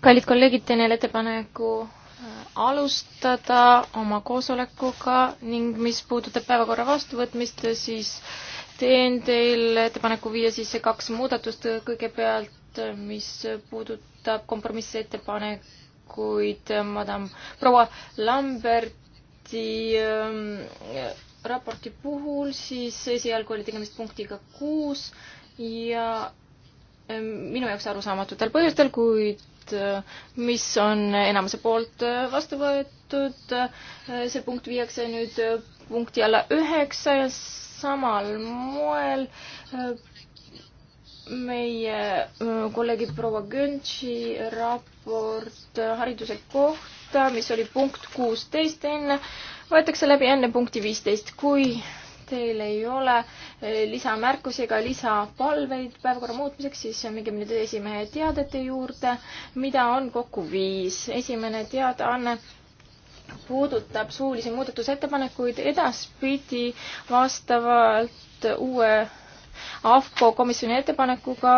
kallid kolleegid, teen jälle ettepaneku äh, alustada oma koosolekuga ning mis puudutab päevakorra vastuvõtmist, siis teen teile ettepaneku viia sisse kaks muudatust. kõigepealt, äh, mis puudutab kompromissettepanekuid, äh, madam proua Lamberti raporti puhul, siis esialgu oli tegemist punktiga kuus ja Ehm, minu jaoks arusaamatutel põhjustel, kuid eh, mis on enamuse poolt eh, vastu võetud. Eh, see punkt viiakse nüüd punkti alla üheksa ja samal moel meie kolleegi proua Göntsi raport hariduse kohta, mis oli punkt kuusteist enne, võetakse läbi enne punkti viisteist, kui teil ei ole eh, lisamärkusi ega lisapalveid päevakorra muutmiseks, siis minge nüüd esimehe teadete juurde, mida on kokku viis. esimene teadaanne puudutab suulisi muudatusettepanekuid edaspidi vastavalt uue AFCO komisjoni ettepanekuga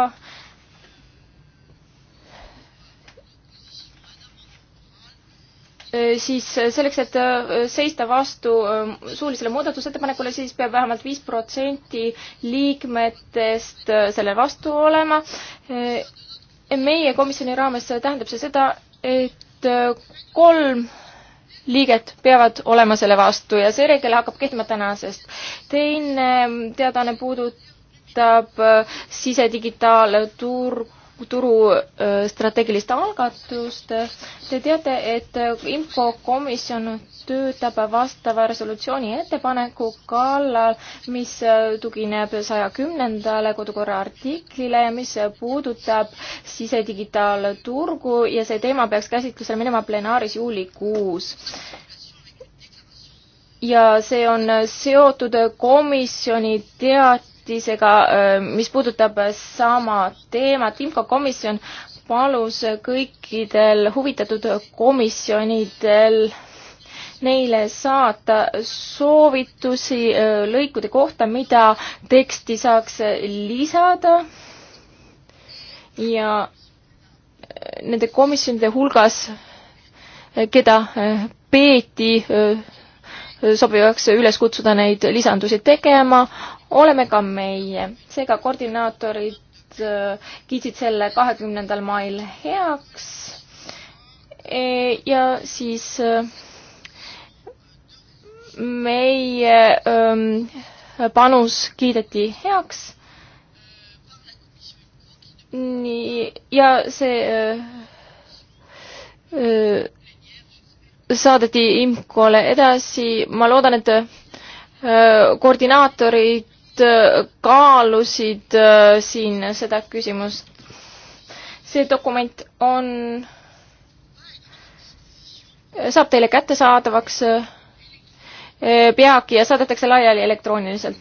Äh, siis äh, selleks, et äh, seista vastu ähm, suulisele muudatusettepanekule, siis peab vähemalt viis protsenti liikmetest selle vastu olema. meie komisjoni raames tähendab see seda, et kolm liiget peavad olema selle vastu ja see reegel hakkab kehtima tänasest. teine ähm, teadaanne puudutab sisedigitaalturgu turu äh, strateegilist algatust. Te teate, et infokomisjon töötab vastava resolutsiooni ettepaneku kallal, mis äh, tugineb saja kümnendale kodukorra artiklile ja mis puudutab sisedigitaalturgu ja see teema peaks käsitlusele minema plenaaris juulikuus ja see on seotud komisjoni teat-, teatisega, mis puudutab sama teemat, IMCO komisjon palus kõikidel huvitatud komisjonidel neile saata soovitusi lõikude kohta, mida teksti saaks lisada ja nende komisjonide hulgas, keda peeti sobivaks üles kutsuda neid lisandusi tegema, oleme ka meie. seega koordinaatorid äh, kiitsid selle kahekümnendal mail heaks e, ja siis äh, meie ähm, panus kiideti heaks. nii, ja see äh, saadeti IMCO-le edasi, ma loodan, et koordinaatorid et äh, kaalusid äh, siin seda küsimust. see dokument on, äh, saab teile kättesaadavaks peagi ja saadetakse laiali elektrooniliselt.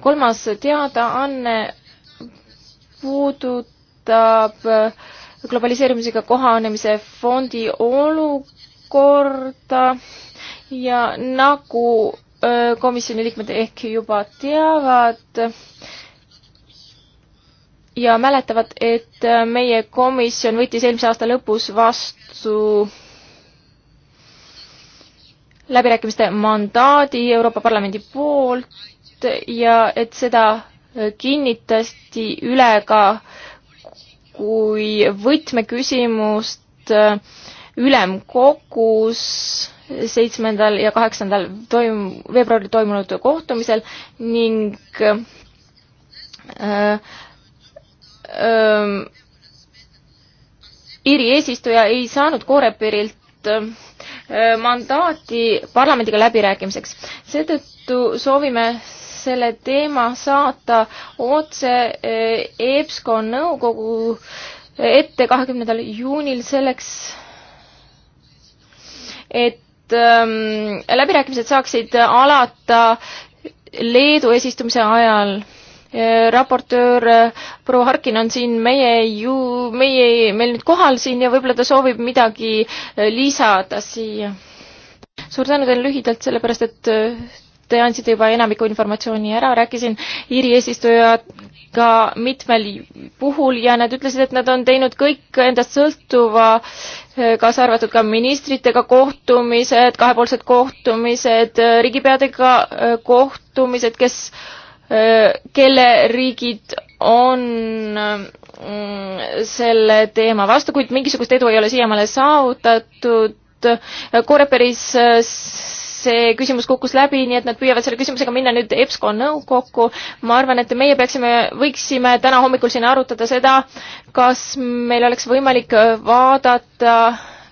kolmas teadaanne puudutab globaliseerimisega kohanemise fondi olukorda ja nagu komisjoni liikmed ehk juba teavad ja mäletavad, et meie komisjon võttis eelmise aasta lõpus vastu läbirääkimiste mandaadi Euroopa Parlamendi poolt ja et seda kinnitati üle ka kui võtmeküsimust ülemkogus seitsmendal ja kaheksandal toim-, veebruaril toimunud kohtumisel ning öö, äh, öö, äh, Iiri eesistuja ei saanud Korepirilt äh, mandaati parlamendiga läbirääkimiseks. seetõttu soovime selle teema saata otse EBSCO nõukogu ette kahekümnendal juunil selleks, et et ähm, läbirääkimised saaksid alata Leedu eesistumise ajal äh, raportöör äh, proua Harkin on siin meie ju, meie, meil nüüd kohal siin ja võib-olla ta soovib midagi äh, lisada siia. suur tänu teile lühidalt, sellepärast et te andsite juba enamiku informatsiooni ära, rääkisin Iiri eesistujaga mitmel puhul ja nad ütlesid, et nad on teinud kõik endast sõltuva, kaasa arvatud ka ministritega kohtumised, kahepoolsed kohtumised, riigipeadega äh, kohtumised, kes, äh, kelle riigid on mm, selle teema vastu, kuid mingisugust edu ei ole siiamaale saavutatud. Koreperis äh, see küsimus kukkus läbi, nii et nad püüavad selle küsimusega minna nüüd EBSCO nõukokku. ma arvan, et meie peaksime, võiksime täna hommikul siin arutada seda, kas meil oleks võimalik vaadata,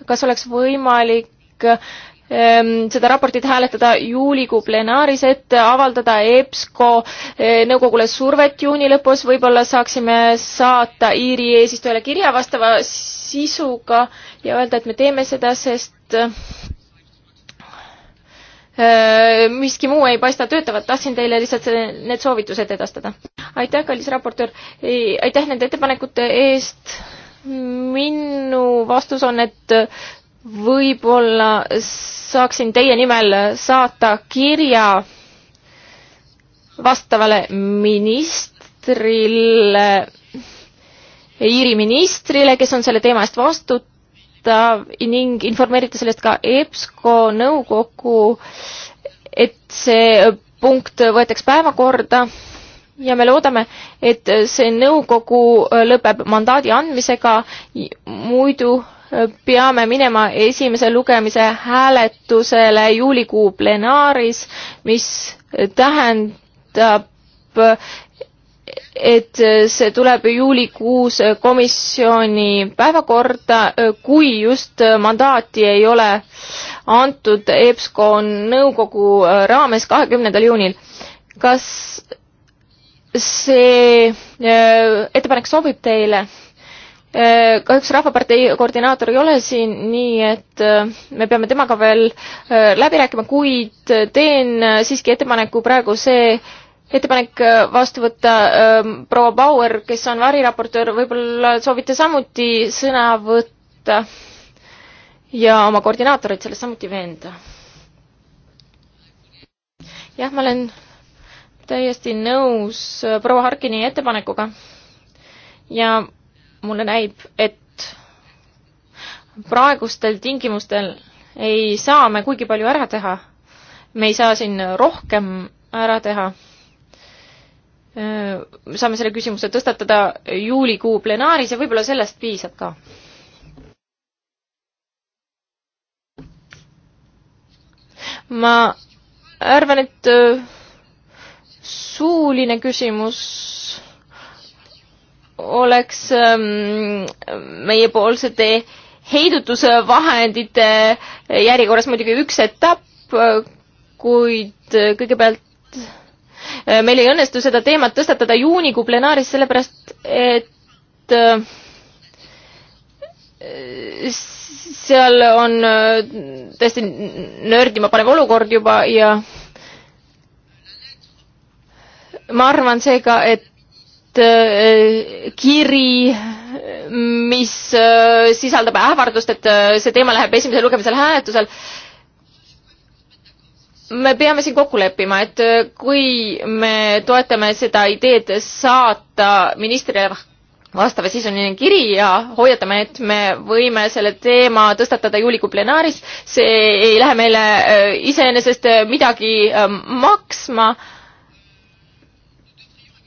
kas oleks võimalik ehm, seda raportit hääletada juulikuu plenaaris, et avaldada EBSCO eh, nõukogule survet juuni lõpus, võib-olla saaksime saata Iiri eesistujale kirja vastava sisuga ja öelda, et me teeme seda, sest Äh, miski muu ei paista töötavat, tahtsin teile lihtsalt need soovitused edastada. aitäh, kallis raportöör, aitäh nende ettepanekute eest. minu vastus on, et võib-olla saaksin teie nimel saata kirja vastavale ministrile, Iiri ministrile, kes on selle teema eest vastu-, kohta ning informeerite sellest ka EBSCO nõukogu, et see punkt võetaks päevakorda ja me loodame, et see nõukogu lõpeb mandaadi andmisega, muidu peame minema esimese lugemise hääletusele juulikuu plenaaris, mis tähendab, et eh, see tuleb juulikuus eh, komisjoni päevakorda, eh, kui just mandaati ei ole antud EBSCO nõukogu raames kahekümnendal juunil. kas see ettepanek sobib teile? kahjuks Rahvapartei koordinaator ei ole siin, nii et me peame temaga veel läbi rääkima, kuid teen siiski ettepaneku praegu see äh, ettepanek äh, vastu võtta ähm, proua Bauer, kes on variraportöör, võib-olla soovite samuti sõna võtta ja oma koordinaatorit sellest samuti veenda? jah, ma olen täiesti nõus äh, proua Harkini ettepanekuga ja mulle näib, et praegustel tingimustel ei saa me kuigi palju ära teha. me ei saa siin rohkem ära teha Äh, saame selle küsimuse tõstatada juulikuu plenaaris ja võib-olla sellest piisab ka. ma arvan, et äh, suuline küsimus oleks ähm, meiepoolsete heidutusvahendite järjekorras muidugi üks etapp, äh, kuid kõigepealt Äh, meil ei õnnestu seda teemat tõstatada juunikuu plenaaris, sellepärast et äh, seal on äh, täiesti nördima panev olukord juba ja ma arvan seega, et kiri, mis sisaldab ähvardust, et see teema läheb esimesel lugemisel hääletusel, me peame siin kokku leppima, et äh, kui me toetame seda ideed saata ministrile vastav sisuline kiri ja hoiatame, et me võime selle teema tõstatada juulikuu plenaaris, see ei lähe meile äh, iseenesest äh, midagi maksma.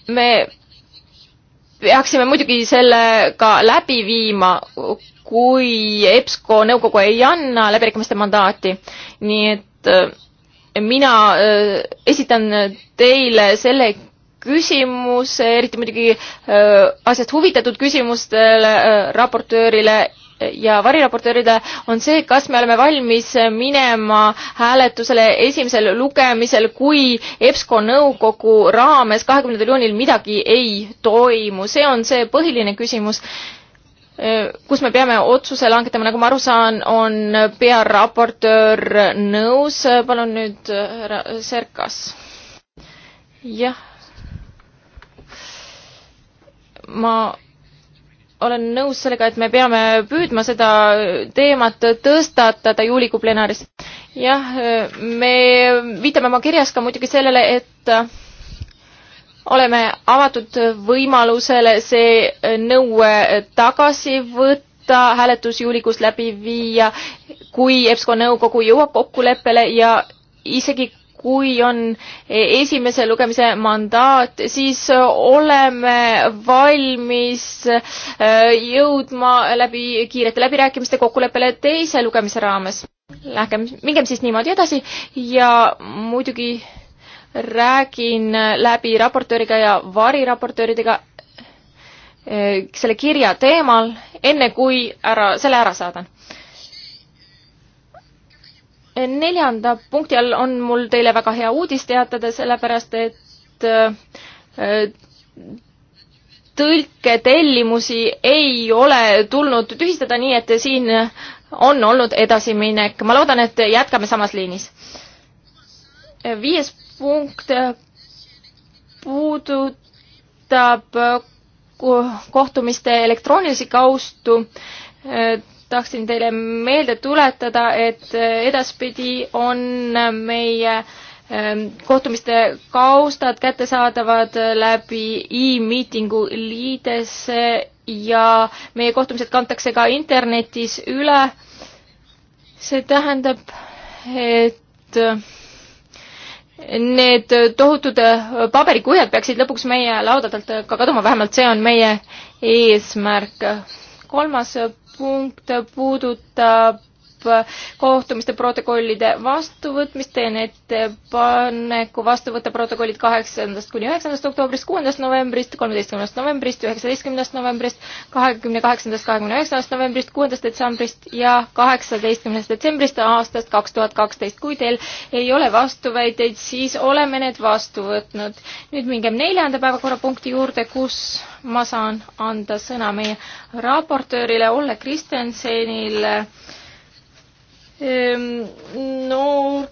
me peaksime muidugi selle ka läbi viima, kui EBSCO nõukogu ei anna läbirääkimiste mandaati, nii et mina äh, esitan teile selle küsimuse, eriti muidugi äh, asjast huvitatud küsimustele äh, raportöörile ja variraportööride on see, kas me oleme valmis minema hääletusele esimesel lugemisel, kui EBSCO nõukogu raames kahekümnendal juunil midagi ei toimu, see on see põhiline küsimus kus me peame otsuse langetama, nagu ma aru saan, on pearaportöör nõus, palun nüüd härra Serkas. jah. ma olen nõus sellega, et me peame püüdma seda teemat tõstatada juulikuu plenaris. jah, me viitame oma kirjas ka muidugi sellele, et oleme avatud võimalusele see nõue tagasi võtta, hääletus juulikuus läbi viia, kui EBSCO nõukogu jõuab kokkuleppele ja isegi kui on esimese lugemise mandaat, siis oleme valmis äh, jõudma läbi kiirete läbirääkimiste kokkuleppele teise lugemise raames. Lähkem, mingem siis niimoodi edasi ja muidugi räägin läbi raportööriga ja variraportööridega eh, selle kirja teemal, enne kui ära, selle ära saadan. neljanda punkti all on mul teile väga hea uudis teatada, sellepärast et eh, tõlketellimusi ei ole tulnud tühistada, nii et siin on olnud edasiminek. ma loodan, et jätkame samas liinis. viies punkt puudutab kohtumiste elektroonilisi kaustu. tahaksin teile meelde tuletada, et edaspidi on meie ehm, kohtumiste kaustad kättesaadavad läbi e-miitingu liidesse ja meie kohtumised kantakse ka internetis üle. see tähendab, et need tohutud paberikuhjad peaksid lõpuks meie laudadelt ka kaduma, vähemalt see on meie eesmärk. kolmas punkt puudutab Äh, kohtumiste protokollide vastuvõtmist, teen ettepaneku vastu võtta protokollid kaheksandast kuni üheksandast oktoobrist, kuuendast novembrist, kolmeteistkümnendast novembrist, üheksateistkümnendast novembrist, kahekümne kaheksandast, kahekümne üheksandast novembrist, kuuendast detsembrist ja kaheksateistkümnendast detsembrist aastast kaks tuhat kaksteist. kui teil ei ole vastuväiteid, siis oleme need vastu võtnud. nüüd mingem neljanda päevakorrapunkti juurde, kus ma saan anda sõna meie raportöörile Olle Kristensenile Ehm, noorte,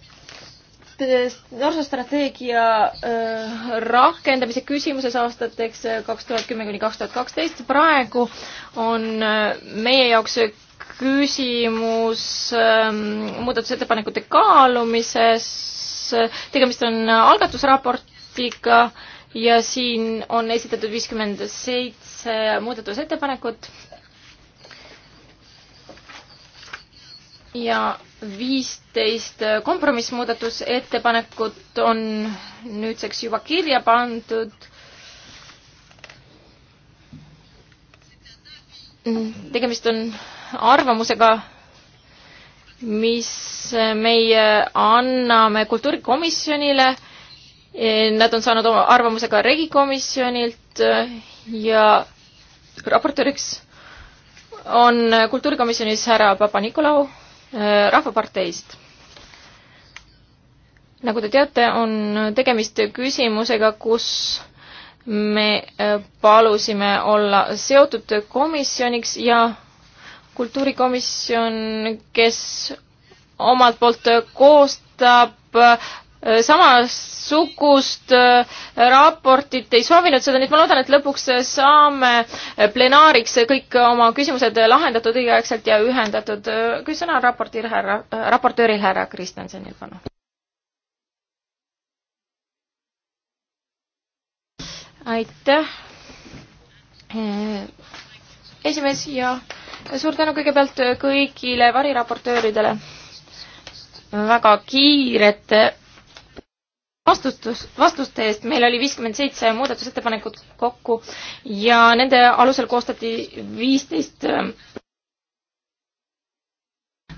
noorsoostrateegia eh, rakendamise küsimuses aastateks eh, kaks tuhat kümme kuni kaks tuhat kaksteist. praegu on eh, meie jaoks küsimus ehm, muudatusettepanekute kaalumises. tegemist on algatusraportiga ja siin on esitatud viiskümmend seitse muudatusettepanekut ja viisteist kompromissmuudatusettepanekut on nüüdseks juba kirja pandud. tegemist on arvamusega, mis meie anname kultuurikomisjonile. Nad on saanud oma arvamuse ka regikomisjonilt ja raportööriks on kultuurikomisjonis härra Papa-Nikolau Äh, Rahvaparteist. nagu te teate, on tegemist küsimusega, kus me äh, palusime olla seotud komisjoniks ja kultuurikomisjon, kes omalt poolt koostab äh, Äh, samasugust äh, raportit ei soovinud seda, nii et ma loodan, et lõpuks äh, saame plenaariks kõik oma küsimused lahendatud õigeaegselt ja ühendatud. kui sõna on raportil härra, raportööril härra Kristjansonil, palun. aitäh, esimees ja suur tänu kõigepealt kõigile variraportööridele väga kiirete vastutus, vastuste eest, meil oli viiskümmend seitse muudatusettepanekut kokku ja nende alusel koostati viisteist ähm,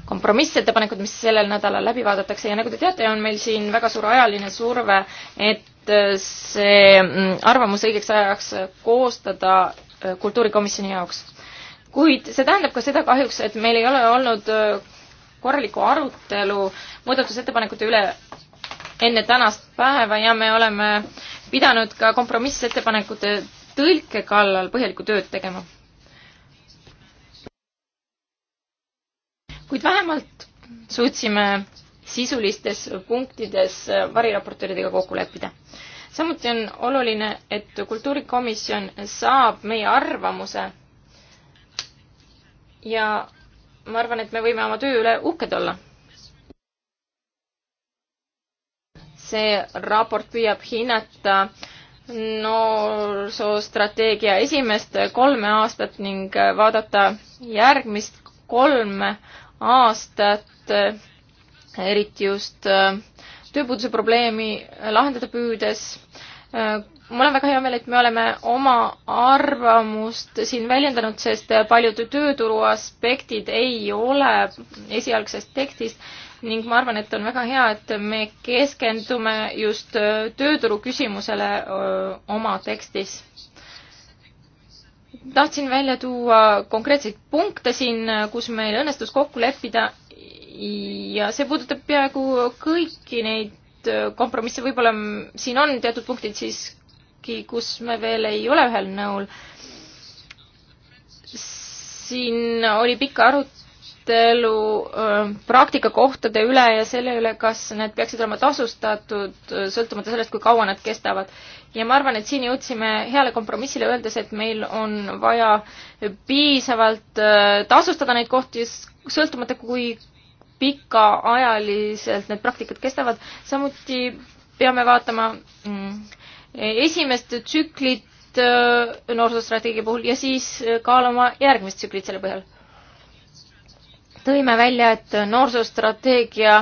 kompromissettepanekud, mis sellel nädalal läbi vaadatakse ja nagu te teate, on meil siin väga suur ajaline surve, et äh, see mm, arvamus õigeks ajaks koostada äh, kultuurikomisjoni jaoks. kuid see tähendab ka seda kahjuks, et meil ei ole olnud äh, korralikku arutelu muudatusettepanekute üle enne tänast päeva ja me oleme pidanud ka kompromissettepanekute tõlke kallal põhjalikku tööd tegema. kuid vähemalt suutsime sisulistes punktides variraportööridega kokku leppida. samuti on oluline, et kultuurikomisjon saab meie arvamuse ja ma arvan, et me võime oma töö üle uhked olla see raport püüab hinnata noorsoostrateegia esimest kolme aastat ning vaadata järgmist kolme aastat, eriti just äh, tööpuuduse probleemi lahendada püüdes. Äh, mul on väga hea meel, et me oleme oma arvamust siin väljendanud, sest paljud tööturu aspektid ei ole esialgsest tekstist ning ma arvan, et on väga hea, et me keskendume just äh, tööturu küsimusele äh, oma tekstis. tahtsin välja tuua konkreetseid punkte siin, äh, kus meil õnnestus kokku leppida ja see puudutab peaaegu kõiki neid kompromisse, võib-olla siin on teatud punktid siiski, kus me veel ei ole ühel nõul. siin oli pikk arutelu arutelu praktikakohtade üle ja selle üle, kas need peaksid olema tasustatud, sõltumata sellest, kui kaua nad kestavad. ja ma arvan, et siin jõudsime heale kompromissile, öeldes, et meil on vaja piisavalt tasustada neid kohti, sõltumata kui pikaajaliselt need praktikad kestavad. samuti peame vaatama mm, esimest tsüklit noorsoostrateegia puhul ja siis kaaluma järgmist tsüklit selle põhjal tõime välja, et noorsoostrateegia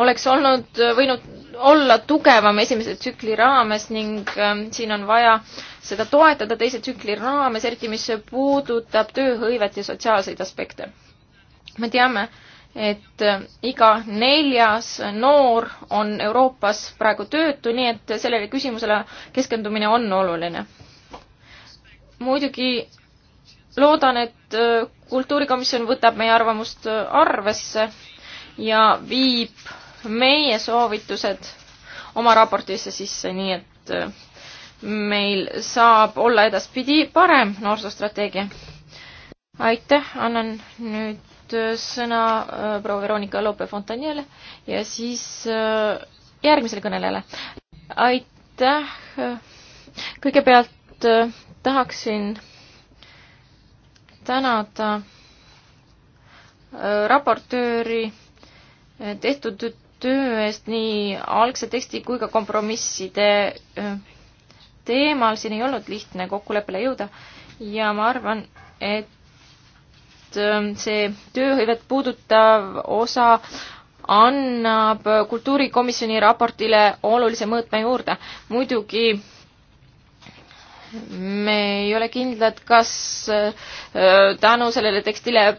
oleks olnud, võinud olla tugevam esimese tsükli raames ning ähm, siin on vaja seda toetada teise tsükli raames, eriti mis puudutab tööhõivet ja sotsiaalseid aspekte. me teame, et äh, iga neljas noor on Euroopas praegu töötu, nii et sellele küsimusele keskendumine on oluline. muidugi loodan, et äh, kultuurikomisjon võtab meie arvamust äh, arvesse ja viib meie soovitused oma raportisse sisse, nii et äh, meil saab olla edaspidi parem noorsoostrateegia. aitäh, annan nüüd sõna proua Veronika Lope-Fontaniele ja siis järgmisele kõnelejale. aitäh, kõigepealt tahaksin tänada äh, raportööri äh, tehtud töö eest nii algse teksti kui ka kompromisside äh, teemal, siin ei olnud lihtne kokkuleppele jõuda ja ma arvan, et see tööhõivet puudutav osa annab kultuurikomisjoni raportile olulise mõõtme juurde. muidugi me ei ole kindlad, kas äh, tänu sellele tekstile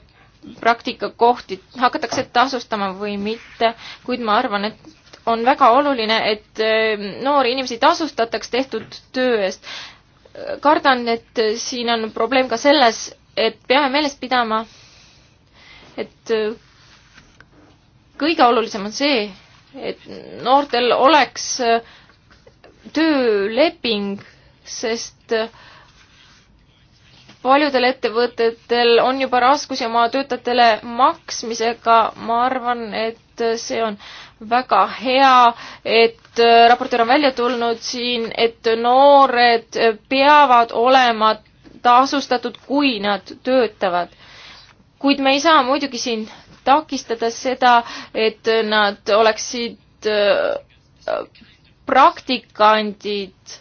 praktikakohti hakatakse tasustama või mitte, kuid ma arvan, et on väga oluline, et äh, noori inimesi tasustataks tehtud töö eest. kardan, et siin on probleem ka selles, et peame meeles pidama, et äh, kõige olulisem on see, et noortel oleks tööleping sest paljudel ettevõtetel on juba raskusi oma töötajatele maksmisega, ma arvan, et see on väga hea, et raportöör on välja tulnud siin, et noored peavad olema tasustatud, kui nad töötavad. kuid me ei saa muidugi siin takistada seda, et nad oleksid äh, praktikandid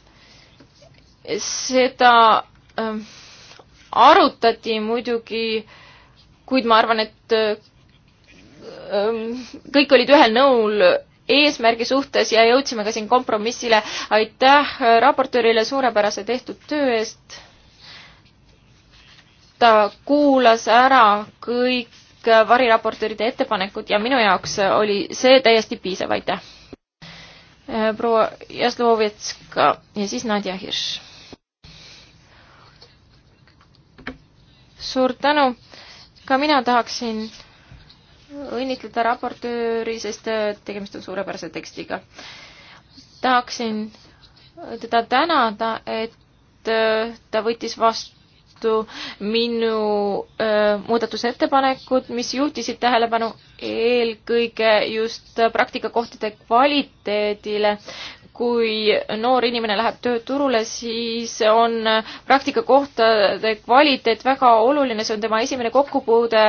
seda ähm, arutati muidugi, kuid ma arvan, et ähm, kõik olid ühel nõul eesmärgi suhtes ja jõudsime ka siin kompromissile. aitäh raportöörile suurepärase tehtud töö eest. ta kuulas ära kõik variraportööride ettepanekud ja minu jaoks oli see täiesti piisav, aitäh. proua Jaslovjetska ja siis Nadja Hirš suur tänu. ka mina tahaksin õnnitleda raportööri, sest äh, tegemist on suurepärase tekstiga. tahaksin teda tänada, et äh, ta võttis vastu minu äh, muudatusettepanekud, mis juhtisid tähelepanu eelkõige just praktikakohtade kvaliteedile, kui noor inimene läheb tööturule, siis on praktikakohtade kvaliteet väga oluline, see on tema esimene kokkupuude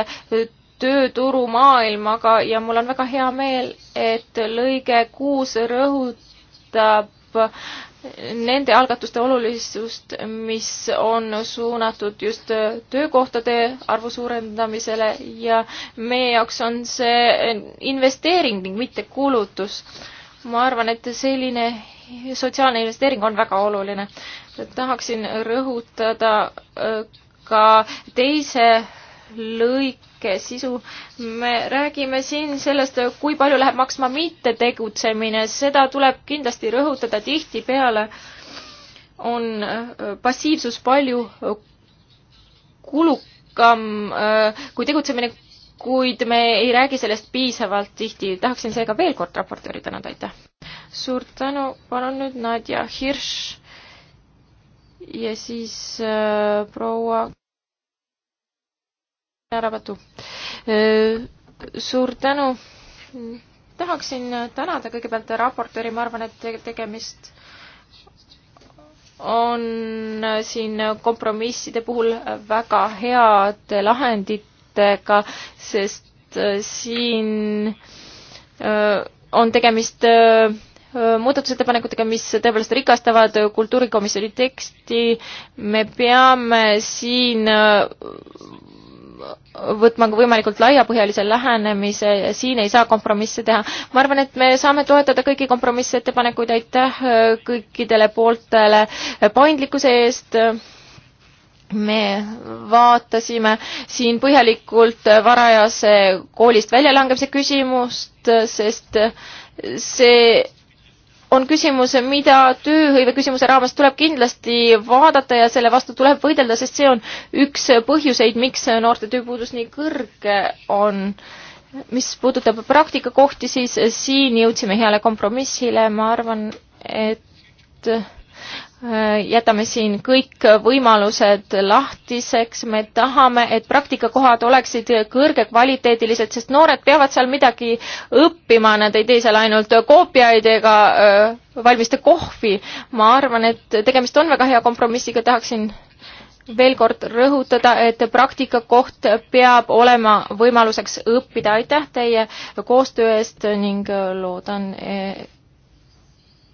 tööturumaailmaga ja mul on väga hea meel, et lõige kuus rõhutab nende algatuste olulisust, mis on suunatud just töökohtade arvu suurendamisele ja meie jaoks on see investeering ning mitte kulutus ma arvan, et selline sotsiaalne investeering on väga oluline. tahaksin rõhutada äh, ka teise lõike sisu. me räägime siin sellest, kui palju läheb maksma mittetegutsemine, seda tuleb kindlasti rõhutada tihtipeale. on äh, passiivsus palju äh, kulukam kui tegutsemine kuid me ei räägi sellest piisavalt tihti. tahaksin seega veel kord raportööri tänada, aitäh! suur tänu, palun nüüd Nadja Hirš ja siis äh, proua Arabatu äh,. suur tänu! tahaksin tänada kõigepealt raportööri, ma arvan, et tegemist on siin kompromisside puhul väga head lahendid küsimustega, sest äh, siin äh, on tegemist äh, muudatusettepanekutega, mis tõepoolest rikastavad kultuurikomisjoni teksti. me peame siin võtma ka võimalikult laiapõhjalise lähenemise ja siin ei saa kompromisse teha. ma arvan, et me saame toetada kõiki kompromissettepanekuid, aitäh kõikidele pooltele paindlikkuse eest me vaatasime siin põhjalikult varajase koolist väljalangemise küsimust, sest see on küsimus, mida tööhõive küsimuse raames tuleb kindlasti vaadata ja selle vastu tuleb võidelda, sest see on üks põhjuseid, miks noorte tööpuudus nii kõrge on. mis puudutab praktikakohti, siis siin jõudsime heale kompromissile, ma arvan, et jätame siin kõik võimalused lahtiseks, me tahame, et praktikakohad oleksid kõrgekvaliteedilised, sest noored peavad seal midagi õppima, nad ei tee seal ainult koopiaid ega äh, valmista kohvi. ma arvan, et tegemist on väga hea kompromissiga, tahaksin veel kord rõhutada, et praktikakoht peab olema võimaluseks õppida. aitäh teie koostöö eest ning loodan e,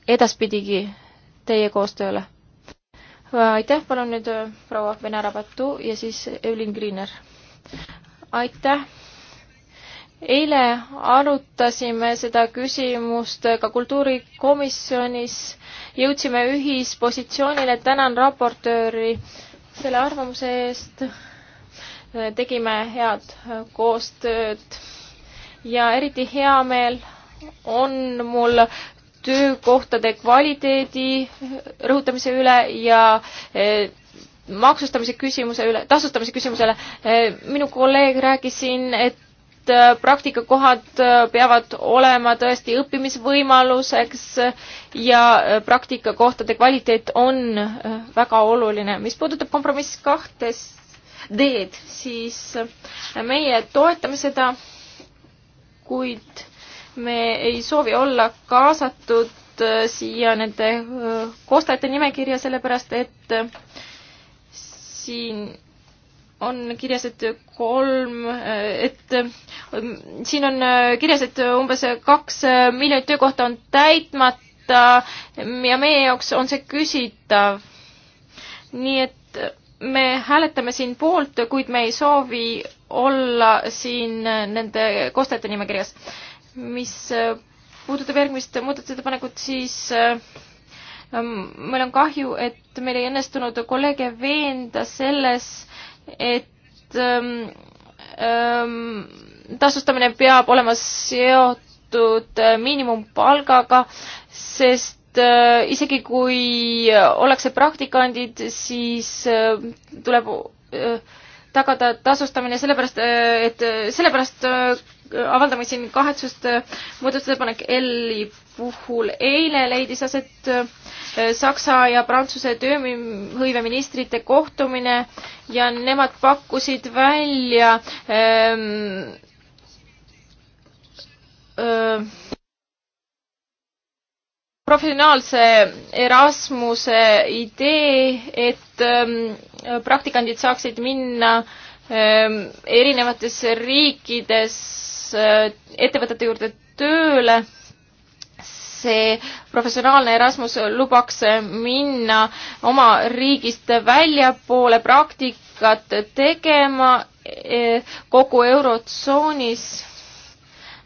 edaspidigi teie koostööle. aitäh, palun nüüd äh, proua Venera-Batu ja siis Evelyn Greener. aitäh eile arutasime seda küsimust ka kultuurikomisjonis, jõudsime ühispositsioonile, tänan raportööri selle arvamuse eest, tegime head äh, koostööd ja eriti hea meel on mul töökohtade kvaliteedi rõhutamise üle ja eh, maksustamise küsimuse üle, tasustamise küsimusele. Eh, minu kolleeg rääkis siin, et eh, praktikakohad peavad olema tõesti õppimisvõimaluseks ja praktikakohtade kvaliteet on väga oluline. mis puudutab kompromiss kahtest D-d, siis meie toetame seda, kuid me ei soovi olla kaasatud äh, siia nende äh, koostajate nimekirja, sellepärast et äh, siin on kirjas, et kolm, et siin on kirjas, et umbes kaks miljonit töökohta on täitmata ja meie jaoks on see küsitav. nii et me hääletame siin poolt, kuid me ei soovi olla siin nende koostajate nimekirjas mis äh, puudutab järgmist muudatusettepanekut, siis äh, meil on kahju, et meil ei õnnestunud kolleege veenda selles, et ähm, ähm, tasustamine peab olema seotud äh, miinimumpalgaga, sest isegi kui ollakse praktikandid, siis tuleb tagada tasustamine, sellepärast, äh, et äh, sellepärast äh, avaldame siin kahetsust muudatusettepanek L-i puhul. eile leidis aset Saksa ja Prantsuse tööhõiveministrite kohtumine ja nemad pakkusid välja ähm, ähm, professionaalse Erasmuse idee, et ähm, praktikandid saaksid minna ähm, erinevates riikides äh, ettevõtete juurde tööle. see professionaalne Erasmus lubaks minna oma riigist väljapoole praktikat tegema äh, kogu Eurotsoonis,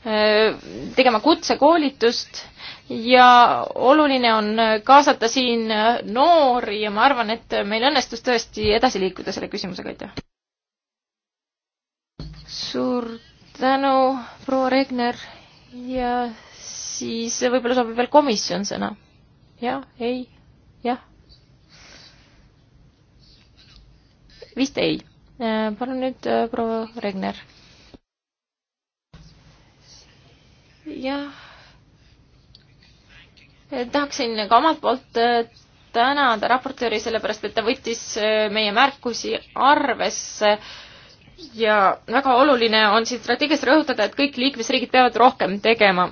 äh, tegema kutsekoolitust ja oluline on kaasata siin noori ja ma arvan, et meil õnnestus tõesti edasi liikuda selle küsimusega, aitäh. suur tänu, proua Regner ja siis võib-olla sobib veel komisjon sõna. jah, ei, jah. vist ei. palun nüüd proua Regner. jah tahaksin ka omalt poolt äh, tänada raportööri, sellepärast et ta võttis äh, meie märkusi arvesse ja väga oluline on siin strateegias rõhutada, et kõik liikmesriigid peavad rohkem tegema.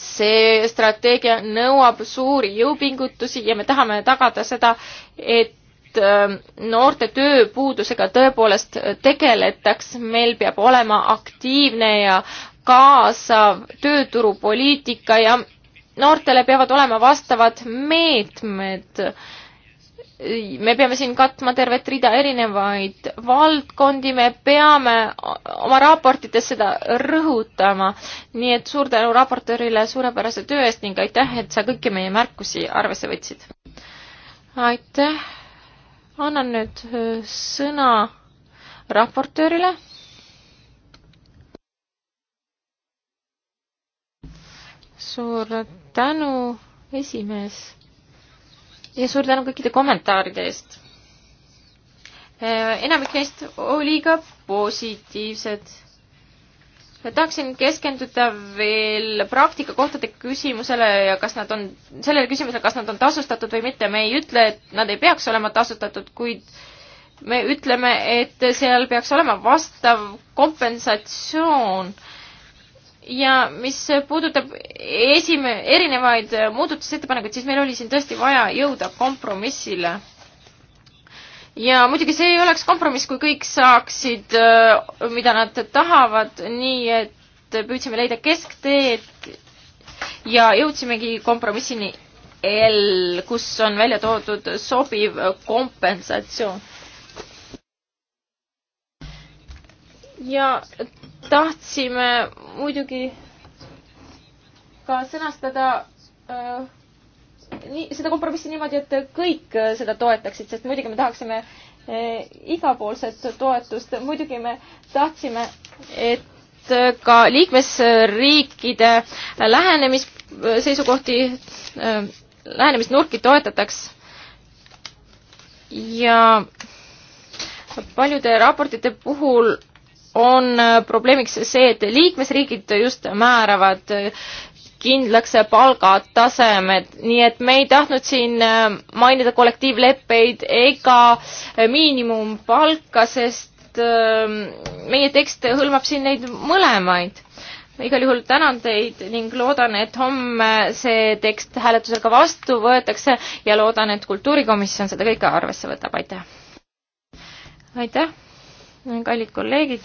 see strateegia nõuab suuri jõupingutusi ja me tahame tagada seda, et äh, noorte tööpuudusega tõepoolest tegeletaks, meil peab olema aktiivne ja kaasav tööturupoliitika ja noortele peavad olema vastavad meetmed. me peame siin katma tervet rida erinevaid valdkondi, me peame oma raportites seda rõhutama. nii et suur tänu raportöörile suurepärase töö eest ning aitäh, et sa kõiki meie märkusi arvesse võtsid. aitäh. annan nüüd äh, sõna raportöörile suur tänu, esimees. ja suur tänu kõikide kommentaaride eest. Äh, enamik neist oli ka positiivsed. tahaksin keskenduda veel praktikakohtade küsimusele ja kas nad on, sellele küsimusele, kas nad on tasustatud või mitte. me ei ütle, et nad ei peaks olema tasustatud, kuid me ütleme, et seal peaks olema vastav kompensatsioon ja mis puudutab esime-, erinevaid muudatusettepanekuid, siis meil oli siin tõesti vaja jõuda kompromissile. ja muidugi see ei oleks kompromiss, kui kõik saaksid, mida nad tahavad, nii et püüdsime leida keskteed ja jõudsimegi kompromissini L, kus on välja toodud sobiv kompensatsioon. ja tahtsime muidugi ka sõnastada äh, nii, seda kompromissi niimoodi, et kõik seda toetaksid, sest muidugi me tahaksime äh, igapoolset toetust, muidugi me tahtsime, et ka liikmesriikide lähenemis, seisukohti äh,, lähenemisnurki toetataks. ja paljude raportite puhul on äh, probleemiks see, et liikmesriigid just määravad äh, kindlaks palgatasemed, nii et me ei tahtnud siin äh, mainida kollektiivleppeid ega miinimumpalka, sest ähm, meie tekst hõlmab siin neid mõlemaid. igal juhul tänan teid ning loodan, et homme see tekst hääletusel ka vastu võetakse ja loodan, et kultuurikomisjon seda kõike arvesse võtab, aitäh! aitäh! kallid kolleegid,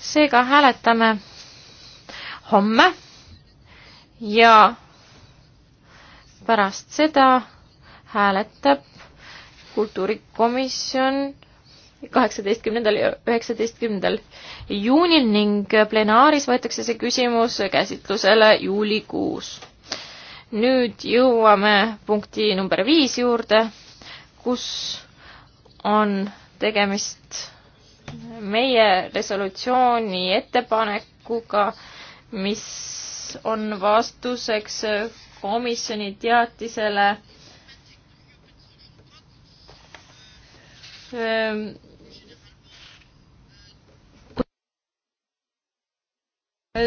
seega hääletame homme ja pärast seda hääletab kultuurikomisjon kaheksateistkümnendal ja üheksateistkümnendal juunil ning plenaaris võetakse see küsimus käsitlusele juulikuus. nüüd jõuame punkti number viis juurde, kus on tegemist meie resolutsiooni ettepanekuga, mis on vastuseks komisjoni teatisele ehm,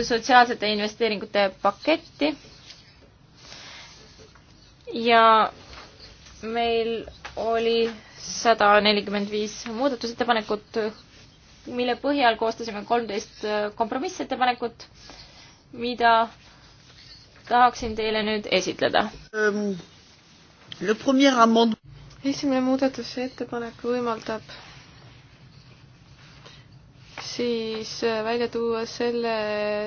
sotsiaalsete investeeringute paketti ja meil oli sada nelikümmend viis muudatusettepanekut mille põhjal koostasime kolmteist äh, kompromissettepanekut, mida tahaksin teile nüüd esitleda. Ähm, esimene muudatusettepanek võimaldab siis äh, välja tuua selle,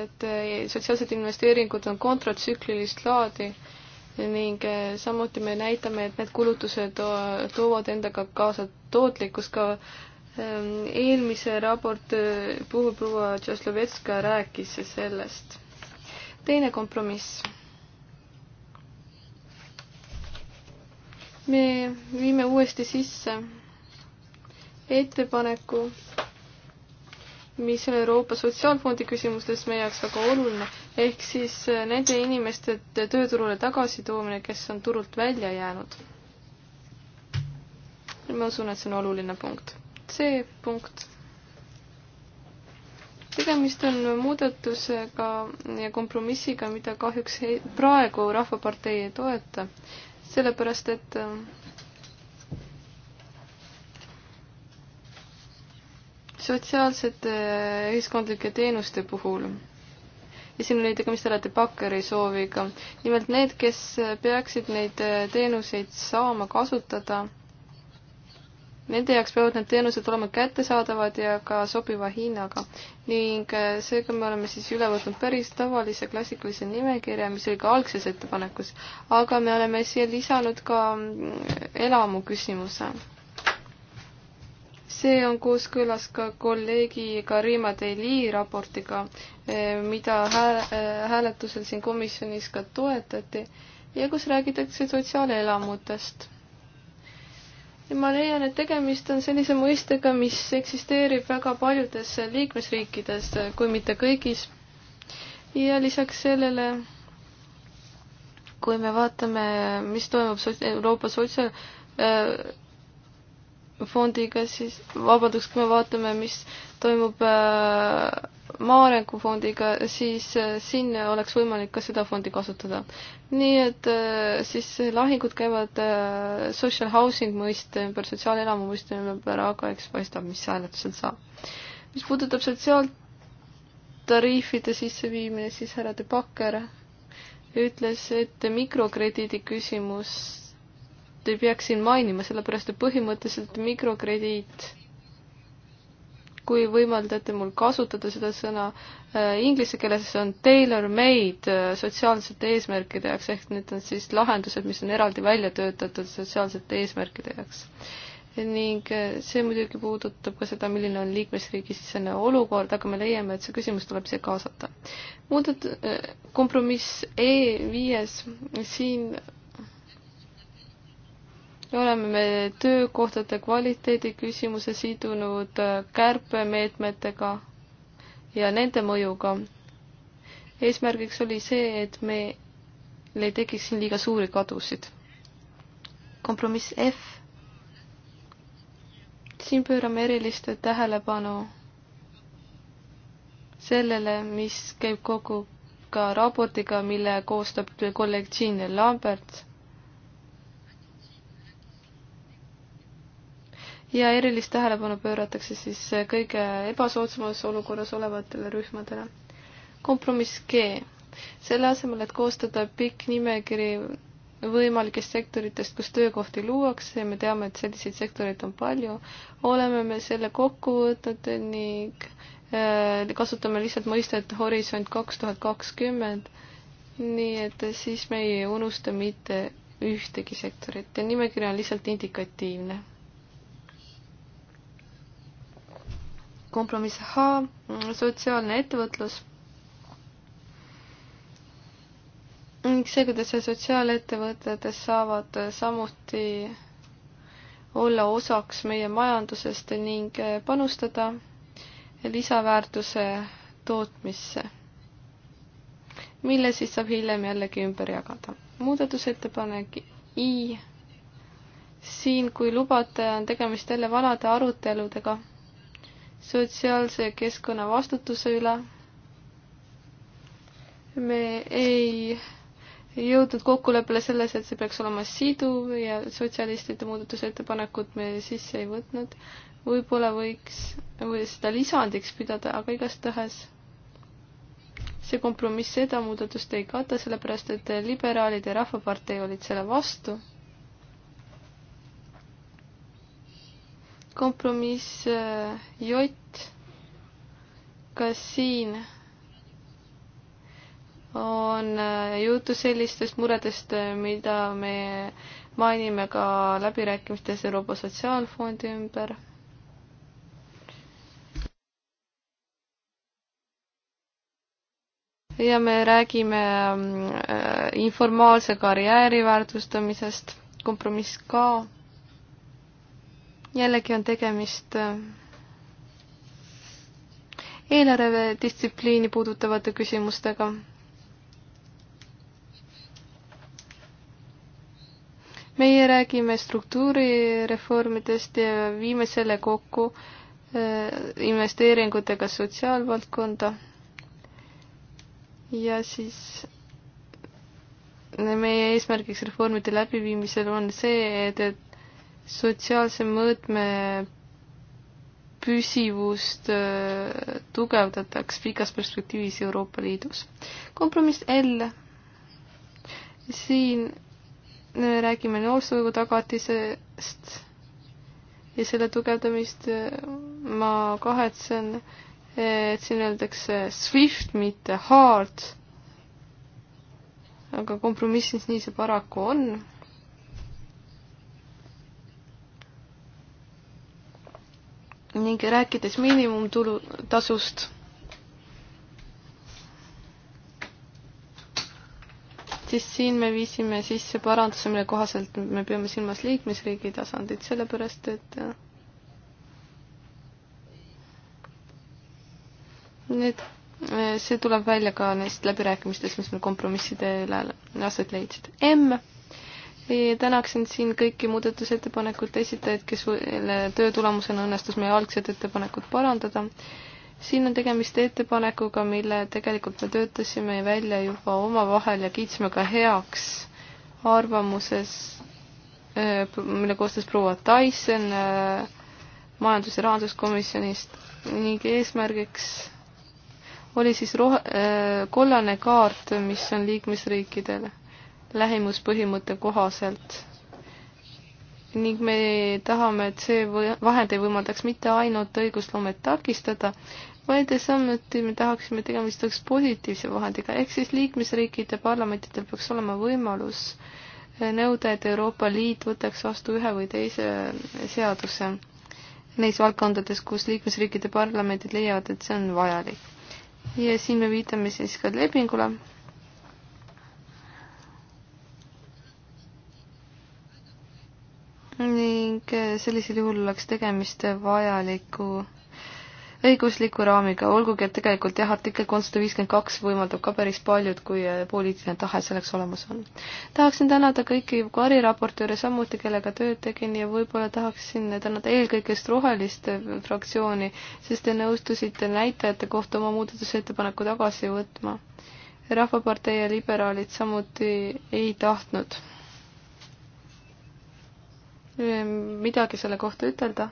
et äh, sotsiaalsed investeeringud on kontratsüklilist laadi ning samuti me näitame, et need kulutused toovad endaga kaasa tootlikkust ka Ehm, eelmise raporti puhul proua Tšoslovetska rääkis sellest. teine kompromiss. me viime uuesti sisse ettepaneku, mis on Euroopa Sotsiaalfondi küsimustes meie jaoks väga oluline, ehk siis nende inimeste tööturule tagasitoomine, kes on turult välja jäänud. ma usun, et see on oluline punkt C punkt. tegemist on muudatusega ja kompromissiga, mida kahjuks ei, praegu Rahvapartei ei toeta, sellepärast et äh, sotsiaalsete äh, ühiskondlike teenuste puhul ja siin oli tegemist alati pakkeri sooviga. nimelt need, kes peaksid neid äh, teenuseid saama kasutada, Nende jaoks peavad need teenused olema kättesaadavad ja ka sobiva hinnaga ning äh, seega me oleme siis üle võtnud päris tavalise klassikalise nimekirja, mis oli ka algses ettepanekus, aga me oleme siia lisanud ka mm, elamu küsimuse. see on kooskõlas ka kolleegi Karima Deli raportiga, äh, mida äh, hääletusel siin komisjonis ka toetati ja kus räägitakse sotsiaalelamutest ma leian, et tegemist on sellise mõistega, mis eksisteerib väga paljudes liikmesriikides, kui mitte kõigis. ja lisaks sellele, kui me vaatame, mis toimub sots-, Euroopa sotsiaalfondiga, äh, siis vabandust, kui me vaatame, mis toimub äh, Maaarengufondiga, siis äh, siin oleks võimalik ka seda fondi kasutada. nii et äh, siis lahingud käivad äh, social housing mõiste ümber, sotsiaalelamu mõiste ümber, aga eks paistab, mis hääletusel saab. mis puudutab sotsiaaltariifide sisseviimine, siis härra De Backer ütles, et mikrokrediidi küsimust ei peaks siin mainima, sellepärast et põhimõtteliselt mikrokrediit kui võimaldate mul kasutada seda sõna äh, inglise keeles, see on tailor-made äh, sotsiaalsete eesmärkide jaoks, ehk need on siis lahendused, mis on eraldi välja töötatud sotsiaalsete eesmärkide jaoks. ning äh, see muidugi puudutab ka seda, milline on liikmesriigi sisene olukord, aga me leiame, et see küsimus tuleb siia kaasata. muudat-, kompromiss E viies, siin me oleme me töökohtade kvaliteedi küsimuse sidunud äh, kärpemeetmetega ja nende mõjuga. eesmärgiks oli see, et meil ei tekiks siin liiga suuri kadusid. kompromiss F. siin pöörame erilist tähelepanu sellele, mis käib kogu ka raportiga, mille koostab kolleeg Jean Lambert ja erilist tähelepanu pööratakse siis kõige ebasoodsamas olukorras olevatele rühmadele. kompromiss G. selle asemel, et koostada pikk nimekiri võimalikest sektoritest, kus töökohti luuakse ja me teame, et selliseid sektoreid on palju, oleme me selle kokku võtnud ning äh, kasutame lihtsalt mõistet Horisont kaks tuhat kakskümmend, nii et siis me ei unusta mitte ühtegi sektorit ja nimekiri on lihtsalt indikatiivne kompromiss H, sotsiaalne ettevõtlus. ning see, kuidas sotsiaalettevõtted saavad samuti olla osaks meie majandusest ning panustada lisaväärtuse tootmisse, mille siis saab hiljem jällegi ümber jagada. muudatusettepanek I. siin, kui lubate, on tegemist jälle vanade aruteludega sotsiaalse keskkonna vastutuse üle. me ei jõudnud kokkuleppele selles, et see peaks olema siduv ja sotsialistide muudatusettepanekut me sisse ei võtnud. võib-olla võiks või seda lisandiks pidada, aga igastahes see kompromiss seda muudatust ei kata, sellepärast et liberaalid ja Rahvapartei olid selle vastu kompromiss äh, J, kas siin on äh, juttu sellistest muredest, äh, mida me mainime ka läbirääkimistes Euroopa Sotsiaalfondi ümber? ja me räägime mm, informaalse karjääri väärtustamisest, kompromiss ka jällegi on tegemist äh, eelarvedistsipliini puudutavate küsimustega. meie räägime struktuurireformidest ja viime selle kokku äh, investeeringutega sotsiaalvaldkonda. ja siis meie eesmärgiks reformide läbiviimisel on see, et, et sotsiaalse mõõtme püsivust äh, tugevdataks pikas perspektiivis Euroopa Liidus. kompromiss L. siin äh, räägime noorsootöö tagatisest ja selle tugevdamist äh, ma kahetsen, et siin öeldakse swift, mitte hard. aga kompromissis nii see paraku on ning rääkides miinimumtulu tasust, siis siin me viisime sisse paranduse, mille kohaselt me peame silmas liikmesriigi tasandit, sellepärast et need, see tuleb välja ka neist läbirääkimistest, mis meil kompromisside üle aset leidsid. M tänaksin siin kõiki muudatusettepanekute esitajaid, kes töö tulemusena õnnestus meie algset ettepanekut parandada. siin on tegemist ettepanekuga, mille tegelikult me töötasime välja juba omavahel ja kiitsime ka heaks arvamuses, äh, mille koostas proua Tyson äh, majandus- ja rahanduskomisjonist ning eesmärgiks oli siis rohe, äh, kollane kaart, mis on liikmesriikidele lähimuspõhimõtte kohaselt. ning me tahame, et see vahend ei võimaldaks mitte ainult õigusloomet takistada, vaid samuti me tahaksime, tegemist oleks positiivse vahendiga, ehk siis liikmesriikide parlamentidel peaks olema võimalus nõuda, et Euroopa Liit võtaks vastu ühe või teise seaduse neis valdkondades, kus liikmesriikide parlamendid leiavad, et see on vajalik. ja siin me viitame siis ka lepingule ning eh, sellisel juhul oleks tegemist vajaliku õigusliku raamiga, olgugi et tegelikult jah, artikkel kolmsada viiskümmend kaks võimaldab ka päris paljud, kui eh, poliitiline tahe selleks olemas on. tahaksin tänada kõiki variraportööre samuti, kellega tööd tegin ja võib-olla tahaksin tänada eelkõige just Rohelist fraktsiooni, sest te nõustusite näitajate kohta oma muudatusettepaneku tagasi võtma. rahvapartei ja liberaalid samuti ei tahtnud Ehm, midagi selle kohta ütelda.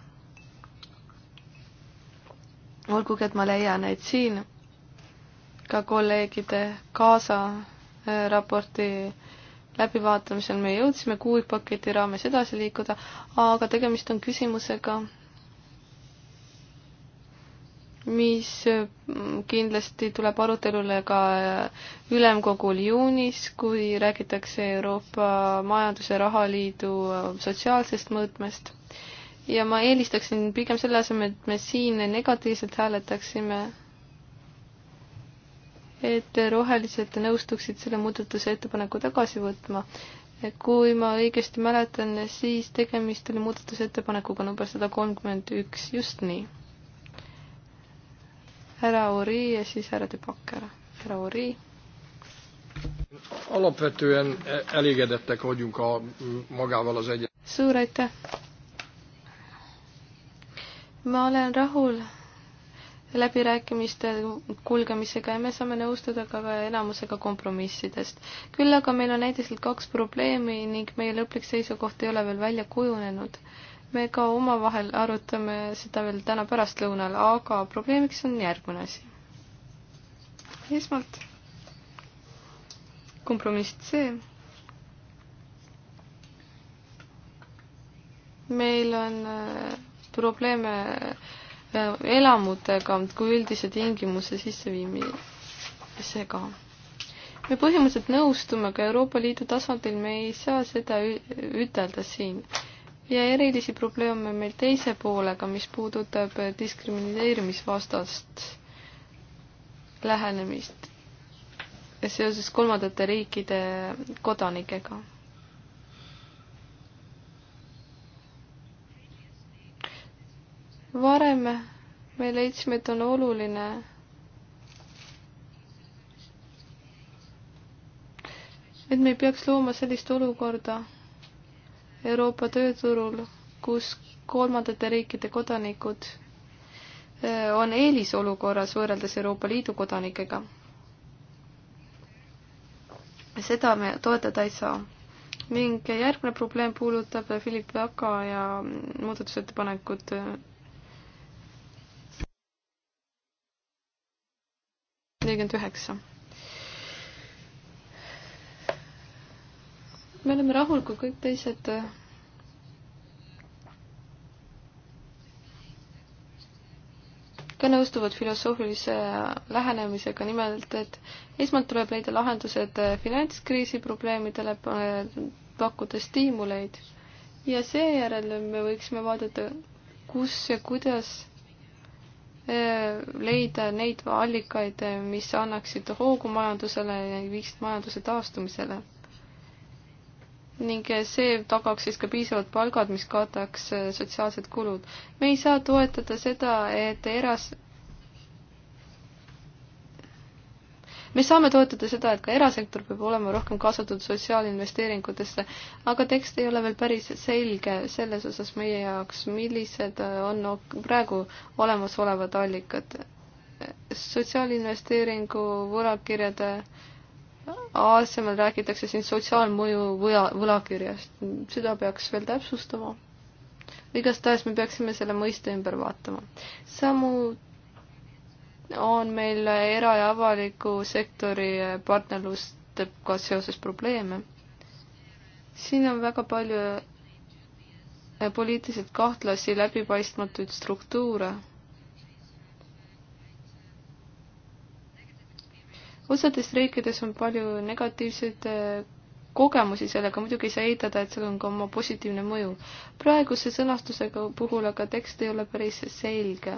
olgugi, et ma leian, et siin ka kolleegide kaasa äh, raporti läbivaatamisel me jõudsime kuupaketi raames edasi liikuda, aga tegemist on küsimusega, mis mm, kindlasti tuleb arutelule ka äh, ülemkogul juunis, kui räägitakse Euroopa Majandus- ja Rahaliidu äh, sotsiaalsest mõõtmest. ja ma eelistaksin pigem selle asemel, et me siin negatiivselt hääletaksime, et rohelised nõustuksid selle muudatuse ettepaneku tagasi võtma. kui ma õigesti mäletan, siis tegemist oli muudatusettepanekuga number sada kolmkümmend üks, just nii härra Uri ja siis härra Tübakera. härra Uri. alapvetően elégedettek vagyunk a magával az egy-. suur aitäh. ma olen rahul läbirääkimiste kulgemisega ja me saame nõustuda ka enamusega kompromissidest. küll aga meil on näiteks kaks probleemi ning meie lõplik seisukoht ei ole veel välja kujunenud me ka omavahel arutame seda veel täna pärastlõunal, aga probleemiks on järgmine asi. esmalt kompromiss C. meil on äh, probleeme äh, elamutega kui üldise tingimuse sisseviimisega. me põhimõtteliselt nõustume, aga Euroopa Liidu tasandil me ei saa seda ütelda siin ja erilisi probleeme meil teise poolega, mis puudutab diskrimineerimisvastast lähenemist seoses kolmandate riikide kodanikega. varem me leidsime, et on oluline et me ei peaks looma sellist olukorda Euroopa tööturul, kus kolmandate riikide kodanikud eh, on eelisolukorras võrreldes Euroopa Liidu kodanikega. seda me toetada ei saa. ning järgmine probleem puudutab Philip Laka ja muudatusettepanekut eh, nelikümmend üheksa. me oleme rahul, kui kõik teised äh, ka nõustuvad filosoofilise äh, lähenemisega, nimelt et esmalt tuleb leida lahendused äh, finantskriisi probleemidele, pakkuda stiimuleid ja seejärel me võiksime vaadata, kus ja kuidas leida neid allikaid, mis annaksid hoogu majandusele ja viiksid majanduse taastumisele ning see tagaks siis ka piisavad palgad, mis kataks äh, sotsiaalsed kulud. me ei saa toetada seda, et eras-, me saame toetada seda, et ka erasektor peab olema rohkem kaasatud sotsiaalinvesteeringutesse, aga tekst ei ole veel päris selge selles osas meie jaoks, millised äh, on praegu olemasolevad allikad. sotsiaalinvesteeringu võlakirjade äh, asemel räägitakse siin sotsiaalmõju võla, võlakirjast, seda peaks veel täpsustama. igastahes me peaksime selle mõiste ümber vaatama. samu on meil era- ja avaliku sektori partnerlustega seoses probleeme. siin on väga palju poliitiliselt kahtlasi läbipaistmatuid struktuure osades riikides on palju negatiivseid äh, kogemusi sellega, muidugi ei saa eitada, et seal on ka oma positiivne mõju. praeguse sõnastusega puhul aga tekst ei ole päris selge.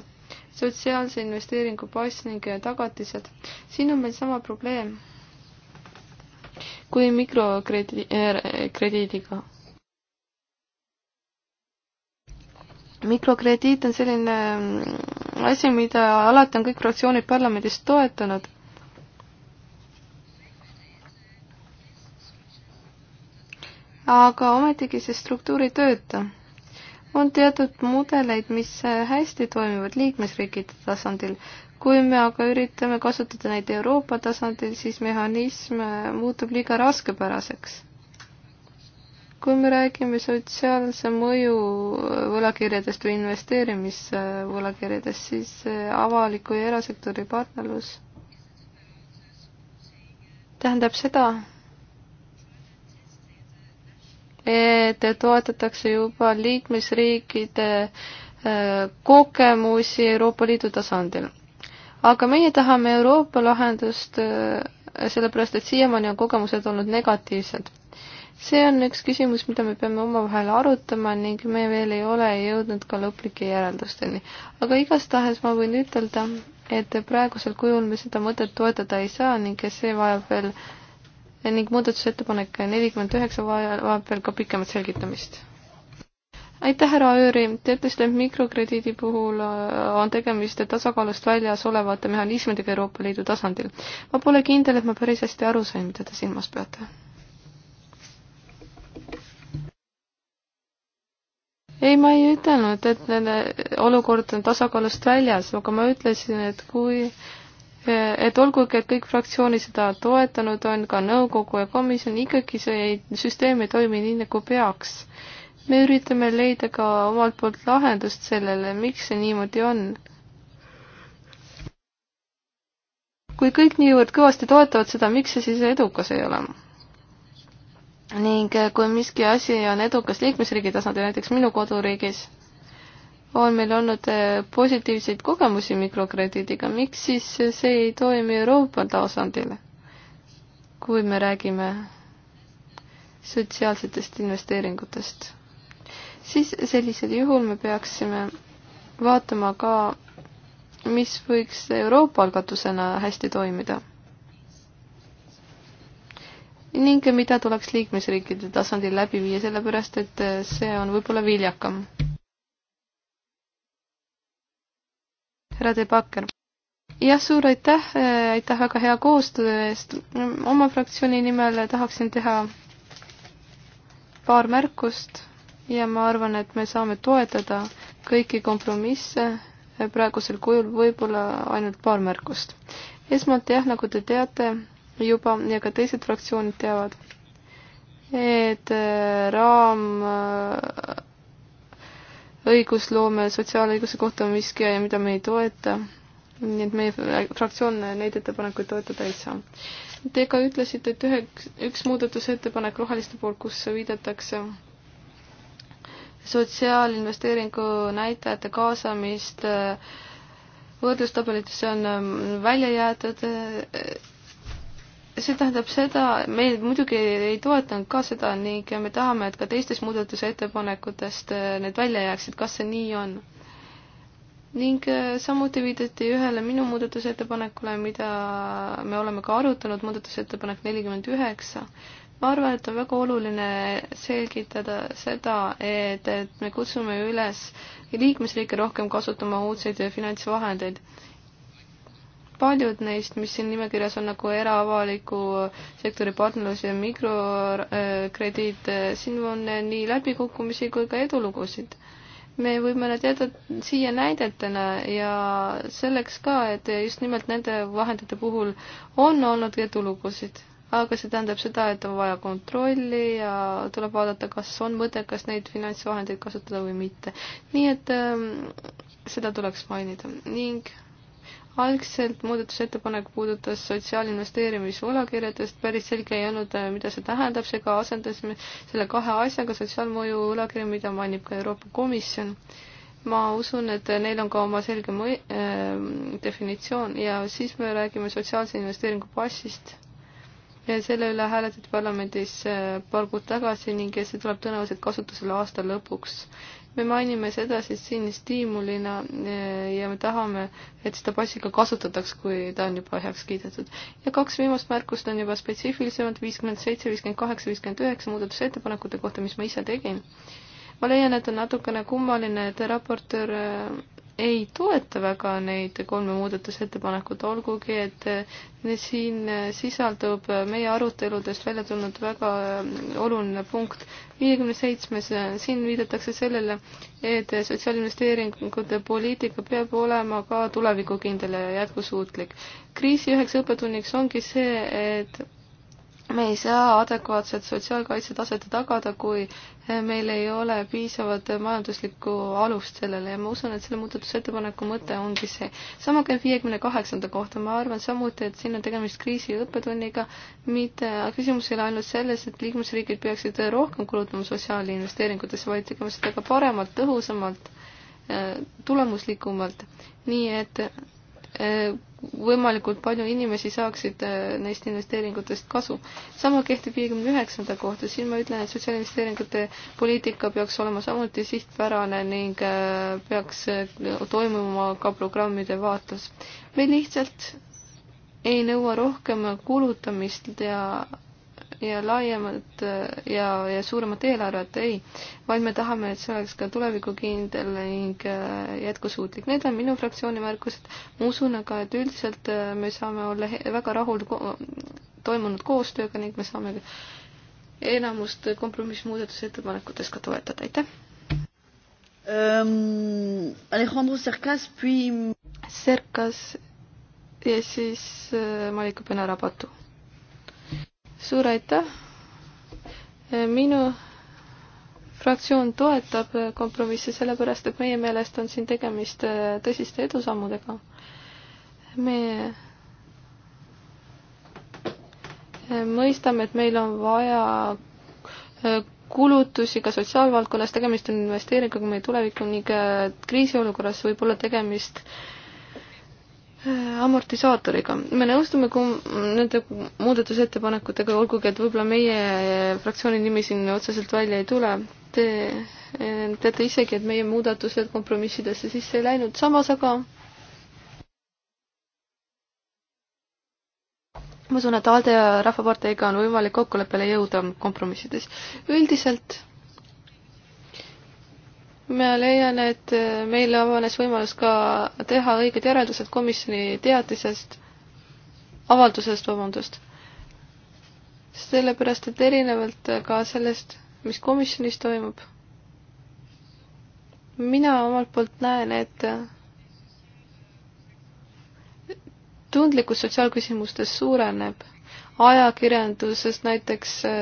sotsiaalse investeeringu pass ning tagatised, siin on meil sama probleem kui mikrokrediidiga. Äh, mikrokrediit on selline mm, asi, mida alati on kõik fraktsioonid parlamendis toetanud aga ometigi see struktuur ei tööta. on teatud mudeleid, mis hästi toimivad liikmesriikide tasandil. kui me aga üritame kasutada neid Euroopa tasandil, siis mehhanism muutub liiga raskepäraseks. kui me räägime sotsiaalse mõju võlakirjadest või investeerimisvõlakirjadest, siis avaliku ja erasektori partnerlus tähendab seda, et toetatakse juba liikmesriikide äh, kogemusi Euroopa Liidu tasandil. aga meie tahame Euroopa lahendust, äh, sellepärast et siiamaani on kogemused olnud negatiivsed. see on üks küsimus, mida me peame omavahel arutama ning me veel ei ole jõudnud ka lõplike järeldusteni. aga igastahes ma võin ütelda, et praegusel kujul me seda mõtet toetada ei saa ning see vajab veel äh, ning muudatusettepanek nelikümmend üheksa vajab veel ka pikemat selgitamist. aitäh, härra Ööri, te ütlesite, et mikrokrediidi puhul äh, on tegemist tasakaalust väljas olevate mehhanismidega Euroopa Liidu tasandil. ma pole kindel, et ma päris hästi aru sain, mida te silmas peate ei, ma ei ütelnud, et nende olukord on tasakaalust väljas, aga ma ütlesin, et kui et olgugi, et kõik fraktsioonid seda toetanud on, ka nõukogu ja komisjon, ikkagi see ei, süsteem ei toimi nii, nagu peaks. me üritame leida ka omalt poolt lahendust sellele, miks see niimoodi on. kui kõik niivõrd kõvasti toetavad seda, miks see siis edukas ei ole? ning kui miski asi on edukas liikmesriigi tasandil, näiteks minu koduriigis on meil olnud äh, positiivseid kogemusi mikrokrediidiga, miks siis see ei toimi Euroopa tasandil? kui me räägime sotsiaalsetest investeeringutest, siis sellisel juhul me peaksime vaatama ka, mis võiks Euroopa algatusena hästi toimida. ning mida tuleks liikmesriikide tasandil läbi viia, sellepärast et see on võib-olla viljakam härra De Backer. jah, suur aitäh, äh, aitäh väga hea koostöö eest. oma fraktsiooni nimel tahaksin teha paar märkust ja ma arvan, et me saame toetada kõiki kompromisse praegusel kujul, võib-olla ainult paar märkust. esmalt jah, nagu te teate juba ja ka teised fraktsioonid teavad, et äh, raam äh, õigusloome sotsiaalõiguse kohta on miski, mida me ei toeta. nii et meie fraktsioon neid ettepanekuid toetada ei saa. Te ka ütlesite, et üheks, üks muudatusettepanek roheliste poolt, kus viidatakse sotsiaalinvesteeringu näitajate kaasamist võrdlustabelitesse on välja jäetud see tähendab seda, me muidugi ei toetanud ka seda ning me tahame, et ka teistest muudatusettepanekutest äh, need välja jääksid, kas see nii on? ning äh, samuti viidati ühele minu muudatusettepanekule, mida me oleme ka arutanud, muudatusettepanek nelikümmend üheksa. ma arvan, et on väga oluline selgitada seda, et, et me kutsume üles liikmesriike rohkem kasutama uudseid finantsvahendeid paljud neist, mis siin nimekirjas on nagu eraavaliku sektori partnerlus ja mikrokrediit, siin on nii läbikukkumisi kui ka edulugusid. me võime nad jätta siia näidetena ja selleks ka, et just nimelt nende vahendite puhul on olnud edulugusid aga see tähendab seda, et on vaja kontrolli ja tuleb vaadata, kas on mõttekas neid finantsvahendeid kasutada või mitte. nii et ähm, seda tuleks mainida ning algselt muudatusettepanek puudutas sotsiaalinvesteerimisvõlakirjadest, päris selge ei olnud, äh, mida see tähendab, seega asendasime selle kahe asjaga sotsiaalmõju võlakirja, mida mainib ka Euroopa Komisjon. ma usun, et neil on ka oma selge mõi- äh,, definitsioon ja siis me räägime sotsiaalse investeeringu passist. ja selle üle hääletati parlamendis äh, paar kuud tagasi ning see tuleb tõenäoliselt kasutusele aasta lõpuks me mainime seda siis siin stiimulina eh, ja me tahame, et seda passi ka kasutataks, kui ta on juba heaks kiidetud. ja kaks viimast märkust on juba spetsiifilisemad, viiskümmend seitse, viiskümmend kaheksa, viiskümmend üheksa muudatusettepanekute kohta, mis ma ise tegin. ma leian, et on natukene kummaline, et raportöör eh, ei toeta väga neid kolme muudatusettepanekut, olgugi et äh, siin äh, sisaldub meie aruteludest välja tulnud väga äh, oluline punkt. viiekümne seitsmes, siin viidatakse sellele, et sotsiaalinvesteeringute poliitika peab olema ka tulevikukindel ja jätkusuutlik. kriisi üheks õppetunniks ongi see, et me ei saa adekvaatset sotsiaalkaitsetaset tagada, kui meil ei ole piisavat majanduslikku alust sellele ja ma usun, et selle muudatusettepaneku mõte ongi see. sama käib viiekümne kaheksanda kohta, ma arvan samuti, et siin on tegemist kriisi õppetunniga, mitte, küsimus ei ole ainult selles, et liikmesriigid peaksid rohkem kulutama sotsiaalinvesteeringutesse, vaid tegema seda ka paremalt, tõhusamalt, äh, tulemuslikumalt, nii et äh, võimalikult palju inimesi saaksid äh, neist investeeringutest kasu. sama kehtib viiekümne üheksanda kohta, siin ma ütlen, et sotsiaalinvesteeringute poliitika peaks olema samuti sihtpärane ning äh, peaks äh, toimuma ka programmide vaates. me lihtsalt ei nõua rohkem kulutamist ja ja laiemat äh, ja, ja suuremat eelarvet, ei, vaid me tahame, et see oleks ka tulevikukindel ning äh, jätkusuutlik. Need on minu fraktsiooni märkused. ma usun aga, et üldiselt äh, me saame olla väga rahul ko toimunud koostööga ning me saame enamust kompromissmuudatusettepanekutest ka toetada, aitäh! Um, Alejandro Cercas, puis... Cercas ja siis äh, Malika Pena-Rabatu suur aitäh. minu fraktsioon toetab kompromisse sellepärast, et meie meelest on siin tegemist äh, tõsiste edusammudega. me äh, mõistame, et meil on vaja äh, kulutusi ka sotsiaalvaldkonnas, tegemist on investeeringuga meie tulevikku ning kriisiolukorras võib olla tegemist äh, amortisaatoriga. me nõustume kum-, nende muudatusettepanekutega, olgugi et võib-olla meie fraktsiooni nimi siin otseselt välja ei tule. Te teate isegi, et meie muudatused kompromissidesse sisse ei läinud, samas aga ma usun, et ALDE ja Rahvaparteiga on võimalik kokkuleppele jõuda kompromissides. üldiselt ma leian, et äh, meil avanes võimalus ka teha õiged järeldused komisjoni teatisest, avaldusest, vabandust. sellepärast, et erinevalt ka sellest, mis komisjonis toimub, mina omalt poolt näen, et äh, tundlikkus sotsiaalküsimustes suureneb. ajakirjandusest näiteks äh,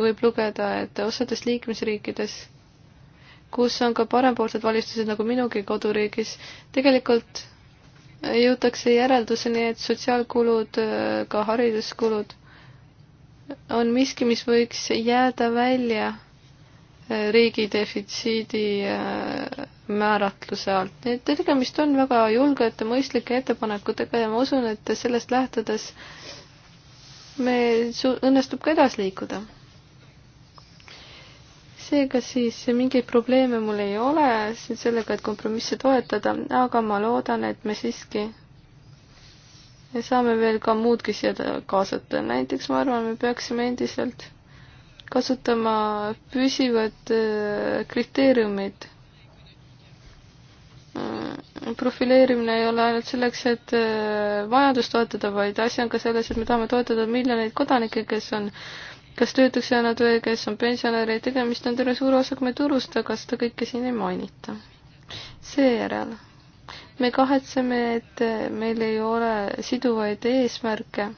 võib lugeda, et osades liikmesriikides kus on ka parempoolsed valitsused nagu minugi koduriigis, tegelikult jõutakse järelduseni, et sotsiaalkulud, ka hariduskulud on miski, mis võiks jääda välja riigi defitsiidi äh, määratluse alt. nii et tegemist on väga julgete, mõistlike ettepanekutega ja ma usun, et sellest lähtudes me, õnnestub ka edasi liikuda seega siis mingeid probleeme mul ei ole sellega, et kompromisse toetada, aga ma loodan, et me siiski ja saame veel ka muudki siia kaasata, näiteks ma arvan, me peaksime endiselt kasutama püsivat äh, kriteeriumit. Mm, profileerimine ei ole ainult selleks, et majandust äh, toetada, vaid asi on ka selles, et me tahame toetada miljoneid kodanikke, kes on äh, kas töötuks jäänud või kes on pensionärid, tegemist on terve suure osaga meie turust, aga seda kõike siin ei mainita. seejärel me kahetseme, et meil ei ole siduvaid eesmärke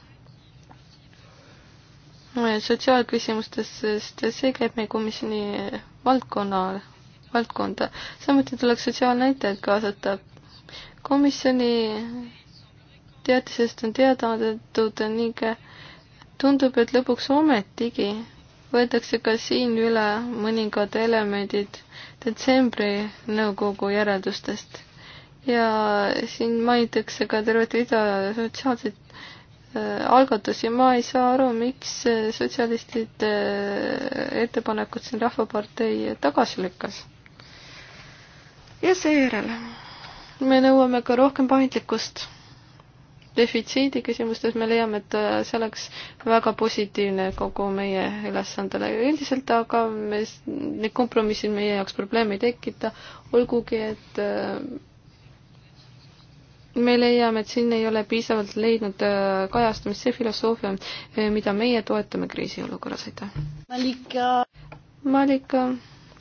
sotsiaalküsimustes, sest see käib meie komisjoni valdkonna, valdkonda. samuti tuleks sotsiaalnäitajaid kaasata. komisjoni teatisest on teada antud ning tundub, et lõpuks ometigi võetakse ka siin üle mõningad elemendid detsembri nõukogu järeldustest ja siin mainitakse ka tervet rida sotsiaalseid äh, algatusi, ma ei saa aru, miks sotsialistid äh, ettepanekud siin Rahvapartei tagasi lükkas. ja seejärel me nõuame ka rohkem paindlikkust defitsiidi küsimustes me leiame, et äh, see oleks väga positiivne kogu meie ülesandele. üldiselt aga me, need kompromissid meie jaoks probleeme ei tekita, olgugi et äh, me leiame, et siin ei ole piisavalt leidnud äh, kajastamist see filosoofia, mida meie toetame kriisiolukorras, aitäh. Malika. Malika,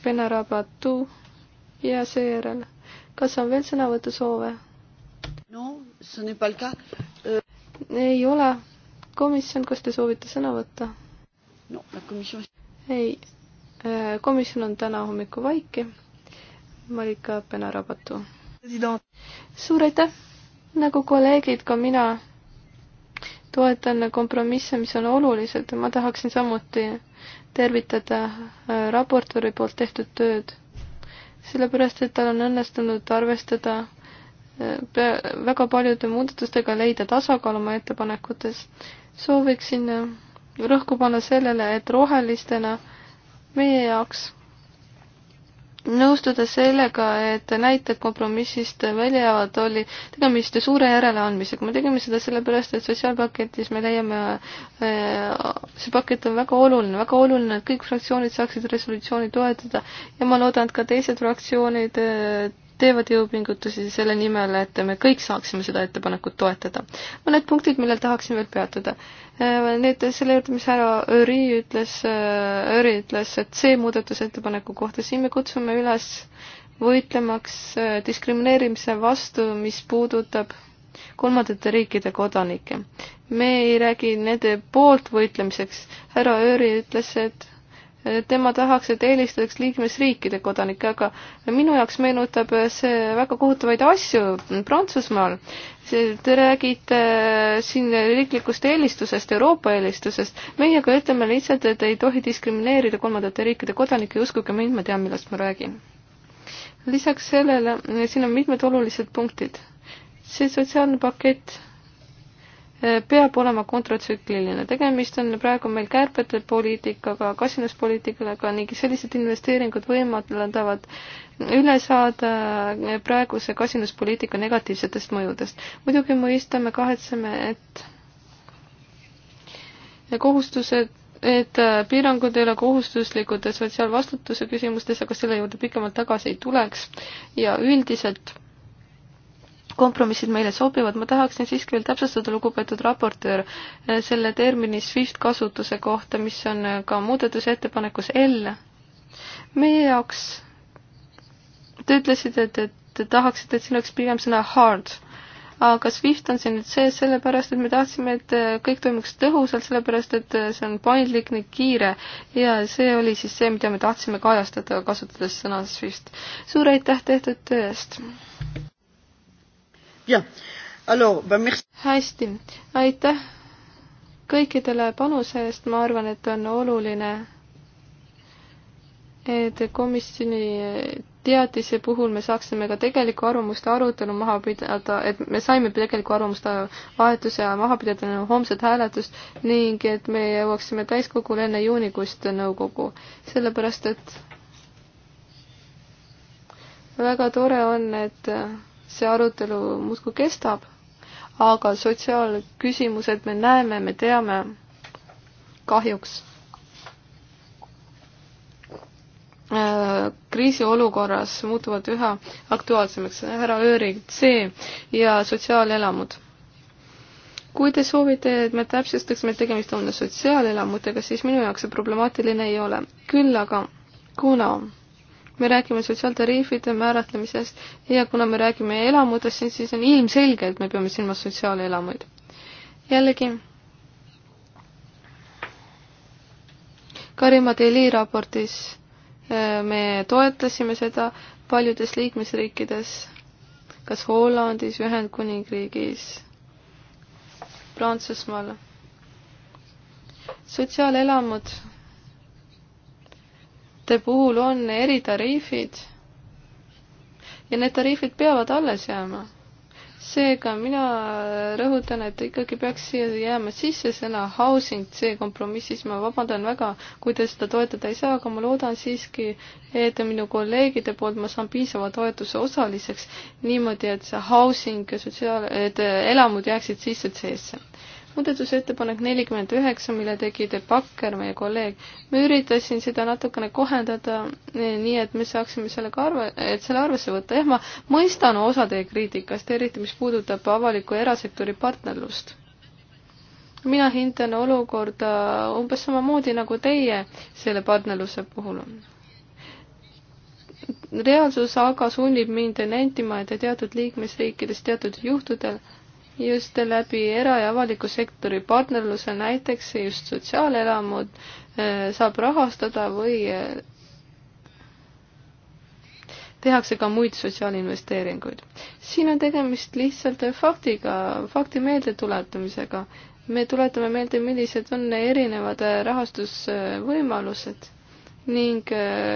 Venera Batu ja seejärel, kas on veel sõnavõtusoove? Äh, ei ole. komisjon, kas te soovite sõna võtta? no la komisjon. ei, äh, komisjon on täna hommikul vaiki. Marika Pena-Rabatu. suur aitäh! nagu kolleegid, ka mina toetan kompromisse, mis on olulised. ma tahaksin samuti tervitada äh, raportööri poolt tehtud tööd, sellepärast et tal on õnnestunud arvestada väga paljude muudatustega leida tasakaal oma ettepanekutes. sooviksin äh, rõhku panna sellele, et rohelistena meie jaoks nõustuda sellega, et näited kompromissist välja jäävad, oli tegemist suure järeleandmisega. me tegime seda sellepärast, et sotsiaalpaketis me leiame, äh, see pakett on väga oluline, väga oluline, et kõik fraktsioonid saaksid resolutsiooni toetada ja ma loodan, et ka teised fraktsioonid äh, teevad jõupingutusi selle nimel, et me kõik saaksime seda ettepanekut toetada. mõned punktid, millel tahaksin veel peatuda. Äh, need, selle juurde, mis härra Öri ütles, äh, Öri ütles, et see muudatusettepaneku kohta, siin me kutsume üles võitlemaks äh, diskrimineerimise vastu, mis puudutab kolmandate riikide kodanikke. me ei räägi nende poolt võitlemiseks, härra Öri ütles, et tema tahaks, et eelistataks liikmesriikide kodanikke, aga minu jaoks meenutab see väga kohutavaid asju Prantsusmaal. Te räägite äh, siin riiklikust eelistusest, Euroopa eelistusest. meie aga ütleme lihtsalt, et ei tohi diskrimineerida kolmandate riikide kodanikke ja uskuge mind, ma tean, millest ma räägin. lisaks sellele, siin on mitmed olulised punktid. see sotsiaalne pakett Eh, peab olema kontratsükliline. tegemist on praegu meil kärbete poliitikaga, kasinuspoliitikaga ning sellised investeeringud võimaldavad üle saada eh, praeguse kasinuspoliitika negatiivsetest mõjudest. muidugi mõistame, kahetseme, et kohustused et eh, piirangud ei ole kohustuslikud sotsiaalvastutuse küsimustes, aga selle juurde pikemalt tagasi ei tuleks ja üldiselt kompromissid meile sobivad, ma tahaksin siiski veel täpsustada, lugupeetud raportöör, eh, selle termini SWIFT kasutuse kohta, mis on eh, ka muudatusettepanekus L. meie jaoks, te ütlesite, et, et te tahaksite, et siin oleks pigem sõna hard, aga SWIFT on siin nüüd sees sellepärast, et me tahtsime, et eh, kõik toimuks tõhusalt, sellepärast et see on paindlik ning kiire ja see oli siis see, mida me tahtsime kajastada, kasutades sõna SWIFT. suur aitäh tehtud töö eest! hästi, aitäh kõikidele panuse eest, ma arvan, et on oluline, et komisjoni teadise puhul me saaksime ka tegelikku arvamuste arutelu maha pidada, et me saime tegeliku arvamuste vahetuse maha pidada enne homset hääletust ning et me jõuaksime täiskogule enne juunikuist nõukogu, sellepärast et väga tore on, et see arutelu muudkui kestab, aga sotsiaalküsimused me näeme, me teame kahjuks äh, kriisiolukorras muutuvad üha aktuaalsemaks härra Ööri C ja sotsiaalelamud. kui te soovite, et me täpsustaksime, et tegemist on sotsiaalelamutega, siis minu jaoks see problemaatiline ei ole. küll aga kuna me räägime sotsiaaltariifide määratlemisest ja kuna me räägime elamutest, siis on ilmselge, et me peame silmas sotsiaalelamuid. jällegi, Karima Deli raportis äh, me toetasime seda paljudes liikmesriikides, kas Hollandis, Ühendkuningriigis, Prantsusmaal. sotsiaalelamud toodete puhul on eritariifid ja need tariifid peavad alles jääma. seega mina rõhutan, et ikkagi peaks siia jääma sisse sõna housing, see kompromissis, ma vabandan väga, kui te seda toetada ei saa, aga ma loodan siiski, et minu kolleegide poolt ma saan piisava toetuse osaliseks niimoodi, et see housing, sotsiaal, et elamud jääksid sisse seesse muudatusettepanek nelikümmend üheksa, mille tegi De Backer, meie kolleeg. ma üritasin seda natukene kohendada nii, et me saaksime sellega arve, et selle arvesse võtta. jah, ma mõistan osa teie kriitikast, eriti mis puudutab avaliku ja erasektori partnerlust. mina hindan olukorda umbes samamoodi nagu teie selle partnerluse puhul reaalsus aga sunnib mind nentima, et teatud liikmesriikides teatud juhtudel just läbi era- ja avaliku sektori partnerluse, näiteks just sotsiaalelamud eh, saab rahastada või eh, tehakse ka muid sotsiaalinvesteeringuid. siin on tegemist lihtsalt faktiga, fakti meeldetuletamisega. me tuletame meelde, millised on erinevad eh, rahastusvõimalused ning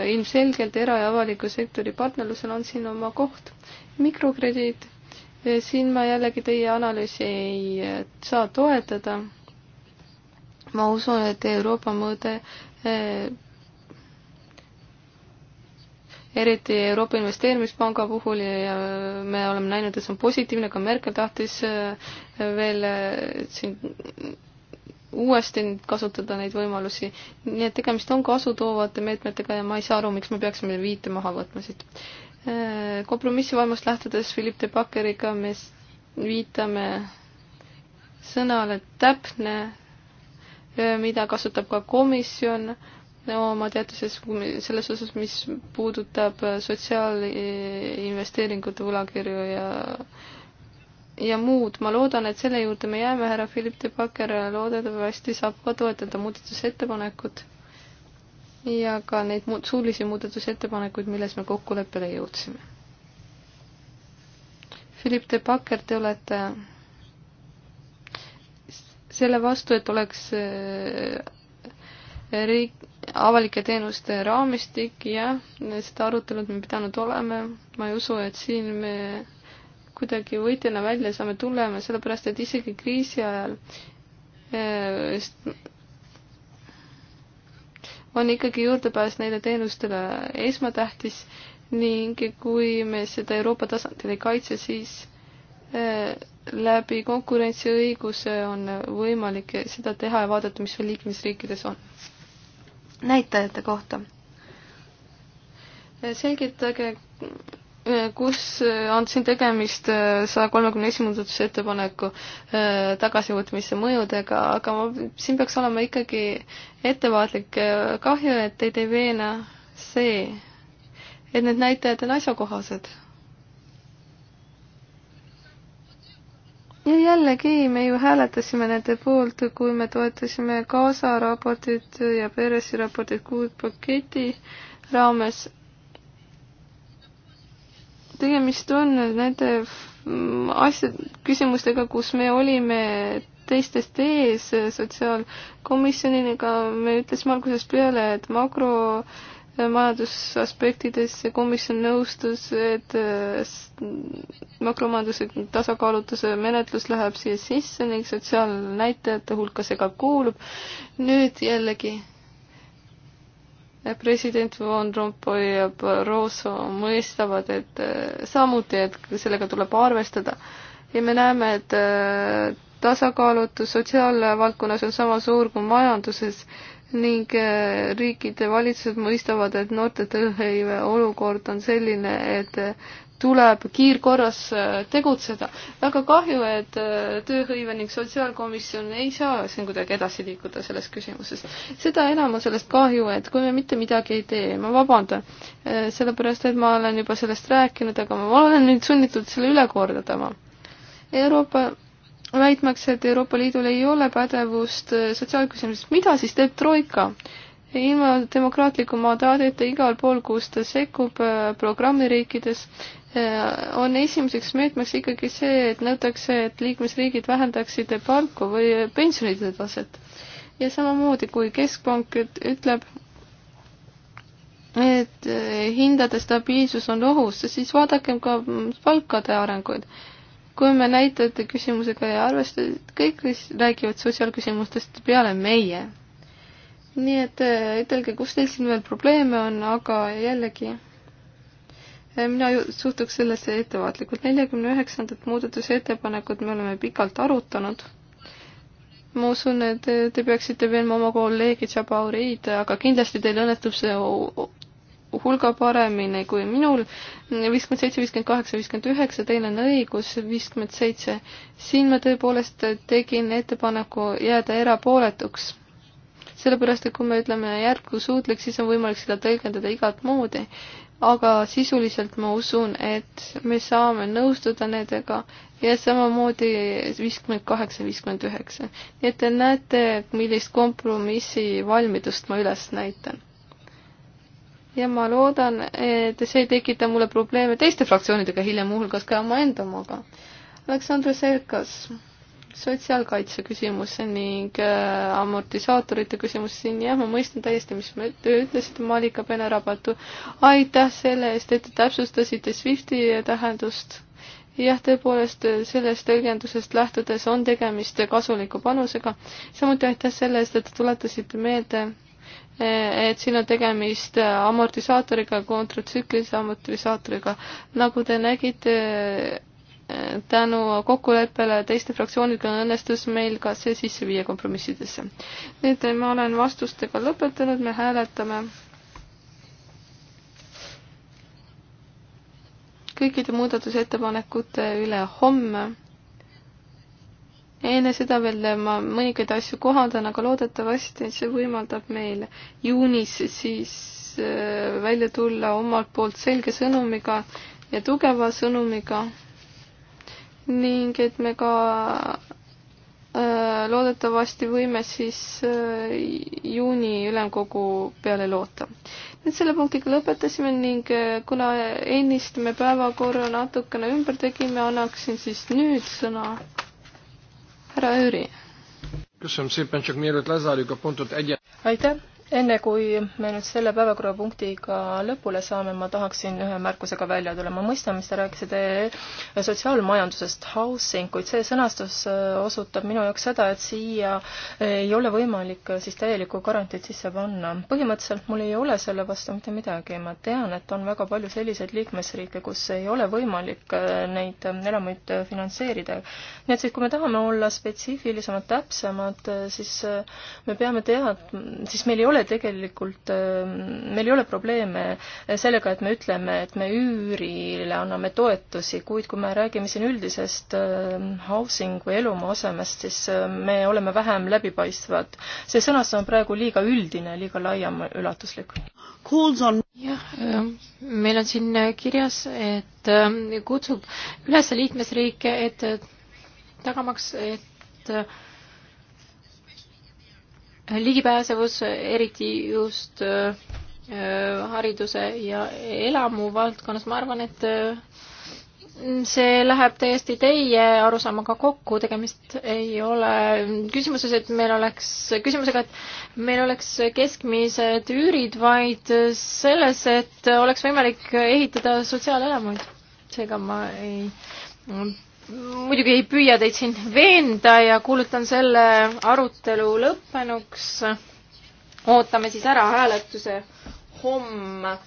ilmselgelt era- ja avaliku sektori partnerlusel on siin oma koht. mikrokrediit siin ma jällegi teie analüüsi ei äh, saa toetada. ma usun, et Euroopa mõõde, äh, eriti Euroopa Investeerimispanga puhul ja me oleme näinud, et see on positiivne, ka Merkel tahtis äh, veel siin uuesti kasutada neid võimalusi, nii et tegemist on kasutoovate meetmetega ja ma ei saa aru, miks me peaksime viite maha võtma siit Äh, kompromissivaimust lähtudes Philip de Bakkeriga me viitame sõnale täpne, äh, mida kasutab ka komisjon oma teatises selles osas, mis puudutab äh, sotsiaalinvesteeringute võlakirju ja ja muud, ma loodan, et selle juurde me jääme, härra Philip de Bakker loodetavasti saab ka toetada muudatusettepanekut ja ka neid muud suulisi muudatusettepanekuid, milles me kokkuleppele jõudsime. Philip de Backer, te olete selle vastu, et oleks äh, riik, avalike teenuste raamistik, jah, seda arutelu me pidanud oleme, ma ei usu, et siin me kuidagi võitjana välja saame tulema, sellepärast et isegi kriisi ajal äh, on ikkagi juurdepääs neile teenustele esmatähtis ning kui me seda Euroopa tasandil ei kaitse, siis eh, läbi konkurentsiõiguse on võimalik seda teha ja vaadata, mis veel liikmesriikides on. näitajate kohta. selgitage Äh, kus äh, on siin tegemist äh, saja kolmekümne esimese muudatusettepaneku tagasivõtmise mõjudega, aga ma, siin peaks olema ikkagi ettevaatlik. kahju, et teid ei veena see, et need näitajad on asjakohased. ja jällegi, me ju hääletasime nende poolt, kui me toetasime Gaza raportit ja Peresi raportit kuud paketi raames tegemist on nende asja, küsimustega, kus me olime teistest ees sotsiaalkomisjoniniga, me ütlesime algusest peale, et makro majandusaspektides see komisjon nõustus, et äh, makromajanduse tasakaalutuse menetlus läheb siia sisse ning sotsiaalnäitajate hulka see ka kuulub. nüüd jällegi president Von Rompuy ja Barroso mõistavad, et eh, samuti, et sellega tuleb arvestada ja me näeme, et eh, tasakaalutus sotsiaalvaldkonnas on sama suur kui majanduses ning eh, riikide valitsused mõistavad, et noorte tööhõive olukord on selline, et tuleb kiirkorras äh, tegutseda. väga kahju, et äh, tööhõive ning sotsiaalkomisjon ei saa siin kuidagi edasi liikuda selles küsimuses. seda enam on sellest kahju, et kui me mitte midagi ei tee, ma vabandan, äh, sellepärast et ma olen juba sellest rääkinud, aga ma olen nüüd sunnitud selle üle kordama. Euroopa väitmaks, et Euroopa Liidul ei ole pädevust sotsiaalküsimuses, mida siis teeb Troika? ilma demokraatliku mandaadita igal pool, kus ta sekkub programmiriikides Äh, on esimeseks meetmeks ikkagi see, et nõutakse, et liikmesriigid vähendaksid palku või pensionide taset. ja samamoodi, kui Keskpank ütleb, et äh, hindade stabiilsus on ohus, siis vaadakem ka palkade arenguid. kui me näitajate küsimusega ei arvesta, kõik räägivad sotsiaalküsimustest peale meie. nii et äh, ütelge, kus teil siin veel probleeme on, aga jällegi mina suhtuks sellesse ettevaatlikult. neljakümne üheksandat muudatusettepanekut me oleme pikalt arutanud. ma usun, et te peaksite veenma oma kolleegi Tšabaurid, aga kindlasti teil õnnestub see hulga paremini kui minul. viiskümmend seitse, viiskümmend kaheksa, viiskümmend üheksa, teil on õigus, viiskümmend seitse. siin ma tõepoolest tegin ettepaneku jääda erapooletuks. sellepärast, et kui me ütleme jätkusuutlik, siis on võimalik seda tõlgendada igat moodi aga sisuliselt ma usun, et me saame nõustuda nendega ja samamoodi viiskümmend kaheksa, viiskümmend üheksa. nii et te näete, millist kompromissi valmidust ma üles näitan. ja ma loodan, et see ei tekita mulle probleeme teiste fraktsioonidega hiljem, muuhulgas ka omaenda omaga. Aleksandr Serkas sotsiaalkaitse küsimus ning äh, amortisaatorite küsimus siin, jah, ma mõistan täiesti, mis te ütlesite, Malika Pene-Rabatu. aitäh selle eest, et te täpsustasite SWIFTi tähendust. jah, tõepoolest, sellest tõlgendusest lähtudes on tegemist kasuliku panusega. samuti aitäh selle eest, et te tuletasite meelde, äh, et siin on tegemist äh, amortisaatoriga, kontratsüklilise amortisaatoriga. nagu te nägite, tänu kokkuleppele teiste fraktsioonidega õnnestus meil ka see sisse viia kompromissidesse. nüüd eh, ma olen vastustega lõpetanud, me hääletame kõikide muudatusettepanekute üle homme. enne seda veel eh, ma mõningaid asju kohandan, aga loodetavasti see võimaldab meil juunis siis eh, välja tulla omalt poolt selge sõnumiga ja tugeva sõnumiga ning et me ka äh, loodetavasti võime siis äh, juuni ülemkogu peale loota. nüüd selle punktiga lõpetasime ning äh, kuna ennist me päevakorra natukene ümber tegime, annaksin siis nüüd sõna härra Ööri. aitäh, enne kui me nüüd selle päevakorrapunktiga lõpule saame, ma tahaksin ühe märkusega välja tulla. ma mõistan, mis te rääkisite sotsiaalmajandusest, housing, kuid see sõnastus äh, osutab minu jaoks seda, et siia ei ole võimalik äh, siis täielikku garantiid sisse panna. põhimõtteliselt mul ei ole selle vastu mitte midagi. ma tean, et on väga palju selliseid liikmesriike, kus ei ole võimalik äh, neid elamuid finantseerida. nii et siis, kui me tahame olla spetsiifilisemad, täpsemad, siis me peame teadma, siis meil ei ole ole tegelikult, ähm, meil ei ole probleeme sellega, et me ütleme, et me üürile anname toetusi, kuid kui me räägime siin üldisest ähm, housing või elumaaasemest, siis ähm, me oleme vähem läbipaistvad. see sõnastus on praegu liiga üldine, liiga laiem, ulatuslik. jah, meil on siin kirjas, et kutsub üles liikmesriike, et äh, tagamaks, et äh, ligipääsevus, eriti just äh, äh, hariduse ja elamu valdkonnas, ma arvan, et äh, see läheb täiesti teie arusaamaga kokku, tegemist ei ole küsimuses, et meil oleks, küsimusega, et meil oleks keskmised üürid, vaid selles, et oleks võimalik ehitada sotsiaalelamuid. seega ma ei muidugi ei püüa teid siin veenda ja kuulutan selle arutelu lõppenuks. ootame siis ära hääletuse homme.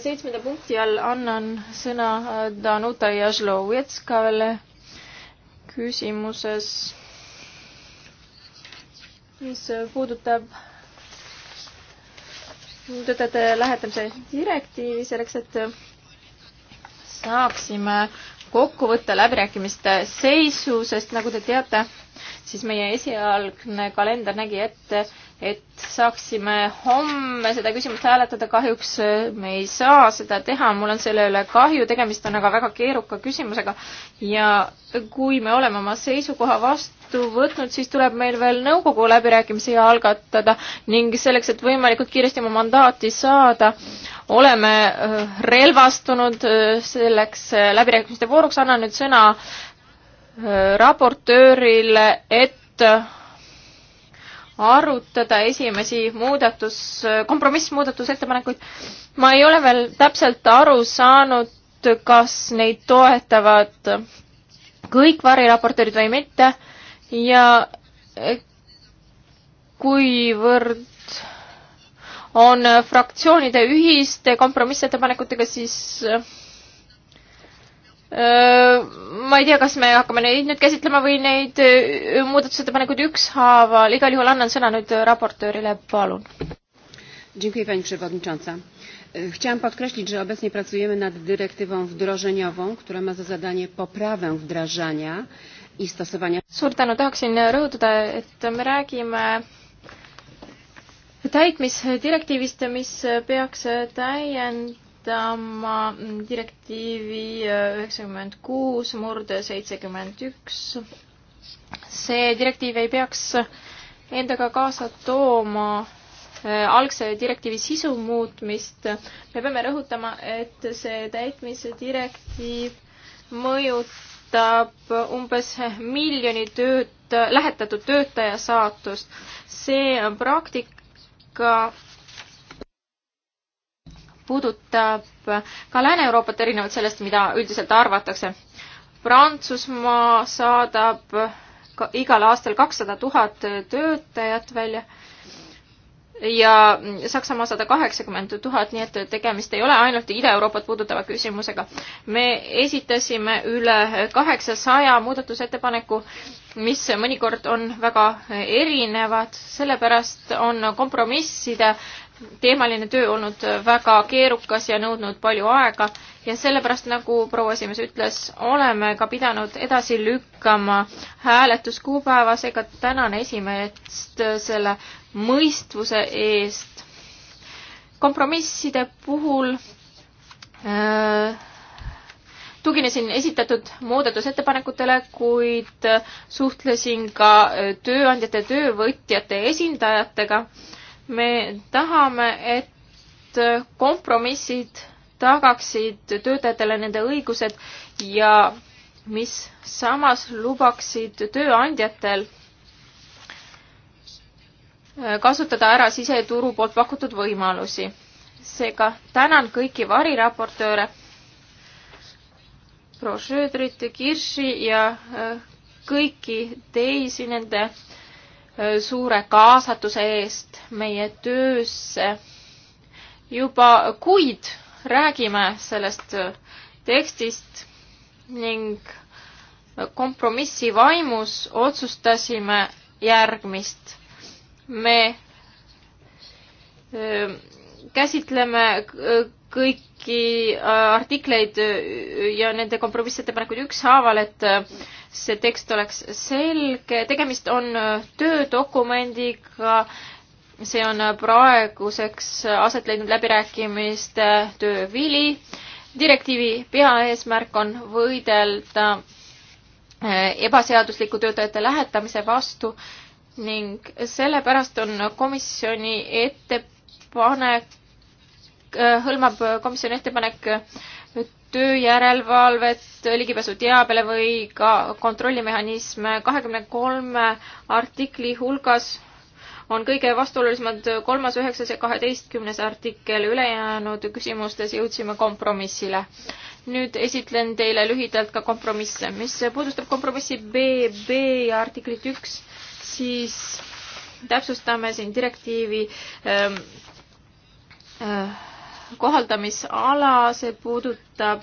seitsmenda punkti all annan sõna äh, Danuta Jaslovetskale küsimuses, mis puudutab töötajate lähetamise direktiivi selleks, et saaksime kokkuvõtte läbirääkimiste seisu, sest nagu te teate, siis meie esialgne kalender nägi ette et saaksime homme seda küsimust hääletada, kahjuks äh, me ei saa seda teha, mul on selle üle kahju, tegemist on aga väga keeruka küsimusega ja kui me oleme oma seisukoha vastu võtnud, siis tuleb meil veel nõukogu läbirääkimisi algatada ning selleks, et võimalikult kiiresti oma mandaati saada, oleme äh, relvastunud äh, selleks läbirääkimiste vooruks, annan nüüd sõna raportöörile, et arutada esimesi muudatus, kompromissmuudatusettepanekuid. ma ei ole veel täpselt aru saanud, kas neid toetavad kõik variraportöörid või mitte ja e, kuivõrd on fraktsioonide ühiste kompromissettepanekutega, siis ma ei tea, kas me hakkame neid nüüd käsitlema või neid muudatusettepanekuid ükshaaval, igal juhul annan sõna nüüd raportöörile, palun. Dziękuję Pani Przewodnicząca. Chciałam podkreślić, że obecnie pracujemy nad dyrektywą wdrożeniową, która ma za zadanie poprawę wdrażania i stosowania. Suur tänu, tahaksin rõhutada, et me räägime täitmisdirektiivist, mis peaks täiend-, muutma direktiivi äh, üheksakümmend kuus murde seitsekümmend üks. see direktiiv ei peaks endaga kaasa tooma äh, algse direktiivi sisu muutmist. me peame rõhutama, et see täitmise direktiiv mõjutab umbes miljoni tööt-, lähetatud töötaja saatust. see praktika puudutab ka Lääne-Euroopat erinevalt sellest, mida üldiselt arvatakse. Prantsusmaa saadab igal aastal kakssada tuhat töötajat välja ja Saksamaa sada kaheksakümmend tuhat, nii et tegemist ei ole ainult Ida-Euroopat puudutava küsimusega. me esitasime üle kaheksasaja muudatusettepaneku, mis mõnikord on väga erinevad, sellepärast on kompromisside teemaline töö olnud väga keerukas ja nõudnud palju aega ja sellepärast, nagu proua esimees ütles, oleme ka pidanud edasi lükkama hääletuskuupäeva, seega tänan esimeest selle mõistvuse eest. kompromisside puhul öö, äh, tuginesin esitatud muudatusettepanekutele, kuid suhtlesin ka tööandjate, töövõtjate esindajatega me tahame, et kompromissid tagaksid töötajatele nende õigused ja mis samas lubaksid tööandjatel kasutada ära siseturu poolt pakutud võimalusi. seega tänan kõiki variraportööre, prožöödrit, Kirši ja äh, kõiki teisi nende äh, suure kaasatuse eest meie töösse. juba kuid räägime sellest tekstist ning kompromissi vaimus otsustasime järgmist. me käsitleme kõiki äh, artikleid äh, ja nende kompromissettepanekuid ükshaaval, et äh, see tekst oleks selge, tegemist on äh, töödokumendiga, see on äh, praeguseks äh, aset leidnud läbirääkimiste töövili. direktiivi peaeesmärk on võidelda ebaseadusliku töötajate lähetamise vastu ning sellepärast on komisjoni ettepanek, hõlmab komisjoni ettepanek tööjärelevalvet, ligipääsu teabele või ka kontrollimehhanisme. kahekümne kolme artikli hulgas on kõige vastuolulisemad kolmas, üheksas ja kaheteistkümnes artikkel, ülejäänud küsimustes jõudsime kompromissile. nüüd esitlen teile lühidalt ka kompromisse. mis puudutab kompromissi BB ja artiklit üks, siis täpsustame siin direktiivi ähm, äh, kohaldamisala, see puudutab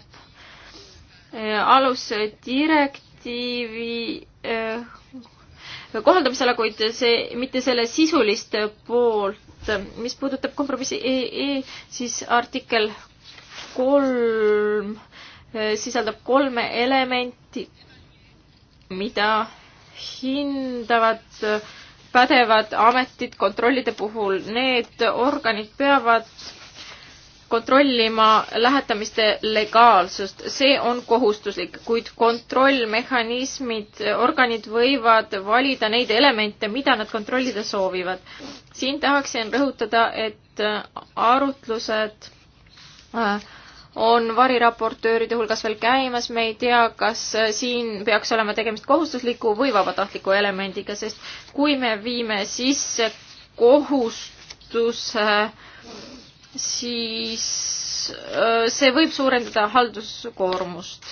eh, alusdirektiivi eh, kohaldamisala, kuid see, mitte selle sisulist poolt. mis puudutab kompromissi EE, e, siis artikkel kolm eh, sisaldab kolme elementi, mida hindavad pädevad ametid kontrollide puhul. Need organid peavad kontrollima lähetamiste legaalsust, see on kohustuslik, kuid kontrollmehhanismid, organid võivad valida neid elemente, mida nad kontrollida soovivad. siin tahaksin rõhutada, et arutlused äh, on variraportööride hulgas veel käimas, me ei tea, kas siin peaks olema tegemist kohustusliku või vabatahtliku elemendiga, sest kui me viime sisse kohustuse äh, siis äh, see võib suurendada halduskoormust.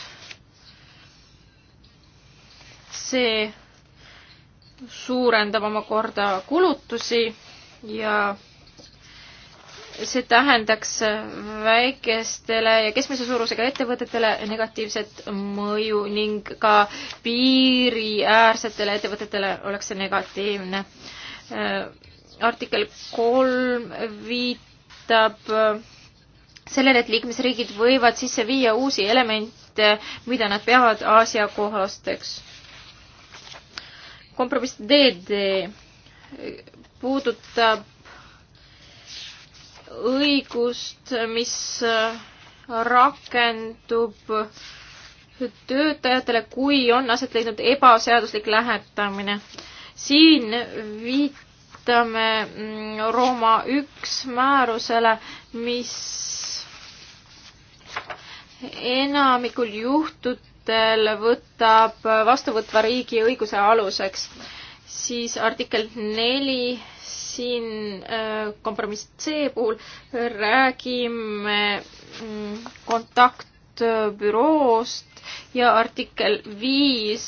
see suurendab omakorda kulutusi ja see tähendaks väikestele ja keskmise suurusega ettevõtetele negatiivset mõju ning ka piiriäärsetele ettevõtetele oleks see negatiivne. Äh, artikkel kolm viit-, viitab äh, sellele, et liikmesriigid võivad sisse viia uusi elemente, mida nad peavad asjakohasteks. kompromiss DD äh, puudutab õigust, mis äh, rakendub töötajatele, kui on aset leidnud ebaseaduslik lähetamine. siin viit-, viitame mm, Rooma üks määrusele, mis enamikul juhtudel võtab vastuvõtva riigi õiguse aluseks. siis artikkel neli siin äh, kompromiss C puhul räägime mm, kontaktbüroost ja artikkel viis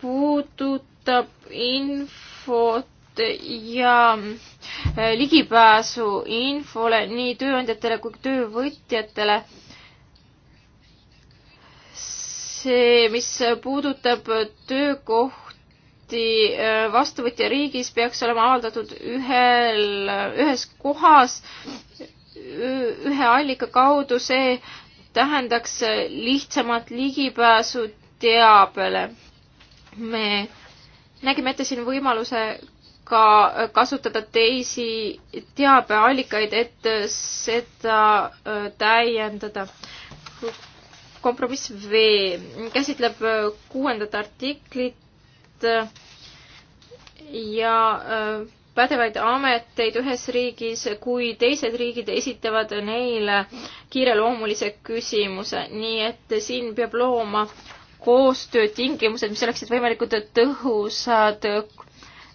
puudutab puudutab infot ja äh, ligipääsu infole nii tööandjatele kui töövõtjatele. see, mis puudutab töökohti äh, vastuvõtja riigis, peaks olema avaldatud ühel, äh, ühes kohas, ühe allika kaudu, see tähendaks lihtsamat ligipääsu teabele. me nägime ette siin võimaluse ka kasutada teisi teabeallikaid, et seda äh, täiendada. kompromiss V käsitleb äh, kuuendat artiklit äh, ja pädevaid ameteid ühes riigis, kui teised riigid esitavad neile kiireloomulise küsimuse, nii et siin peab looma koostöötingimused, mis oleksid võimalikult tõhusad.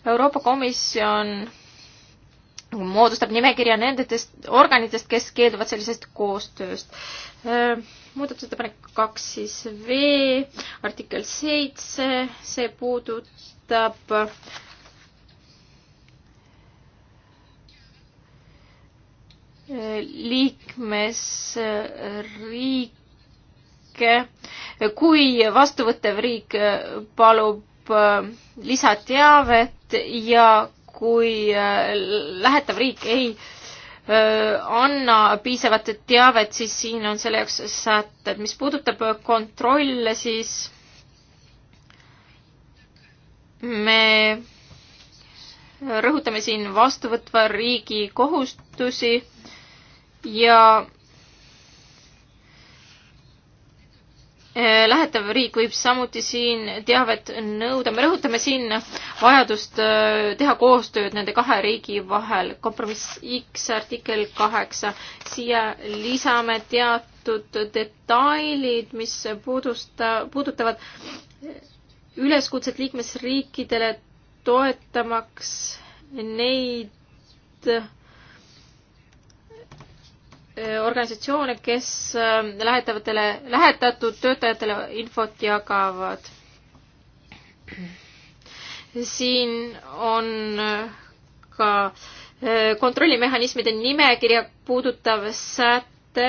Euroopa Komisjon moodustab nimekirja nendest organitest, kes keelduvad sellisest koostööst. muudatusettepanek kaks siis V, artikkel seitse, see puudutab liikmesriik riike. kui vastuvõttev riik äh, palub äh, lisateavet ja kui äh, lähetav riik ei anna piisavat teavet, siis siin on selle jaoks sätted. mis puudutab kontrolle, siis me rõhutame siin vastuvõtva riigi kohustusi ja Eh, lähetav riik võib samuti siin teavet nõuda. me rõhutame siin vajadust eh, teha koostööd nende kahe riigi vahel. kompromiss X artikkel kaheksa. siia lisame teatud detailid, mis puudusta, puudutavad üleskutset liikmesriikidele toetamaks neid Eh, organisatsioone, kes eh, lähetavatele, lähetatud töötajatele infot jagavad. siin on eh, ka kontrollimehhanismide nimekirja puudutav säte,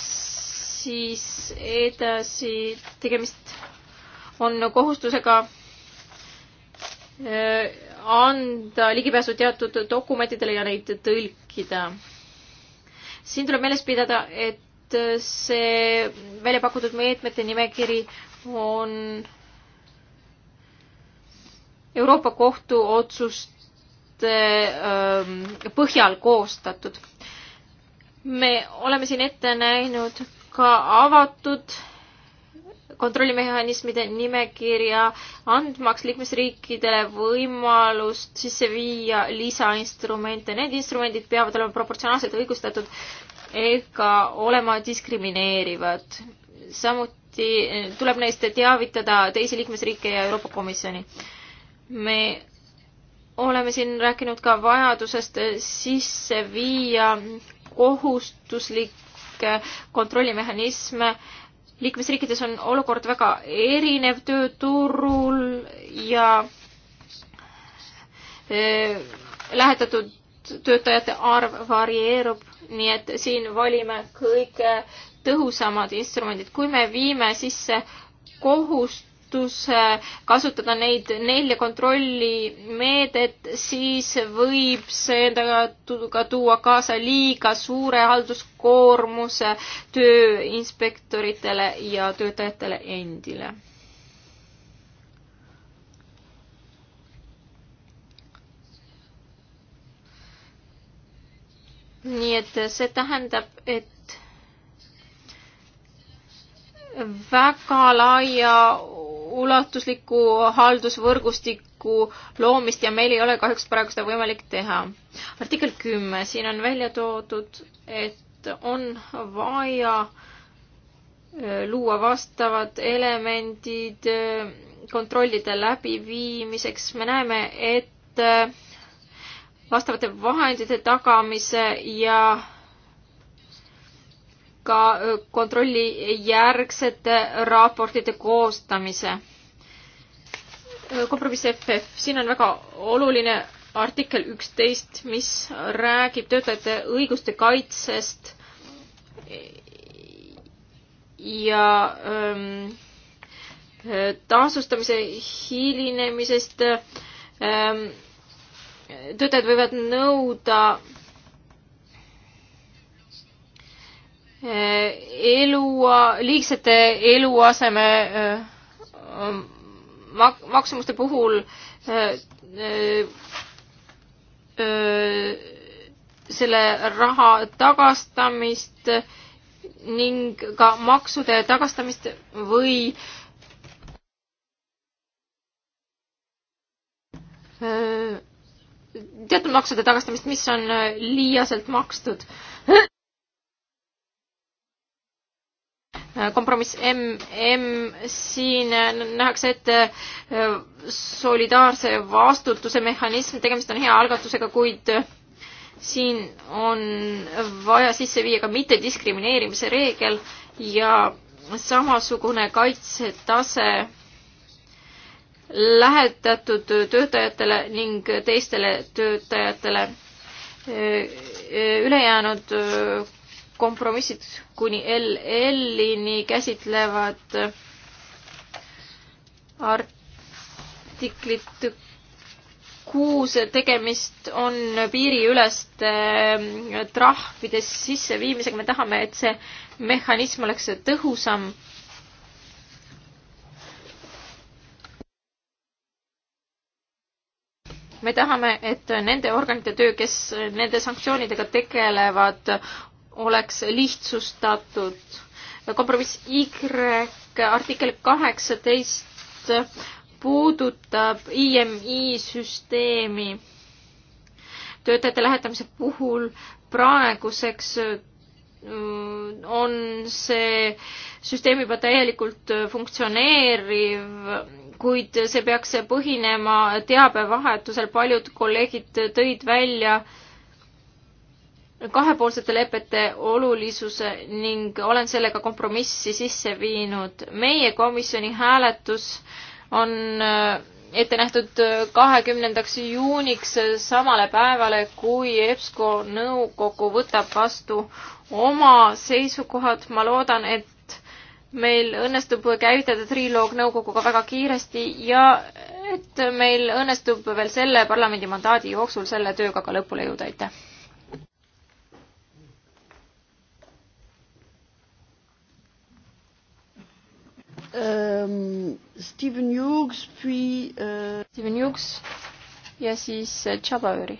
siis edasi tegemist on kohustusega anda ligipääsu teatud dokumentidele ja neid tõlkida siin tuleb meeles pidada, et äh, see välja pakutud meetmete nimekiri on Euroopa Kohtu otsuste äh, põhjal koostatud. me oleme siin ette näinud ka avatud kontrollimehhanismide nimekirja, andmaks liikmesriikidele võimalust sisse viia lisainstrumente. Need instrumendid peavad olema proportsionaalselt õigustatud ega olema diskrimineerivad. samuti tuleb neist teavitada teisi liikmesriike ja Euroopa Komisjoni. me oleme siin rääkinud ka vajadusest sisse viia kohustuslikke kontrollimehhanisme äh, liikmesriikides on olukord väga erinev tööturul ja e, lähetatud töötajate arv varieerub, nii et siin valime kõige tõhusamad instrumendid. kui me viime sisse kohust, kohustuse kasutada neid nelja kontrollimeedet, siis võib see endaga ka tuua kaasa liiga suure halduskoormuse tööinspektoritele ja töötajatele endile. nii et see tähendab, et väga laia ulatusliku haldusvõrgustiku loomist ja meil ei ole kahjuks praegu seda võimalik teha. artikkel kümme, siin on välja toodud, et on vaja äh, luua vastavad elemendid äh, kontrollide läbiviimiseks. me näeme, et äh, vastavate vahendite tagamise ja ka kontrolli järgsete raportite koostamise. kompromiss FF, siin on väga oluline artikkel üksteist, mis räägib töötajate õiguste kaitsest ja ähm, tasustamise hilinemisest ähm,. töötajad võivad nõuda äh, elu, liigsete eluaseme äh, mak-, maksumuste puhul äh, äh, selle raha tagastamist ning ka maksude tagastamist või teatud maksude tagastamist, mis on liiaselt makstud kompromiss MM siin nähakse ette äh, solidaarse vastutuse mehhanism, tegemist on hea algatusega, kuid siin on vaja sisse viia ka mittediskrimineerimise reegel ja samasugune kaitsetase lähetatud töötajatele ning teistele töötajatele. Äh, äh, ülejäänud kompromissid kuni LL-ini käsitlevad artiklit kuus, tegemist on piiriüleste ähm, trahvide sisseviimisega, me tahame, et see mehhanism oleks tõhusam. me tahame, et nende organite töö, kes nende sanktsioonidega tegelevad, oleks lihtsustatud. kompromiss Y artikkel kaheksateist puudutab IMI süsteemi töötajate lähetamise puhul praeguseks mm, on see süsteem juba täielikult funktsioneeriv, kuid see peaks põhinema teabevahetusel, paljud kolleegid tõid välja äh, kahepoolsete lepete olulisuse ning olen sellega kompromissi sisse viinud. meie komisjoni hääletus on äh, ette nähtud äh, kahekümnendaks juuniks samale päevale, kui EBSCO nõukogu võtab vastu oma seisukohad. ma loodan, et meil õnnestub käivitada triloog nõukoguga väga kiiresti ja et meil õnnestub veel selle parlamendi mandaadi jooksul selle tööga ka lõpule jõuda, aitäh! um, Steven Hughes, puis uh... Steven Hughes ja siis Tšabaööri.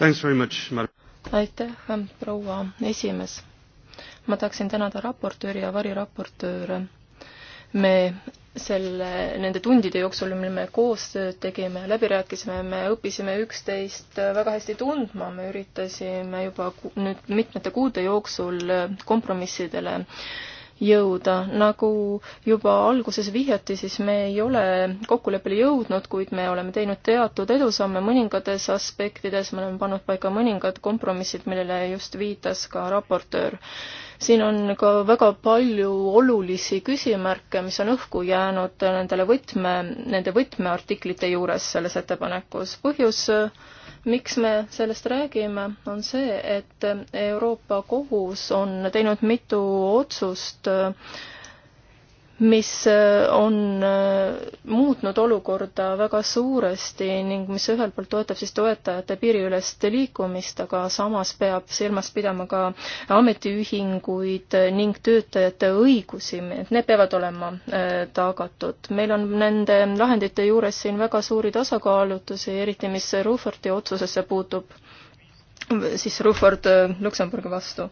Äh, aitäh, ähm, proua esimees. ma tahaksin tänada raportööri ja variraportööre. me selle, nende tundide jooksul, mil me koostööd tegime, läbi rääkisime, me õppisime üksteist väga hästi tundma, me üritasime juba nüüd mitmete kuude jooksul kompromissidele jõuda. nagu juba alguses vihjati, siis me ei ole kokkuleppele jõudnud, kuid me oleme teinud teatud edusamme mõningates aspektides, me oleme pannud paika mõningad kompromissid, millele just viitas ka raportöör siin on ka väga palju olulisi küsimärke, mis on õhku jäänud nendele võtme, nende võtmeartiklite juures selles ettepanekus. põhjus, miks me sellest räägime, on see, et Euroopa Kohus on teinud mitu otsust äh, mis äh, on äh, muutnud olukorda väga suuresti ning mis ühelt poolt toetab siis toetajate piiriülest liikumist, aga samas peab silmas pidama ka ametiühinguid ning töötajate õigusi, et need peavad olema äh, tagatud. meil on nende lahendite juures siin väga suuri tasakaalutusi, eriti mis Ruforti otsusesse puutub, siis Ruford Luksemburgi vastu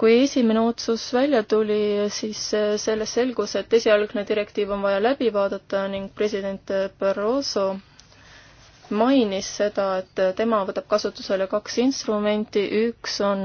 kui esimene otsus välja tuli, siis selles selgus, et esialgne direktiiv on vaja läbi vaadata ning president Barroso mainis seda, et tema võtab kasutusele kaks instrumenti, üks on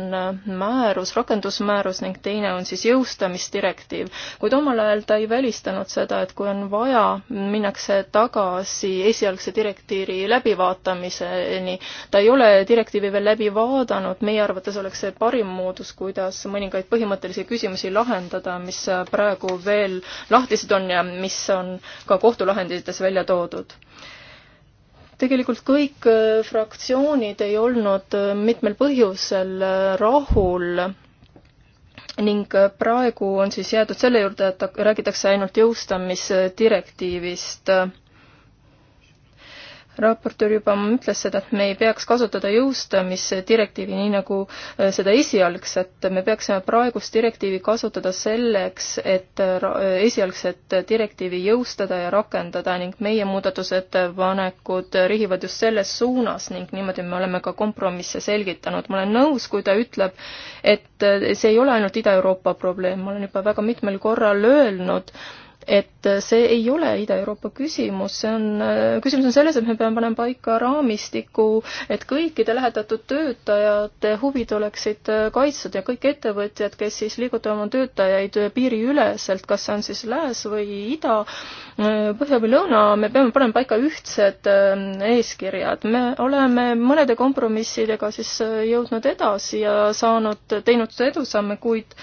määrus, rakendusmäärus ning teine on siis jõustamisdirektiiv. kuid omal ajal ta ei välistanud seda, et kui on vaja, minnakse tagasi esialgse direktiivi läbivaatamiseni. ta ei ole direktiivi veel läbi vaadanud, meie arvates oleks see parim moodus, kuidas mõningaid põhimõttelisi küsimusi lahendada, mis praegu veel lahtised on ja mis on ka kohtulahendites välja toodud tegelikult kõik äh, fraktsioonid ei olnud äh, mitmel põhjusel äh, rahul ning praegu on siis jäädud selle juurde, et räägitakse ainult jõustamisdirektiivist raportöör juba ütles seda, et me ei peaks kasutada jõustamisdirektiivi nii nagu äh, seda esialgset, me peaksime praegust direktiivi kasutada selleks, et äh, esialgset direktiivi jõustada ja rakendada ning meie muudatusettepanekud äh, rihivad just selles suunas ning niimoodi me oleme ka kompromisse selgitanud. ma olen nõus, kui ta ütleb, et see ei ole ainult Ida-Euroopa probleem, ma olen juba väga mitmel korral öelnud, et see ei ole Ida-Euroopa küsimus, see on, küsimus on selles, et me peame panema paika raamistiku, et kõikide lähetatud töötajate huvid oleksid kaitstud ja kõik ettevõtjad, kes siis liigutavad oma töötajaid piiriüleselt, kas see on siis lääs või ida, põhja või lõuna, me peame panema paika ühtsed ähm, eeskirjad. me oleme mõnede kompromissidega siis äh, jõudnud edasi ja saanud, teinud edusamme, kuid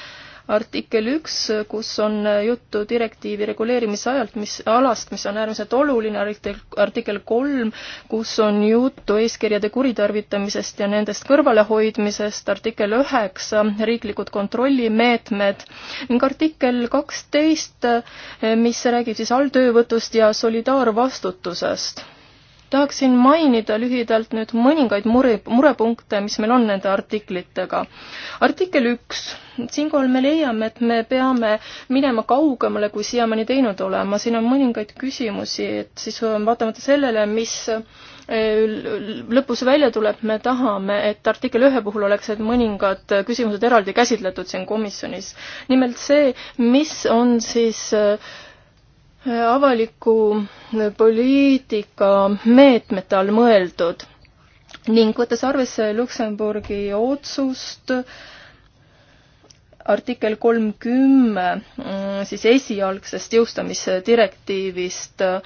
artikkel üks, kus on juttu direktiivi reguleerimise ajalt, mis, alast, mis on äärmiselt oluline, artikkel, artikkel kolm, kus on juttu eeskirjade kuritarvitamisest ja nendest kõrvalehoidmisest, artikkel üheksa, riiklikud kontrollimeetmed ning artikkel kaksteist, mis räägib siis alltöövõtust ja solidaarvastutusest tahaksin mainida lühidalt nüüd mõningaid mure, murepunkte, mis meil on nende artiklitega. artikkel üks, siinkohal me leiame, et me peame minema kaugemale, kui siiamaani teinud olema, siin on mõningaid küsimusi, et siis vaatamata sellele, mis eh, lõpus välja tuleb, me tahame, et artikkel ühe puhul oleks need mõningad küsimused eraldi käsitletud siin komisjonis. nimelt see, mis on siis äh, avaliku poliitika meetmete all mõeldud ning võttes arvesse Luksemburgi otsust artikkel kolmkümmend siis esialgsest jõustamisdirektiivist eh,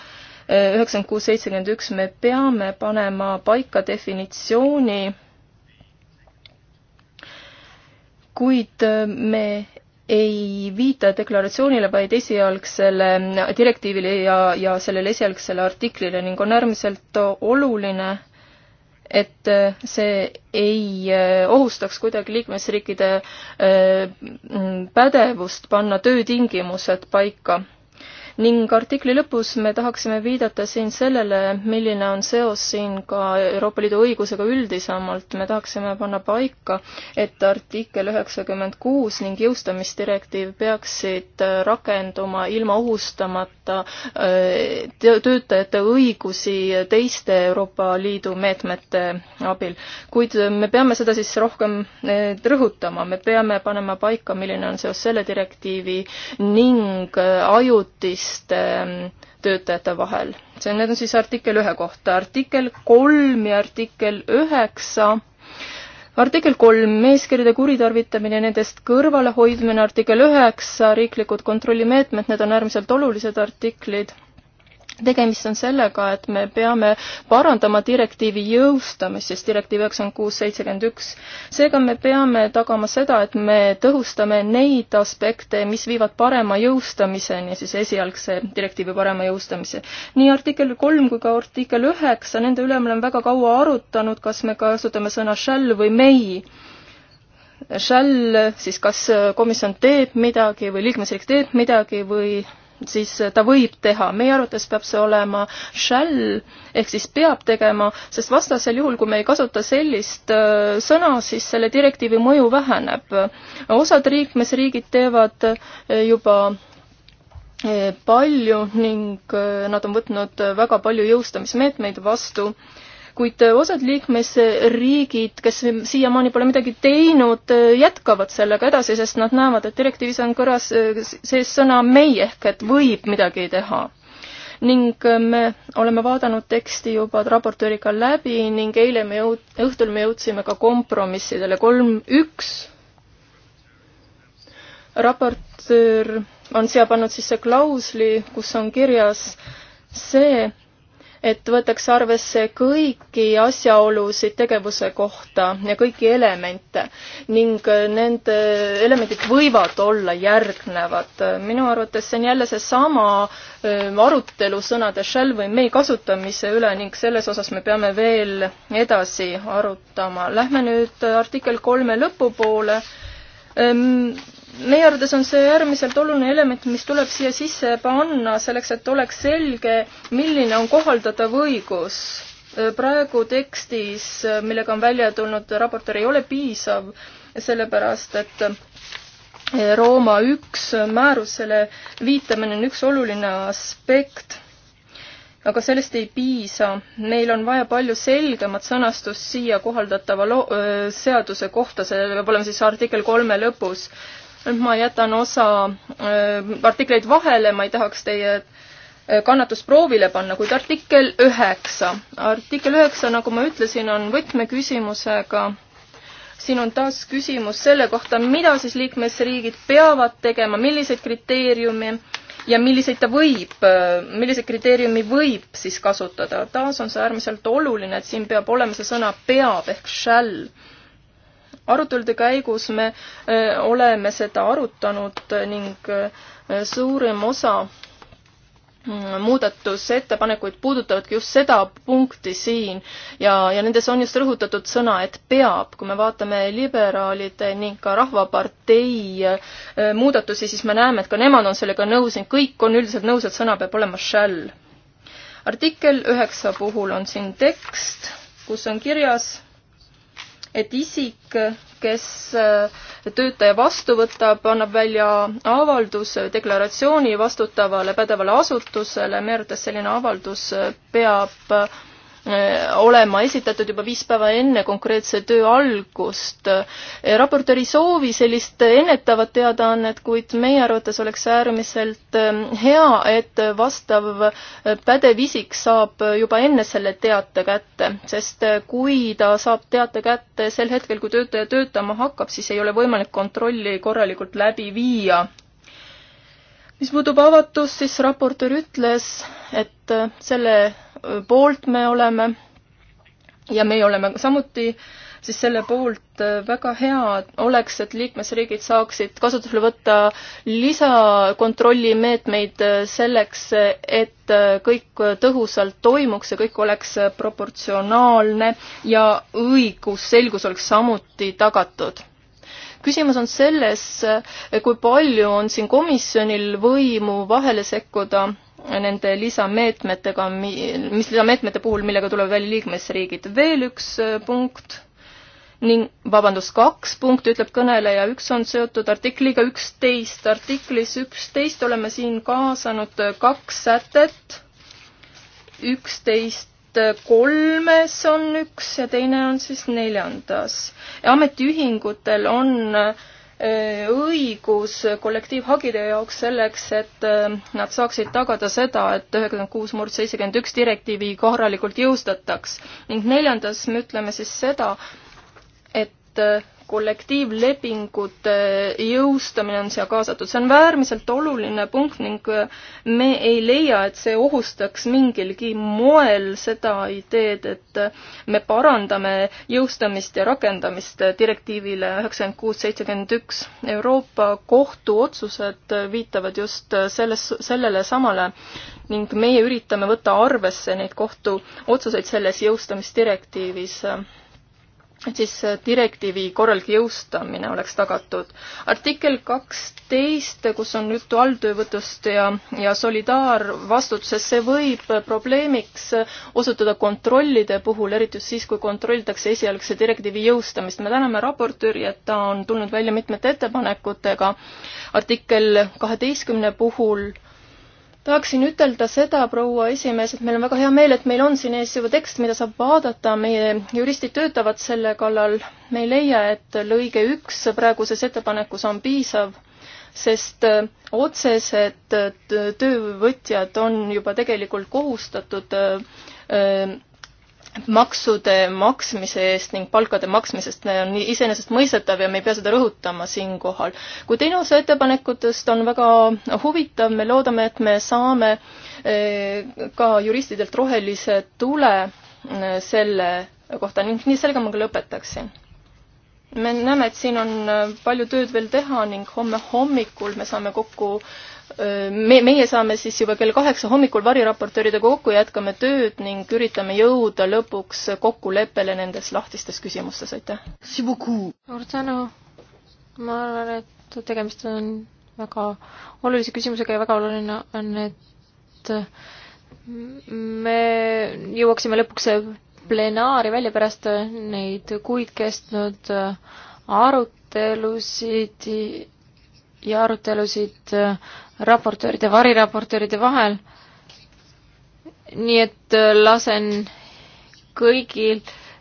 üheksakümmend kuus seitsekümmend üks me peame panema paika definitsiooni, kuid eh, me ei viita deklaratsioonile, vaid esialgsele direktiivile ja, ja sellele esialgsele artiklile ning on äärmiselt oluline, et see ei eh, ohustaks kuidagi liikmesriikide eh, pädevust panna töötingimused paika ning artikli lõpus me tahaksime viidata siin sellele, milline on seos siin ka Euroopa Liidu õigusega üldisemalt. me tahaksime panna paika, et artikkel üheksakümmend kuus ning jõustamisdirektiiv peaksid äh, rakenduma ilma ohustamata äh, töötajate õigusi teiste Euroopa Liidu meetmete abil. kuid me peame seda siis rohkem äh, rõhutama, me peame panema paika, milline on seos selle direktiivi ning ajutise teiste ähm, töötajate vahel. see on, need on siis artikkel ühe kohta. artikkel kolm ja artikkel üheksa artikkel kolm, meeskirjade kuritarvitamine, nendest kõrvalehoidmine, artikkel üheksa, riiklikud kontrollimeetmed, need on äärmiselt olulised artiklid tegemist on sellega, et me peame parandama direktiivi jõustamist, sest direktiiv üheksakümmend kuus seitsekümmend üks. seega me peame tagama seda, et me tõhustame neid aspekte, mis viivad parema jõustamiseni, siis esialgse direktiivi parema jõustamise. nii artikkel kolm kui ka artikkel üheksa, nende üle me oleme väga kaua arutanud, kas me kasutame sõna shall või may shall, siis kas komisjon teeb midagi või liikmesriik teeb midagi või siis ta võib teha, meie arvates peab see olema shall ehk siis peab tegema, sest vastasel juhul, kui me ei kasuta sellist äh, sõna, siis selle direktiivi mõju väheneb. osad liikmesriigid teevad äh, juba äh, palju ning nad on võtnud väga palju jõustamismeetmeid vastu kuid äh, osad liikmesriigid, kes siiamaani pole midagi teinud, äh, jätkavad sellega edasi, sest nad näevad, et direktiivis on kõras äh, sees sõna may ehk et võib midagi teha ning me oleme vaadanud teksti juba raportööriga läbi ning eile me jõud-, õhtul me jõudsime ka kompromissidele kolm, üks. raportöör on siia pannud sisse klausli, kus on kirjas see, et võetakse arvesse kõiki asjaolusid tegevuse kohta ja kõiki elemente ning need elemendid võivad olla järgnevad. minu arvates see on jälle seesama arutelu sõnade shall või may kasutamise üle ning selles osas me peame veel edasi arutama. Lähme nüüd artikkel kolme lõpupoole meie arvates on see äärmiselt oluline element, mis tuleb siia sisse panna selleks, et oleks selge, milline on kohaldatav õigus. praegu tekstis, millega on välja tulnud raportöör, ei ole piisav, sellepärast et Rooma üks määrusele viitamine on üks oluline aspekt, aga sellest ei piisa. meil on vaja palju selgemat sõnastust siia kohaldatava lo-, seaduse kohta, see peab olema siis artikkel kolme lõpus ma jätan osa äh, artikleid vahele, ma ei tahaks teie äh, kannatust proovile panna, kuid artikkel üheksa. artikkel üheksa, nagu ma ütlesin, on võtmeküsimusega siin on taas küsimus selle kohta, mida siis liikmesriigid peavad tegema, milliseid kriteeriumi ja milliseid ta võib, äh, milliseid kriteeriumi võib siis kasutada. taas on see äärmiselt oluline, et siin peab olema see sõna peab ehk shall arutelude käigus me eh, oleme seda arutanud ning eh, suurem osa mm, muudatusettepanekuid puudutavadki just seda punkti siin ja, ja nendes on just rõhutatud sõna, et peab. kui me vaatame liberaalide ning ka Rahvapartei eh, muudatusi, siis me näeme, et ka nemad on sellega nõus ning kõik on üldiselt nõus, et sõna peab olema shall. artikkel üheksa puhul on siin tekst, kus on kirjas et isik, kes äh, töötaja vastu võtab, annab välja avalduse, deklaratsiooni vastutavale pädevale asutusele, merd, selline avaldus peab Äh, olema esitatud juba viis päeva enne konkreetse töö algust. Äh, raportöör ei soovi sellist ennetavat teadaannet, kuid meie arvates oleks äärmiselt ähm, hea, et vastav äh, pädev isik saab juba enne selle teate kätte, sest kui ta saab teate kätte sel hetkel, kui töötaja töötama hakkab, siis ei ole võimalik kontrolli korralikult läbi viia mis puudub avatust, siis raportöör ütles, et selle poolt me oleme ja meie oleme samuti siis selle poolt äh, väga hea oleks, et liikmesriigid saaksid kasutusele võtta lisakontrollimeetmeid äh, selleks, et äh, kõik tõhusalt toimuks ja kõik oleks proportsionaalne ja õigusselgus oleks samuti tagatud küsimus on selles, kui palju on siin komisjonil võimu vahele sekkuda nende lisameetmetega, mis lisameetmete puhul, millega tulevad välja liikmesriigid. veel üks äh, punkt ning, vabandust, kaks punkti ütleb kõneleja, üks on seotud artikliga üksteist. artiklis üksteist oleme siin kaasanud äh, kaks sätet. üksteist äh, kolmes on üks ja teine on siis neljandas. ametiühingutel on äh, Eh, õigus kollektiivhagide jaoks selleks, et eh, nad saaksid tagada seda, et üheksakümmend kuus murd seitsekümmend üks direktiivi korralikult jõustataks. ning neljandas me ütleme siis seda, et eh, kollektiivlepingute jõustamine on siia kaasatud. see on äärmiselt oluline punkt ning me ei leia, et see ohustaks mingilgi moel seda ideed, et me parandame jõustamist ja rakendamist direktiivile üheksakümmend kuus, seitsekümmend üks. Euroopa Kohtu otsused viitavad just selles, sellele samale ning meie üritame võtta arvesse neid kohtuotsuseid selles jõustamisdirektiivis et siis äh, direktiivi korralik jõustamine oleks tagatud. artikkel kaksteist, kus on juttu alltöövõtust ja, ja solidaarvastutusest, see võib probleemiks osutuda kontrollide puhul, eriti just siis, kui kontrollitakse esialgse direktiivi jõustamist. me täname raportööri, et ta on tulnud välja mitmete ettepanekutega. artikkel kaheteistkümne puhul tahaksin ütelda seda, proua esimees, et meil on väga hea meel, et meil on siin ees juba tekst, mida saab vaadata, meie juristid töötavad selle kallal. me ei leia, et lõige üks praeguses ettepanekus on piisav, sest äh, otsesed äh, töövõtjad on juba tegelikult kohustatud äh, maksude maksmise eest ning palkade maksmisest on iseenesestmõistetav ja me ei pea seda rõhutama siinkohal. kuid teine osa ettepanekutest on väga huvitav, me loodame, et me saame eh, ka juristidelt rohelise tule eh, selle kohta ning nii sellega ma ka lõpetaksin. me näeme, et siin on eh, palju tööd veel teha ning homme hommikul me saame kokku äh, me, meie saame siis juba kell kaheksa hommikul variraportööridega kokku, jätkame tööd ning üritame jõuda lõpuks kokkuleppele nendes lahtistes küsimustes, aitäh! suur tänu! ma arvan, et tegemist on väga olulise küsimusega ja väga oluline on, et me jõuaksime lõpuks plenaari välja pärast neid kuid kestnud arutelusid ja arutelusid äh, raportööride, variraportööride vahel. nii et äh, lasen kõigil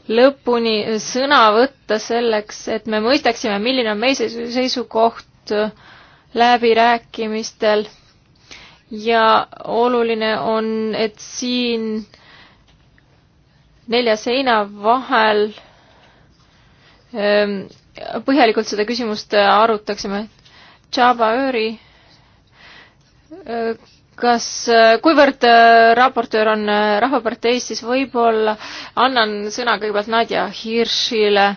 lõpuni sõna võtta selleks, et me mõistaksime, milline on meie seisukoht äh, läbirääkimistel ja oluline on, et siin nelja seina vahel ähm, põhjalikult seda küsimust arutaksime. Java Ööri. Äh, kas, äh, kuivõrd äh, raportöör on Rahvaparteis, siis võib-olla annan sõna kõigepealt Nadja Hirschile,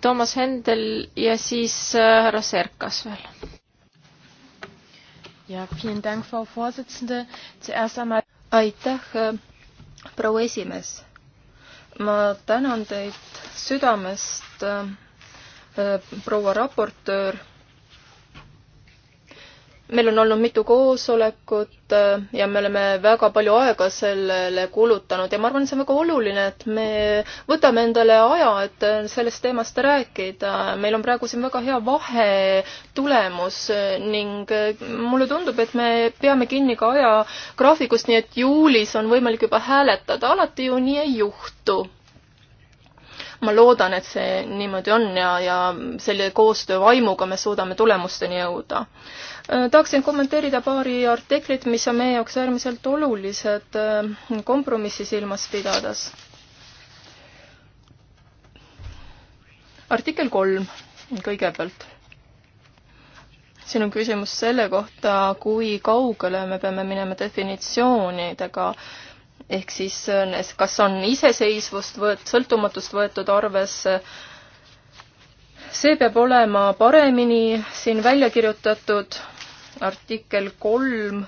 Toomas Hendel ja siis härra Serkas veel. ja, aitäh, proua esimees ma tänan teid südamest äh,, proua raportöör meil on olnud mitu koosolekut äh, ja me oleme väga palju aega sellele kulutanud ja ma arvan, et see on väga oluline, et me võtame endale aja, et äh, sellest teemast rääkida. meil on praegu siin väga hea vahetulemus äh, ning mulle tundub, et me peame kinni ka ajagraafikust, nii et juulis on võimalik juba hääletada, alati ju nii ei juhtu ma loodan, et see niimoodi on ja, ja selle koostöö vaimuga me suudame tulemusteni jõuda. Äh, tahaksin kommenteerida paari artiklit, mis on meie jaoks äärmiselt olulised äh, kompromissi silmas pidades. artikkel kolm kõigepealt. siin on küsimus selle kohta, kui kaugele me peame minema definitsioonidega ehk siis äh, kas on iseseisvust võet-, sõltumatust võetud arvesse, see peab olema paremini siin välja kirjutatud, artikkel kolm,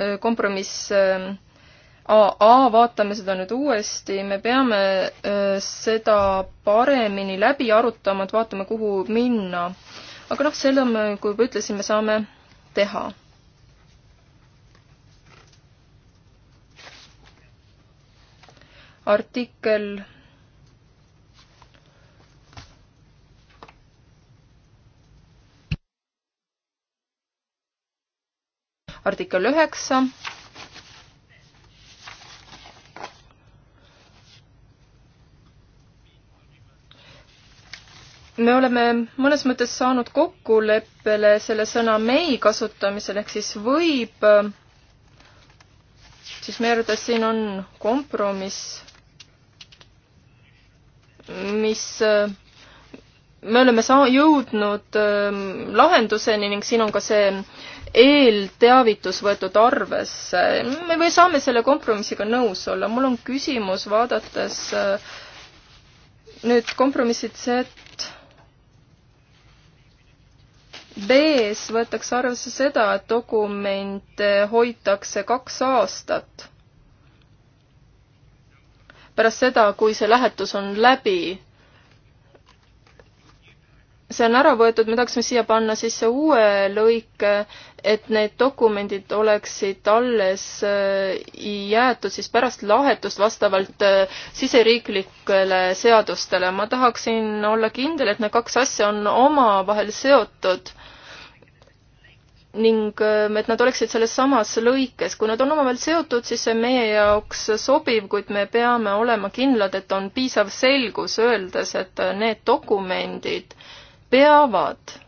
äh, kompromiss AA, äh, vaatame seda nüüd uuesti, me peame seda paremini läbi arutama, et vaatame, kuhu minna. aga noh, selle me, kui juba ütlesin, me saame teha artikkel artikkel üheksa. me oleme mõnes mõttes saanud kokkuleppele selle sõna may kasutamisel, ehk siis võib, siis meie arvates siin on kompromiss mis me oleme saa-, jõudnud ähm, lahenduseni ning siin on ka see eelteavitus võetud arvesse. me või saame selle kompromissiga nõus olla. mul on küsimus, vaadates äh, nüüd kompromissid see, et B-s võetakse arvesse seda, et dokumente hoitakse kaks aastat pärast seda, kui see lähetus on läbi. see on ära võetud, me tahaksime siia panna sisse uue lõike, et need dokumendid oleksid alles äh, jäetud siis pärast lahetust vastavalt äh, siseriiklikele seadustele. ma tahaksin olla kindel, et need kaks asja on omavahel seotud ning ähm, et nad oleksid selles samas lõikes. kui nad on omavahel seotud, siis see on meie jaoks sobiv, kuid me peame olema kindlad, et on piisav selgus, öeldes, et äh, need dokumendid peavad,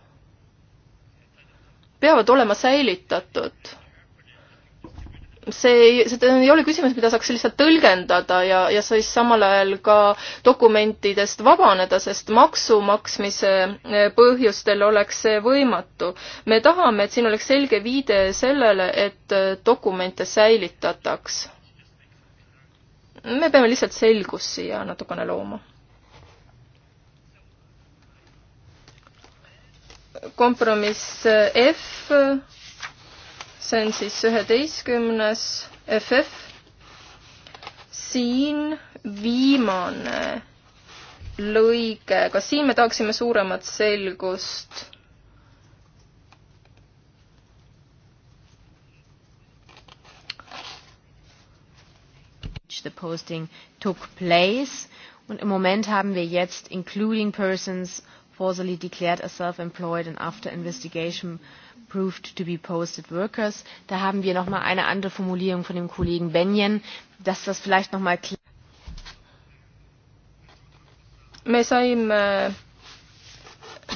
peavad olema säilitatud see ei, see ei ole küsimus, mida saaks lihtsalt tõlgendada ja, ja siis samal ajal ka dokumentidest vabaneda, sest maksu maksmise eh, põhjustel oleks see võimatu. me tahame, et siin oleks selge viide sellele, et eh, dokumente säilitataks. me peame lihtsalt selgust siia natukene looma. kompromiss F see on siis üheteistkümnes FF. siin viimane lõige, ka siin me tahaksime suuremat selgust. The posting took place und im Moment haben wir jetzt including persons falsely declared as self-employed and after investigation uh, proved to be posted workers. Da haben wir nochmal eine andere Formulierung von dem Kollegen Benjen, dass das vielleicht nochmal klar me saime äh,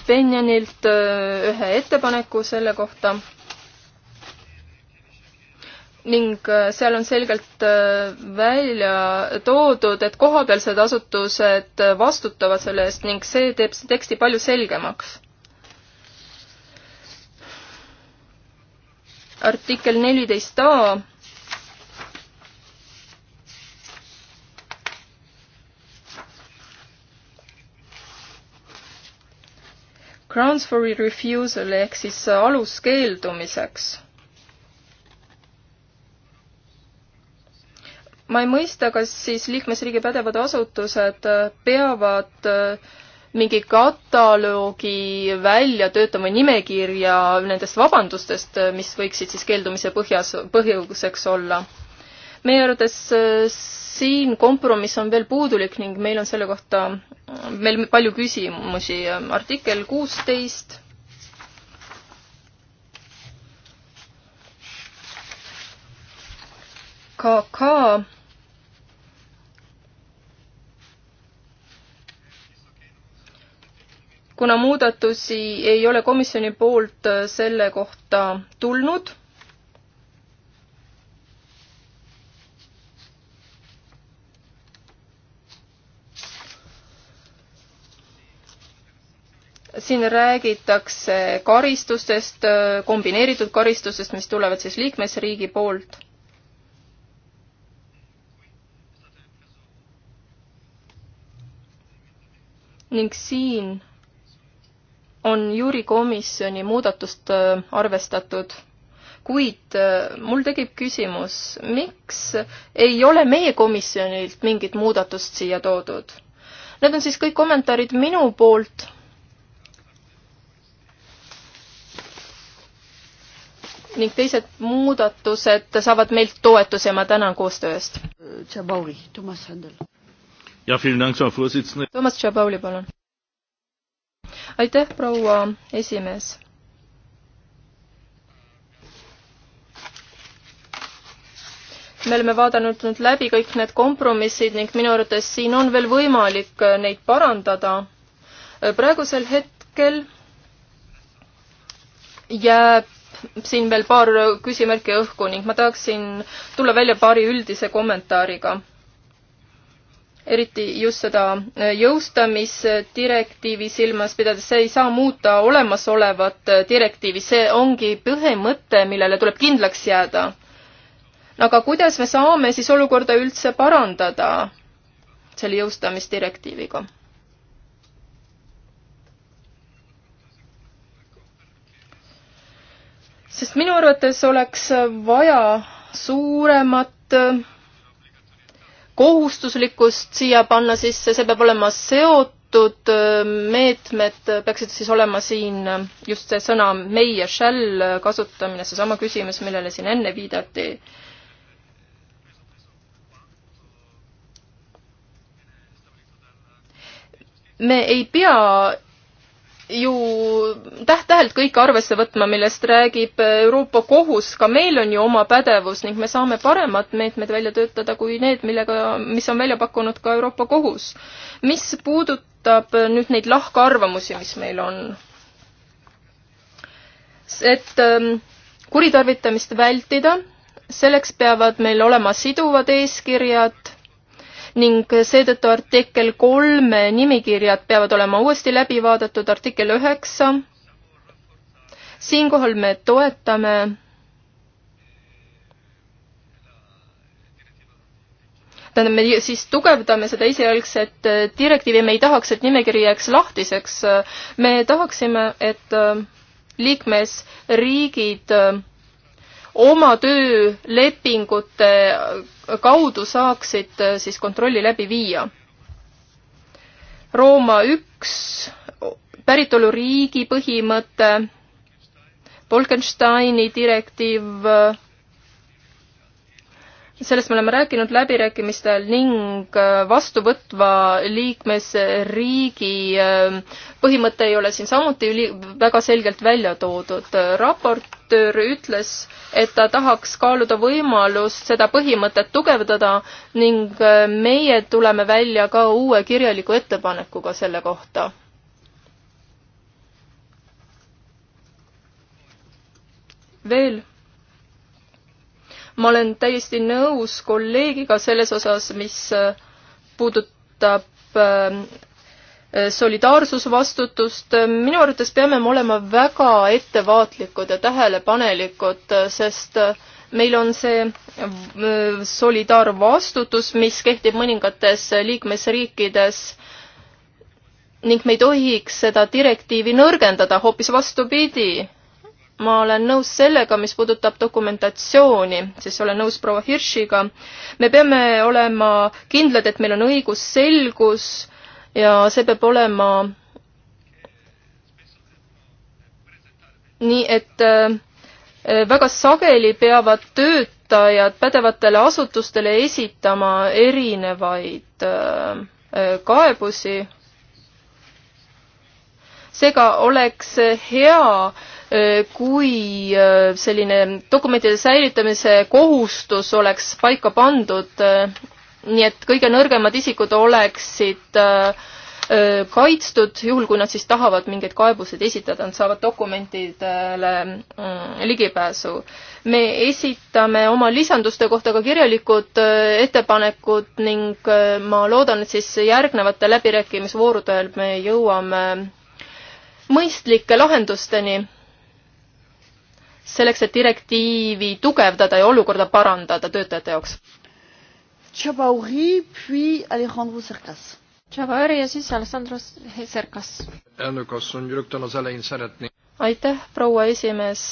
Benjanilt äh, ühe ettepaneku selle kohta ning äh, seal on selgelt välja toodud, et kohapealsed asutused vastutavad selle eest ning see teeb teksti palju selgemaks. artikkel neliteist A grounds for refusal ehk siis alus keeldumiseks. ma ei mõista, kas siis liikmesriigi pädevad asutused peavad äh, mingi kataloogi välja töötama nimekirja nendest vabandustest, mis võiksid siis keeldumise põhjas, põhjuseks olla. meie arvates äh, siin kompromiss on veel puudulik ning meil on selle kohta veel palju küsimusi. artikkel kuusteist KK kuna muudatusi ei ole komisjoni poolt selle kohta tulnud, siin räägitakse karistustest, kombineeritud karistustest, mis tulevad siis liikmesriigi poolt. ning siin on juurikomisjoni muudatust äh, arvestatud, kuid äh, mul tekib küsimus, miks ei ole meie komisjonilt mingit muudatust siia toodud? Need on siis kõik kommentaarid minu poolt. ning teised muudatused saavad meilt toetuse, ma tänan koostöö eest. Toomas Tšabauli, palun aitäh, proua esimees. me oleme vaadanud nüüd läbi kõik need kompromissid ning minu arvates siin on veel võimalik neid parandada. praegusel hetkel jääb siin veel paar küsimärki õhku ning ma tahaksin tulla välja paari üldise kommentaariga eriti just seda äh, jõustamisdirektiivi silmas pidades, see ei saa muuta olemasolevat äh, direktiivi, see ongi põhimõte, millele tuleb kindlaks jääda. aga kuidas me saame siis olukorda üldse parandada selle jõustamisdirektiiviga? sest minu arvates oleks vaja suuremat äh, kohustuslikkust siia panna sisse, see peab olema seotud, äh, meetmed peaksid siis olema siin äh, just see sõna meie shall kasutamine, seesama küsimus, millele siin enne viidati. me ei pea ju täht-tähelt kõike arvesse võtma, millest räägib Euroopa Kohus, ka meil on ju oma pädevus ning me saame paremad meetmed välja töötada kui need, millega, mis on välja pakkunud ka Euroopa Kohus. mis puudutab nüüd neid lahkarvamusi, mis meil on, et ähm, kuritarvitamist vältida, selleks peavad meil olema siduvad eeskirjad ning seetõttu artikkel kolme nimikirjad peavad olema uuesti läbi vaadatud, artikkel üheksa. siinkohal me toetame tähendab, me siis tugevdame seda esialgset äh, direktiivi, me ei tahaks, et nimekiri jääks lahtiseks. Äh, me tahaksime, et äh, liikmesriigid oma töölepingute kaudu saaksid äh, siis kontrolli läbi viia. Rooma üks, päritoluriigi põhimõte, Bolkensteini direktiiv sellest me oleme rääkinud läbirääkimistel ning äh, vastuvõtva liikmesriigi äh, põhimõte ei ole siin samuti üli, väga selgelt välja toodud. raportöör ütles, et ta tahaks kaaluda võimalust seda põhimõtet tugevdada ning äh, meie tuleme välja ka uue kirjaliku ettepanekuga selle kohta. veel ma olen täiesti nõus kolleegiga selles osas, mis äh, puudutab äh, äh, solidaarsusvastutust, minu arvates peame me olema väga ettevaatlikud ja tähelepanelikud, sest meil on see solidaarvastutus, mis kehtib mõningates liikmesriikides ning me ei tohiks seda direktiivi nõrgendada, hoopis vastupidi ma olen nõus sellega, mis puudutab dokumentatsiooni, siis olen nõus proua Hirschiga. me peame olema kindlad, et meil on õigusselgus ja see peab olema nii, et äh, väga sageli peavad töötajad pädevatele asutustele esitama erinevaid äh, äh, kaebusi. seega oleks hea Äh, kui äh, selline dokumentide säilitamise kohustus oleks paika pandud, äh, nii et kõige nõrgemad isikud oleksid kaitstud, juhul kui nad siis tahavad mingeid kaebuseid esitada, nad saavad dokumentidele mm, ligipääsu. me esitame oma lisanduste kohta ka kirjalikud ettepanekud ning ma loodan, et siis järgnevate läbirääkimisvoorudel me jõuame mõistlike lahendusteni selleks, et direktiivi tugevdada ja olukorda parandada töötajate jaoks. Tšabauri, puis Alejandro Cercas. Tšabauri ja siis Alessandro Cercas. aitäh, proua esimees.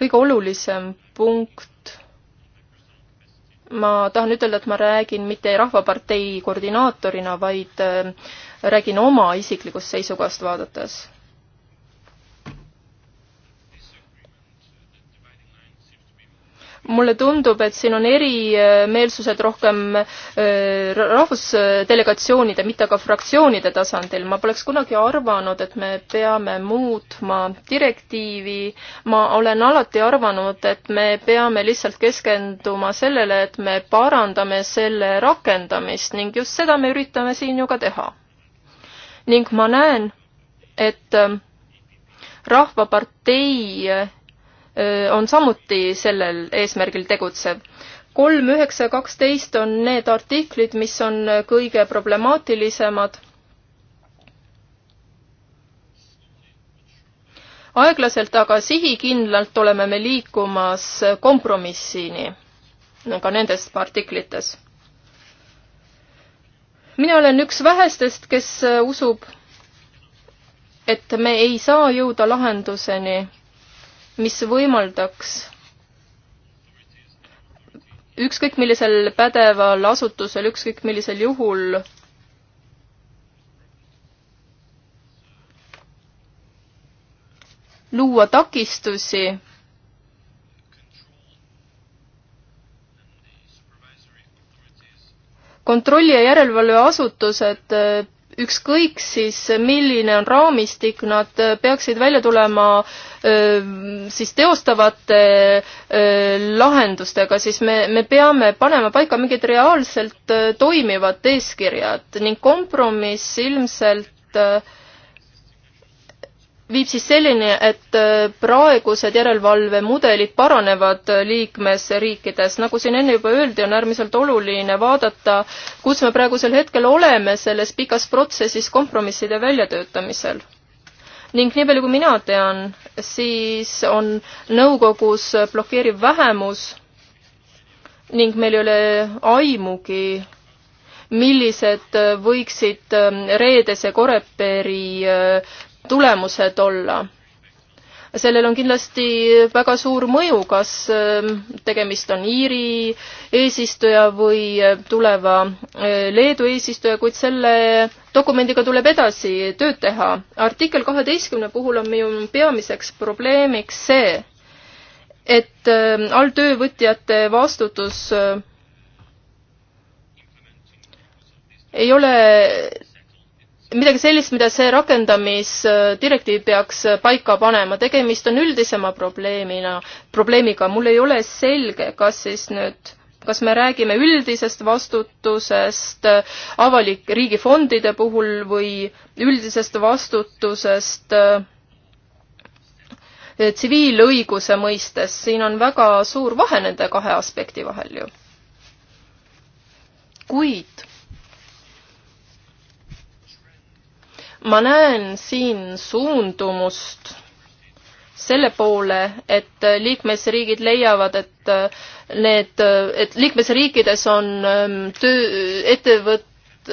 kõige olulisem punkt ma tahan ütelda, et ma räägin mitte Rahvapartei koordinaatorina, vaid äh, räägin oma isiklikust seisukohast vaadates mulle tundub, et siin on erimeelsused rohkem äh, rahvusdelegatsioonide, mitte aga fraktsioonide tasandil. ma poleks kunagi arvanud, et me peame muutma direktiivi. ma olen alati arvanud, et me peame lihtsalt keskenduma sellele, et me parandame selle rakendamist ning just seda me üritame siin ju ka teha. ning ma näen, et äh, Rahvapartei on samuti sellel eesmärgil tegutsev. kolm, üheksa ja kaksteist on need artiklid, mis on kõige problemaatilisemad. aeglaselt, aga sihikindlalt oleme me liikumas kompromissini ka nendes artiklites. mina olen üks vähestest, kes usub, et me ei saa jõuda lahenduseni mis võimaldaks ükskõik millisel pädeval asutusel, ükskõik millisel juhul luua takistusi kontrolli- ja järelevalveasutused ükskõik siis, milline on raamistik, nad äh, peaksid välja tulema äh, siis teostavate äh, lahendustega, siis me, me peame panema paika mingid reaalselt toimivad eeskirjad ning kompromiss ilmselt äh, viib siis selleni, et äh, praegused järelevalvemudelid paranevad äh, liikmesriikides. nagu siin enne juba öeldi, on äärmiselt oluline vaadata, kus me praegusel hetkel oleme selles pikas protsessis kompromisside väljatöötamisel. ning nii palju, kui mina tean, siis on nõukogus blokeeriv vähemus ning meil ei ole aimugi, millised äh, võiksid reedese Coreperi tulemused olla. sellel on kindlasti väga suur mõju, kas ähm, tegemist on Iiri eesistuja või äh, tuleva äh, Leedu eesistuja, kuid selle dokumendiga tuleb edasi tööd teha. artikkel kaheteistkümne puhul on minu peamiseks probleemiks see, et ähm, alltöövõtjate vastutus äh, ei ole midagi sellist, mida see rakendamisdirektiiv peaks paika panema, tegemist on üldisema probleemina, probleemiga, mul ei ole selge, kas siis nüüd kas me räägime üldisest vastutusest avalik-, riigifondide puhul või üldisest vastutusest eh, tsiviilõiguse mõistes, siin on väga suur vahe nende kahe aspekti vahel ju. kuid ma näen siin suundumust selle poole, et liikmesriigid leiavad, et äh, need, äh, et liikmesriikides on ähm, töö, ettevõt-,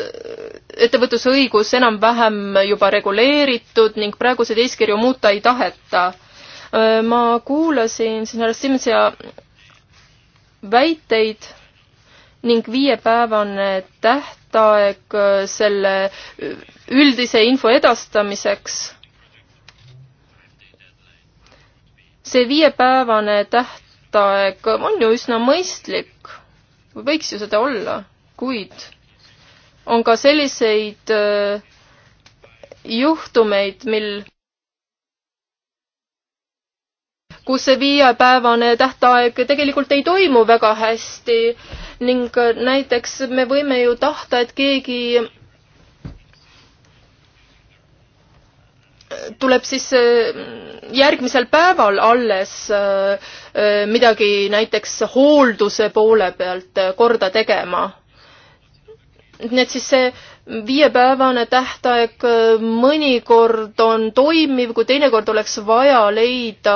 ettevõtlusõigus enam-vähem juba reguleeritud ning praeguseid eeskirju muuta ei taheta. Äh, ma kuulasin siin härra Simsia väiteid ning viiepäevane tähtaeg äh, selle äh, üldise info edastamiseks. see viiepäevane tähtaeg on ju üsna mõistlik, võiks ju seda olla, kuid on ka selliseid äh, juhtumeid, mil kus see viiepäevane tähtaeg tegelikult ei toimu väga hästi ning näiteks me võime ju tahta, et keegi tuleb siis äh, järgmisel päeval alles äh, midagi näiteks hoolduse poole pealt äh, korda tegema. nii et siis see viiepäevane tähtaeg mõnikord on toimiv, kui teinekord oleks vaja leida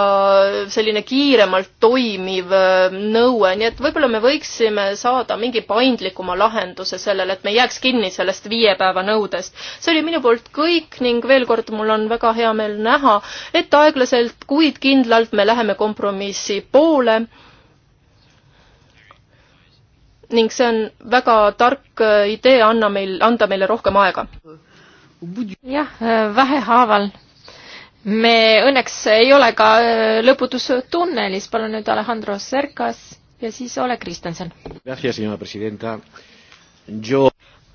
selline kiiremalt toimiv äh, nõue, nii et võib-olla me võiksime saada mingi paindlikuma lahenduse sellele, et me ei jääks kinni sellest viie päeva nõudest. see oli minu poolt kõik ning veel kord, mul on väga hea meel näha, et aeglaselt, kuid kindlalt me läheme kompromissi poole ning see on väga tark äh, idee, anna meil, anda meile rohkem aega. jah, äh, vähehaaval. me õnneks ei ole ka äh, lõputus tunnelis, palun nüüd Alejandro Serkas ja siis Ole Kristensen.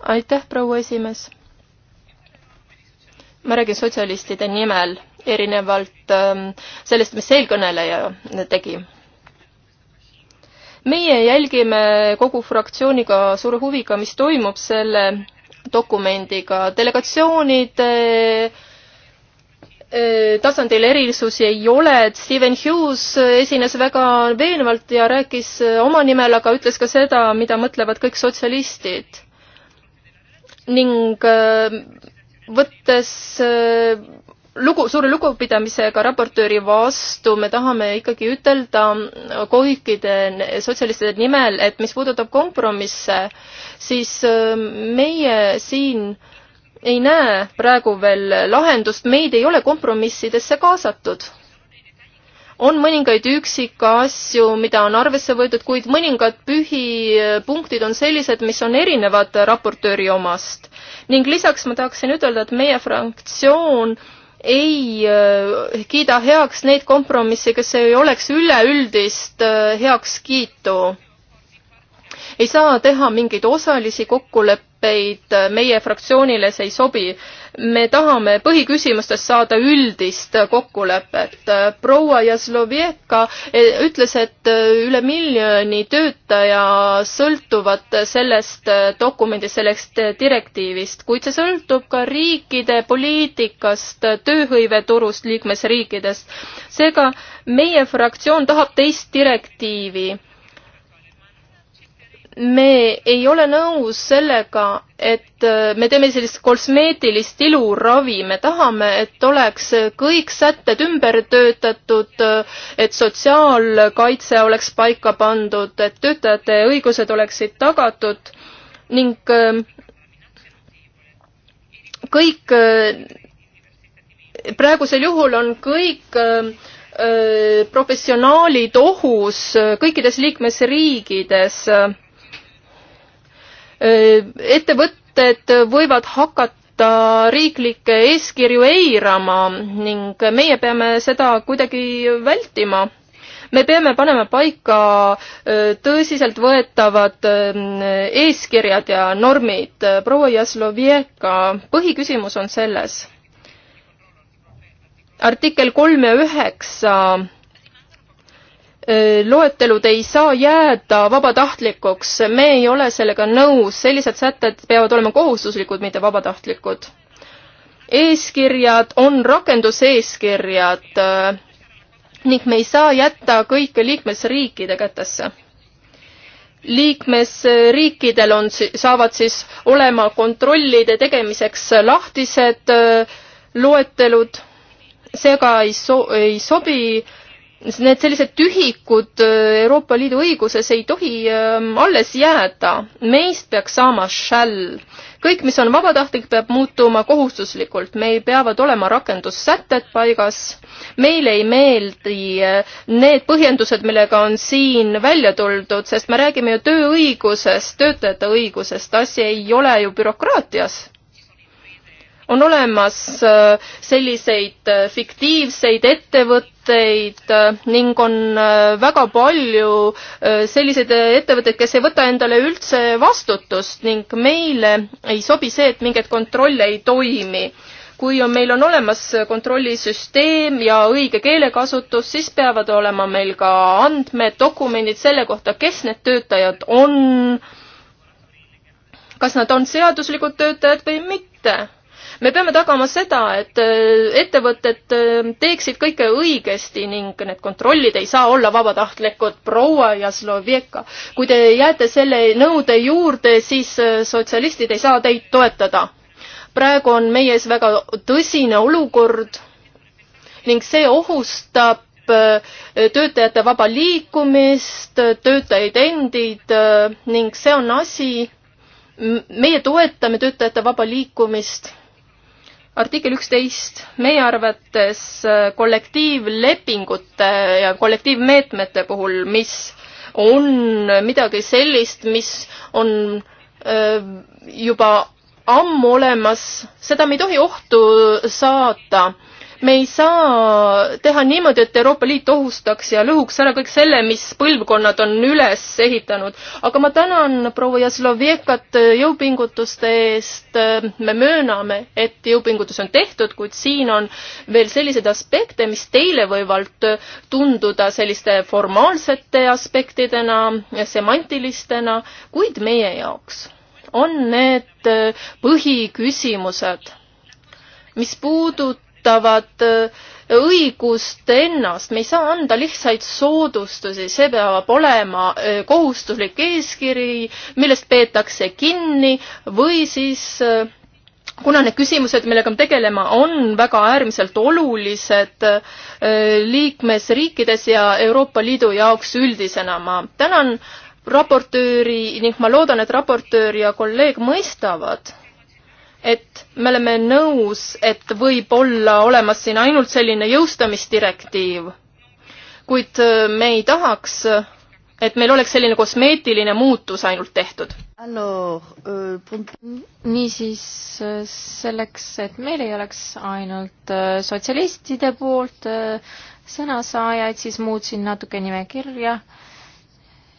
aitäh, proua esimees. ma räägin sotsialistide nimel, erinevalt ähm, sellest, mis eelkõneleja tegi meie jälgime kogu fraktsiooniga suure huviga, mis toimub selle dokumendiga. delegatsioonid eh, eh, tasandil erisusi ei ole, et Steven Hughes esines väga veenvalt ja rääkis eh, oma nimel, aga ütles ka seda, mida mõtlevad kõik sotsialistid. ning võttes lugu, suure lugupidamisega raportööri vastu me tahame ikkagi ütelda kõikide sotsialistide nimel, et mis puudutab kompromisse, siis ähm, meie siin ei näe praegu veel lahendust, meid ei ole kompromissidesse kaasatud. on mõningaid üksikasju, mida on arvesse võetud, kuid mõningad pühipunktid äh, on sellised, mis on erinevad raportööri omast. ning lisaks ma tahaksin ütelda, et meie fraktsioon äh, ei äh, kiida heaks neid kompromisse, kes ei oleks üleüldist äh, heakskiitu. ei saa teha mingeid osalisi kokkuleppeid, äh, meie fraktsioonile see ei sobi me tahame põhiküsimustes saada üldist kokkulepet. proua Jaslovjeka eh, ütles, et eh, üle miljoni töötaja sõltuvad sellest eh, dokumendist, sellest direktiivist, kuid see sõltub ka riikide poliitikast, tööhõiveturust liikmesriikidest. seega meie fraktsioon tahab teist direktiivi me ei ole nõus sellega, et äh, me teeme sellist kosmeetilist iluravi, me tahame, et oleks kõik sätted ümber töötatud, äh, et sotsiaalkaitse oleks paika pandud, et töötajate õigused oleksid tagatud ning äh, kõik, praegusel juhul on kõik professionaalid ohus kõikides liikmesriikides ettevõtted võivad hakata riiklikke eeskirju eirama ning meie peame seda kuidagi vältima me peame panema paika tõsiseltvõetavad eeskirjad ja normid. proua Jaslovjeka, põhiküsimus on selles. artikkel kolm ja üheksa loetelud ei saa jääda vabatahtlikuks, me ei ole sellega nõus, sellised sätted peavad olema kohustuslikud, mitte vabatahtlikud. eeskirjad on rakenduseeskirjad ning me ei saa jätta kõike liikmesriikide kätesse. liikmesriikidel on, saavad siis olema kontrollide tegemiseks lahtised loetelud, seega ei so-, ei sobi äh, need sellised tühikud äh, Euroopa Liidu õiguses ei tohi ähm, alles jääda. meist peaks saama shall. kõik, mis on vabatahtlik, peab muutuma kohustuslikult. meil peavad olema rakendussätted paigas. meile ei meeldi äh, need põhjendused, millega on siin välja tuldud, sest me räägime ju tööõigusest, töötajate õigusest. asi ei ole ju bürokraatias on olemas äh, selliseid äh, fiktiivseid ettevõtteid äh, ning on väga palju selliseid ettevõtteid, kes ei võta endale üldse vastutust ning meile ei sobi see, et mingeid kontrolle ei toimi kui on, meil on olemas kontrollisüsteem ja õige keelekasutus, siis peavad olema meil ka andmed, dokumendid selle kohta, kes need töötajad on, kas nad on seaduslikud töötajad või mitte me peame tagama seda, et äh, ettevõtted äh, teeksid kõike õigesti ning need kontrollid ei saa olla vabatahtlikud. proua Jaslovjeka, kui te jääte selle nõude juurde, siis äh, sotsialistid ei saa teid toetada. praegu on meie ees väga tõsine olukord ning see ohustab töötajate vaba liikumist, töötajaid endid ning see on asi, meie toetame töötajate vaba liikumist artikkel üksteist, meie arvates äh, kollektiivlepingute ja kollektiivmeetmete puhul, mis on midagi sellist, mis on äh, juba ammu olemas, seda me ei tohi ohtu saata me ei saa teha niimoodi, et Euroopa Liit ohustaks ja lõhuks ära kõik selle, mis põlvkonnad on üles ehitanud. aga ma tänan proua Jaslovjekat jõupingutuste eest. me mööname, et jõupingutus on tehtud, kuid siin on veel selliseid aspekte, mis teile võivad tunduda selliste formaalsete aspektidena, semantilistena, kuid meie jaoks on need põhiküsimused mis puudut-, puudutavad äh, õigust ennast, me ei saa anda lihtsaid soodustusi, see peab olema äh, kohustuslik eeskiri, millest peetakse kinni või siis äh, kuna need küsimused, millega me tegelema, on väga äärmiselt olulised liikmesriikides ja Euroopa Liidu jaoks üldisena, ma tänan raportööri ning ma loodan, et raportöör ja kolleeg mõistavad et me oleme nõus, et võib olla olemas siin ainult selline jõustamisdirektiiv, kuid äh, me ei tahaks, et meil oleks selline kosmeetiline muutus ainult tehtud. Euh, niisiis äh, selleks, et meil ei oleks ainult äh, sotsialistide poolt sõnasaajaid, siis muutsin natuke nimekirja.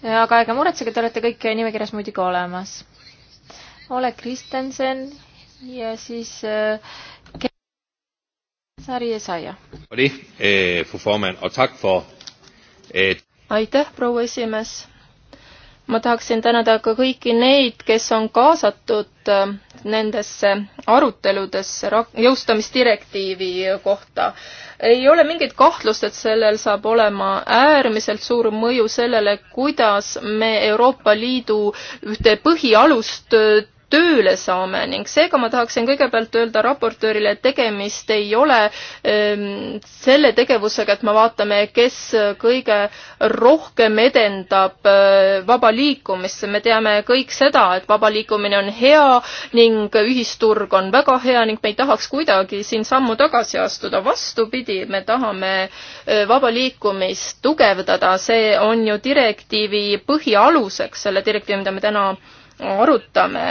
aga ärge muretsege, te olete kõik nimekirjas muidugi olemas. Ole Kristensen ja siis äh, Sari Esaia. Äh, øh, aitäh, proua esimees. ma tahaksin tänada ka kõiki neid, kes on kaasatud äh, nendesse aruteludesse jõustamisdirektiivi kohta. ei ole mingit kahtlust, et sellel saab olema äärmiselt suur mõju sellele, kuidas me Euroopa Liidu ühte põhialust tööle saame ning seega ma tahaksin kõigepealt öelda raportöörile, et tegemist ei ole ähm, selle tegevusega, et me vaatame, kes kõige rohkem edendab äh, vaba liikumist. me teame kõik seda, et vaba liikumine on hea ning ühisturg on väga hea ning me ei tahaks kuidagi siin sammu tagasi astuda. vastupidi, me tahame äh, vaba liikumist tugevdada, see on ju direktiivi põhialuseks, selle direktiivi, mida me täna arutame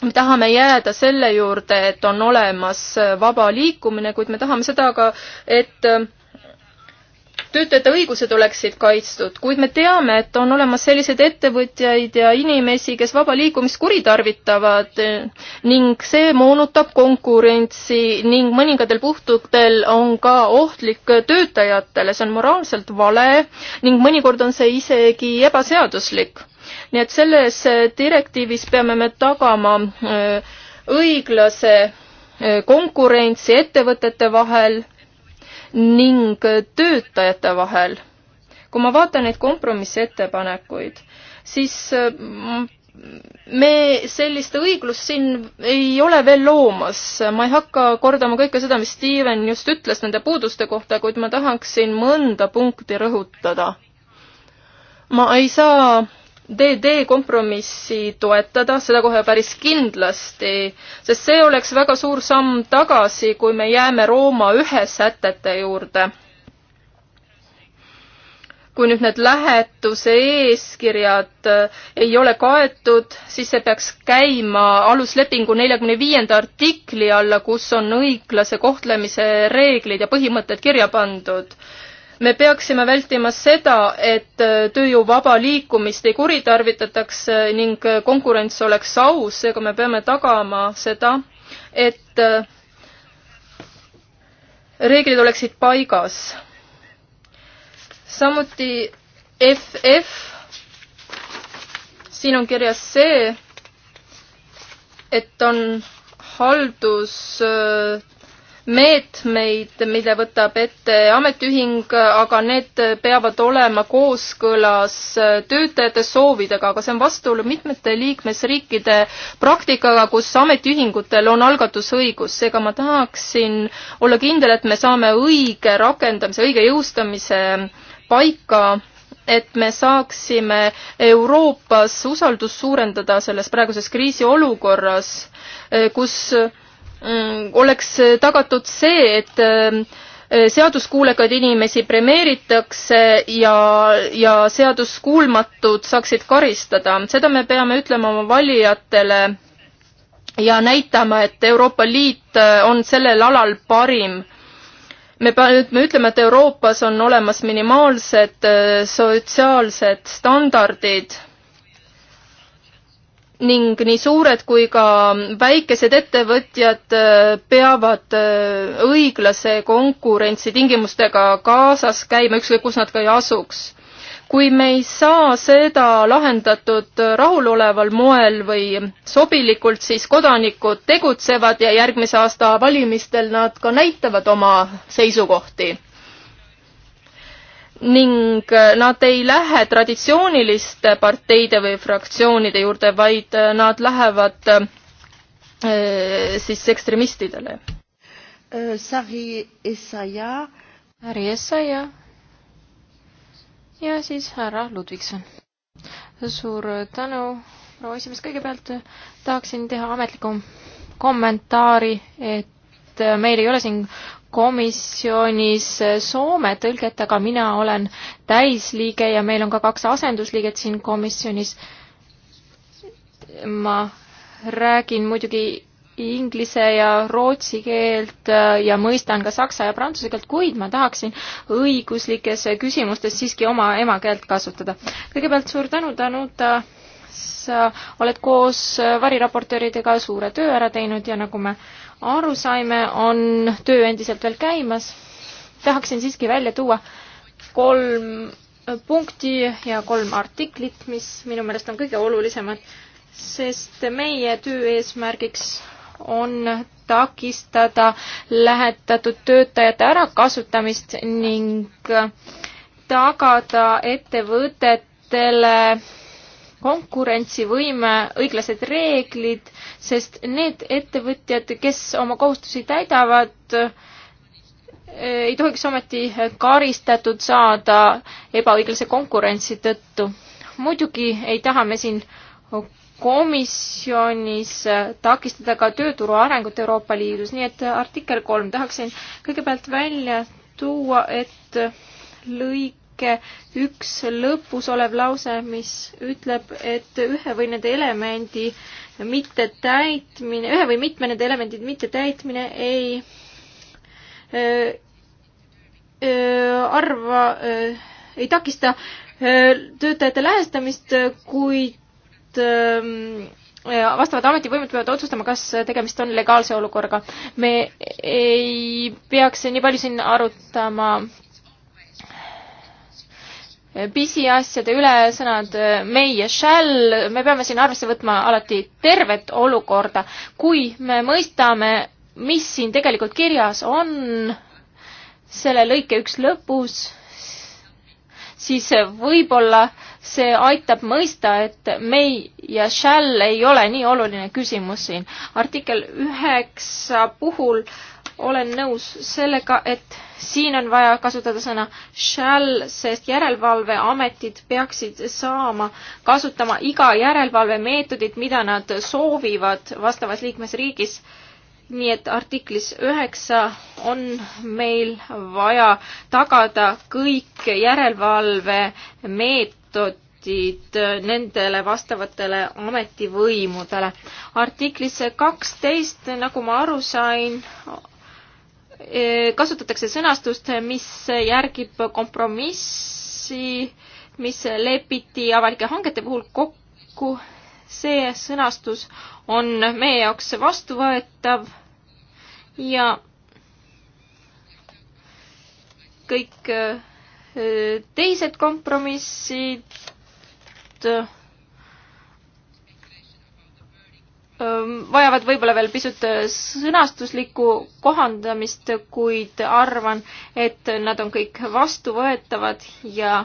me tahame jääda selle juurde, et on olemas äh, vaba liikumine, kuid me tahame seda ka, et äh, töötajate õigused oleksid kaitstud, kuid me teame, et on olemas selliseid ettevõtjaid ja inimesi, kes vaba liikumist kuritarvitavad äh, ning see moonutab konkurentsi ning mõningatel puhtutel on ka ohtlik töötajatele, see on moraalselt vale ning mõnikord on see isegi ebaseaduslik nii et selles äh, direktiivis peame me tagama äh, õiglase äh, konkurentsi ettevõtete vahel ning töötajate vahel. kui ma vaatan neid kompromissettepanekuid, siis me sellist õiglust siin ei ole veel loomas. ma ei hakka kordama kõike seda, mis Steven just ütles nende puuduste kohta, kuid ma tahaksin mõnda punkti rõhutada. ma ei saa DD kompromissi toetada, seda kohe päris kindlasti, sest see oleks väga suur samm tagasi, kui me jääme Rooma ühe sätete juurde. kui nüüd need lähetuse eeskirjad eh, ei ole kaetud, siis see peaks käima aluslepingu neljakümne viienda artikli alla, kus on õiglase kohtlemise reeglid ja põhimõtted kirja pandud me peaksime vältima seda, et äh, tööjõu vaba liikumist ei kuritarvitataks äh, ning äh, konkurents oleks aus, seega me peame tagama seda, et reeglid oleksid paigas. samuti FF, siin on kirjas see, et on haldus meetmeid, mille võtab ette ametiühing, aga need peavad olema kooskõlas töötajate soovidega, aga see on vastuolu mitmete liikmesriikide praktikaga, kus ametiühingutel on algatusõigus, seega ma tahaksin olla kindel, et me saame õige rakendamise, õige jõustamise paika et me saaksime Euroopas usaldust suurendada selles praeguses kriisiolukorras, kus Mm, oleks äh, tagatud see, et ähm, äh, seaduskuulekaid inimesi premeeritakse ja, ja seaduskuulmatud saaksid karistada. seda me peame ütlema oma valijatele ja näitama, et Euroopa Liit äh, on sellel alal parim. me, me ütleme, et Euroopas on olemas minimaalsed sotsiaalsed standardid ning nii suured kui ka väikesed ettevõtjad äh, peavad äh, õiglase konkurentsi tingimustega kaasas käima, ükskõik kus nad ka ei asuks. kui me ei saa seda lahendatud rahuloleval moel või sobilikult, siis kodanikud tegutsevad ja järgmise aasta valimistel nad ka näitavad oma seisukohti ning äh, nad ei lähe traditsiooniliste parteide või fraktsioonide juurde, vaid äh, nad lähevad äh, siis ekstremistidele. Sari Essaja. Sari Essaja. ja siis härra Ludvigson. suur tänu, proua esimees, kõigepealt tahaksin teha ametliku kommentaari, et meil ei ole siin komisjonis Soome tõlget, aga mina olen täisliige ja meil on ka kaks asendusliiget siin komisjonis. ma räägin muidugi inglise ja rootsi keelt ja mõistan ka saksa ja prantsuse keelt, kuid ma tahaksin õiguslikes küsimustes siiski oma emakeelt kasutada. kõigepealt suur tänu, Danuta, sa oled koos variraportööridega suure töö ära teinud ja nagu me äh, aru saime, on töö endiselt veel käimas. tahaksin siiski välja tuua kolm punkti ja kolm artiklit, mis minu meelest on kõige olulisemad, sest meie töö eesmärgiks on takistada lähetatud töötajate ärakasutamist ning tagada ettevõtetele konkurentsivõime, õiglased reeglid, sest need ettevõtjad, kes oma kohustusi täidavad, eh, ei tohiks ometi karistatud saada ebaõiglase konkurentsi tõttu. muidugi ei taha me siin komisjonis takistada ka tööturu arengut Euroopa Liidus, nii et artikkel kolm tahaksin kõigepealt välja tuua, et lõik lõike üks lõpus olev lause, mis ütleb, et ühe või nende elemendi mittetäitmine, ühe või mitme nende elemendi mittetäitmine ei öö, äh, öö, äh, arva, äh, ei takista öö, töötajate lähestamist, kuid öö, ähm, vastavad ametivõimed peavad otsustama, kas tegemist on legaalse olukorraga. me ei peaks nii palju siin arutama pisiasjade ülesõnad meie shall, me peame siin arvesse võtma alati tervet olukorda. kui me mõistame, mis siin tegelikult kirjas on, selle lõike üks lõpus, siis võib-olla see aitab mõista, et may ja shall ei ole nii oluline küsimus siin. artikkel üheksa puhul äh, olen nõus sellega, et siin on vaja kasutada sõna shall, sest järelevalveametid peaksid saama kasutama iga järelevalvemeetodit, mida nad soovivad vastavas liikmesriigis. nii et artiklis üheksa on meil vaja tagada kõik järelevalvemeetod ametid nendele vastavatele ametivõimudele. artiklis kaksteist, nagu ma aru sain, Eh, kasutatakse sõnastust, mis järgib kompromissi, mis lepiti avalike hangete puhul kokku. see sõnastus on meie jaoks vastuvõetav ja kõik eh, teised kompromissid vajavad võib-olla veel pisut sõnastuslikku kohandamist, kuid arvan, et nad on kõik vastuvõetavad ja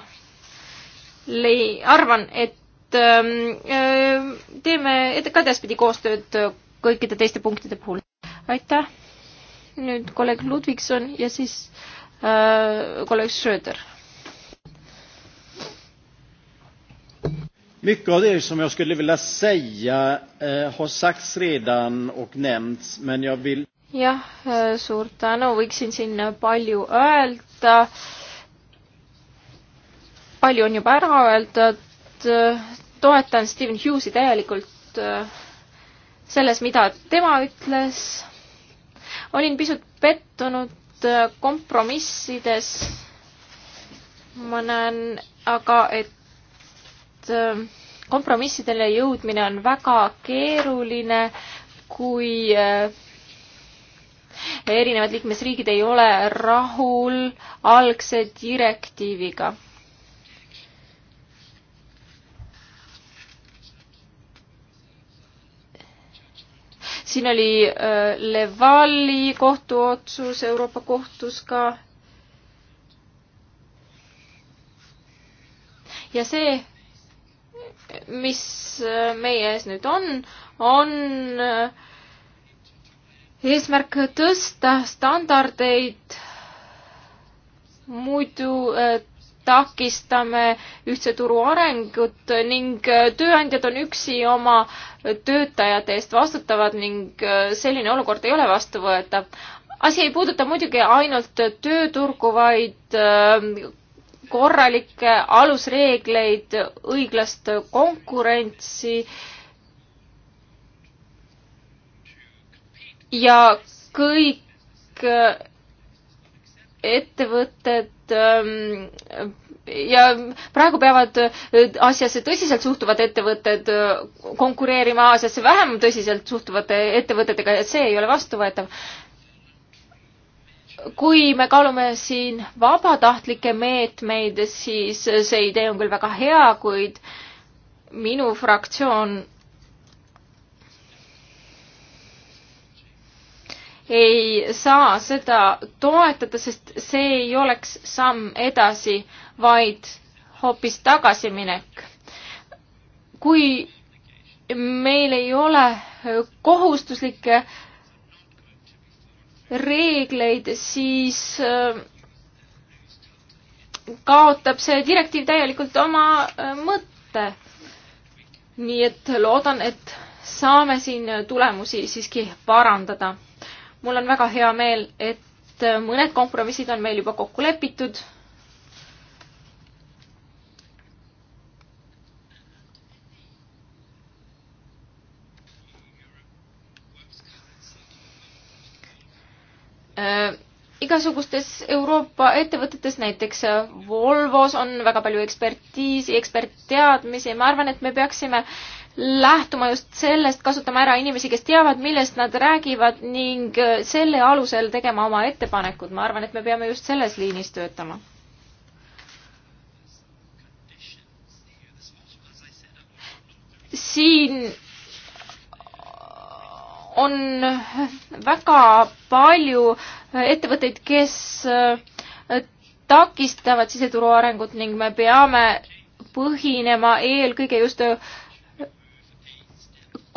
lei-, arvan, et ähm, teeme ka edaspidi koostööd kõikide teiste punktide puhul. aitäh! nüüd kolleeg Ludvigson ja siis äh, kolleeg Schröder Mycket av det som jag skulle vilja säga eh, har sagts redan och nämnts, men jag vill... jah, eh, suur tänu, võiksin siin palju öelda. palju on juba ära öeldud. Eh, toetan Steven Hughes'i täielikult eh, selles, mida tema ütles. olin pisut pettunud kompromissides. ma näen aga, et et ähm, kompromissidele jõudmine on väga keeruline, kui äh, erinevad liikmesriigid ei ole rahul algse direktiiviga. siin oli äh, Levali kohtuotsus Euroopa kohtus ka. ja see mis äh, meie ees nüüd on, on äh, eesmärk tõsta standardeid, muidu äh, takistame ühtse turu arengut ning tööandjad on üksi oma töötajate eest vastutavad ning selline olukord ei ole vastuvõetav. asi ei puuduta muidugi ainult tööturgu, vaid korralikke alusreegleid, õiglast konkurentsi ja kõik äh, ettevõtted ähm, ja praegu peavad äh, asjasse tõsiselt suhtuvad ettevõtted äh, konkureerima Aasiasse vähem tõsiselt suhtuvate ettevõtetega ja see ei ole vastuvõetav kui me kaalume siin vabatahtlikke meetmeid, siis see idee on küll väga hea, kuid minu fraktsioon ei saa seda toetada, sest see ei oleks samm edasi, vaid hoopis tagasiminek. kui meil ei ole kohustuslikke reegleid, siis äh, kaotab see direktiiv täielikult oma äh, mõtte. nii et loodan, et saame siin tulemusi siiski parandada. mul on väga hea meel, et äh, mõned kompromissid on meil juba kokku lepitud Äh, igasugustes Euroopa ettevõtetes, näiteks äh, Volvos on väga palju ekspertiisi, ekspertteadmisi ja ma arvan, et me peaksime lähtuma just sellest, kasutama ära inimesi, kes teavad, millest nad räägivad ning äh, selle alusel tegema oma ettepanekud. ma arvan, et me peame just selles liinis töötama. siin on väga palju ettevõtteid, kes äh, takistavad siseturu arengut ning me peame põhinema eelkõige just äh,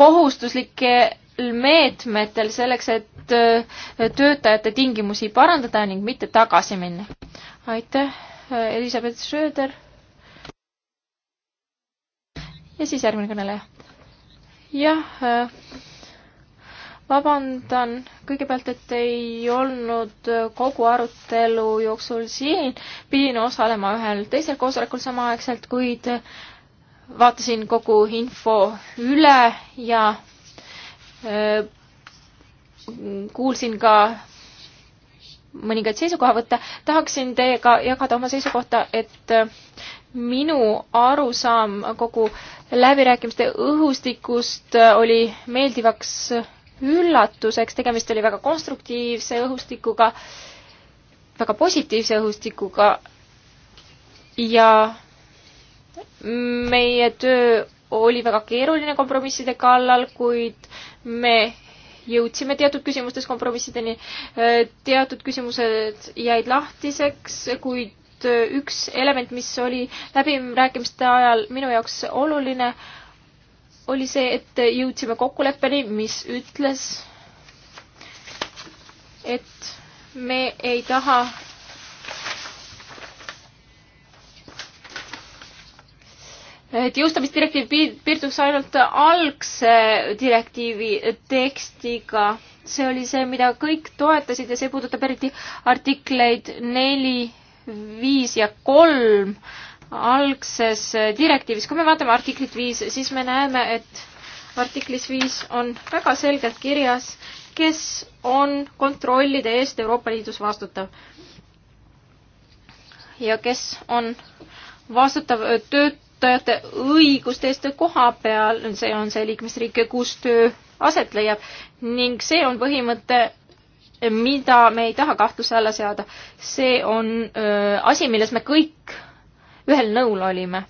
kohustuslikel meetmetel selleks, et äh, töötajate tingimusi parandada ning mitte tagasi minna. aitäh, Elizabeth Schröder. ja siis järgmine kõneleja. jah vabandan kõigepealt, et ei olnud kogu arutelu jooksul siin, pidin osalema ühel teisel koosolekul samaaegselt, kuid vaatasin kogu info üle ja öö, äh, kuulsin ka mõningaid seisukohavõtte. tahaksin teiega jagada oma seisukohta, et äh, minu arusaam kogu läbirääkimiste õhustikust äh, oli meeldivaks üllatuseks, tegemist oli väga konstruktiivse õhustikuga, väga positiivse õhustikuga ja meie töö oli väga keeruline kompromisside kallal, kuid me jõudsime teatud küsimustes kompromissideni. teatud küsimused jäid lahtiseks, kuid üks element, mis oli läbirääkimiste ajal minu jaoks oluline, oli see, et jõudsime kokkuleppeni, mis ütles, et me ei taha et jõustamisdirektiiv piirduks ainult algse direktiivi tekstiga. see oli see, mida kõik toetasid ja see puudutab eriti artikleid neli, viis ja kolm algses direktiivis. kui me vaatame artiklit viis, siis me näeme, et artiklis viis on väga selgelt kirjas, kes on kontrollide eest Euroopa Liidus vastutav. ja kes on vastutav töötajate õiguste eest koha peal, see on see liikmesriik, kus töö aset leiab ning see on põhimõte, mida me ei taha kahtluse alla seada. see on öö, asi, milles me kõik ühel nõul olime.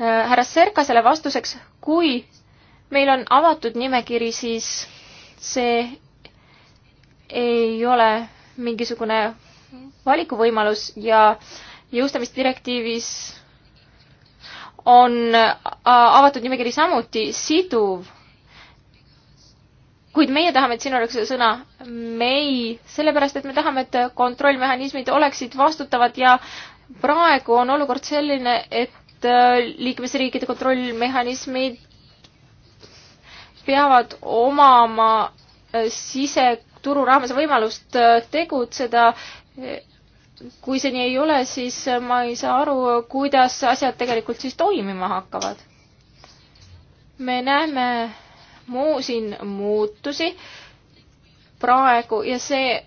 Äh, härra Serkasele vastuseks, kui meil on avatud nimekiri, siis see ei ole mingisugune valikuvõimalus ja jõustamisdirektiivis on äh, avatud nimekiri samuti siduv. kuid meie tahame, et siin oleks sõna may, sellepärast et me tahame, et kontrollmehhanismid oleksid vastutavad ja praegu on olukord selline, et äh, liikmesriikide kontrollmehhanismid peavad omama äh, siseturu raames võimalust äh, tegutseda. kui see nii ei ole, siis ma ei saa aru, kuidas asjad tegelikult siis toimima hakkavad. me näeme muu siin muutusi praegu ja see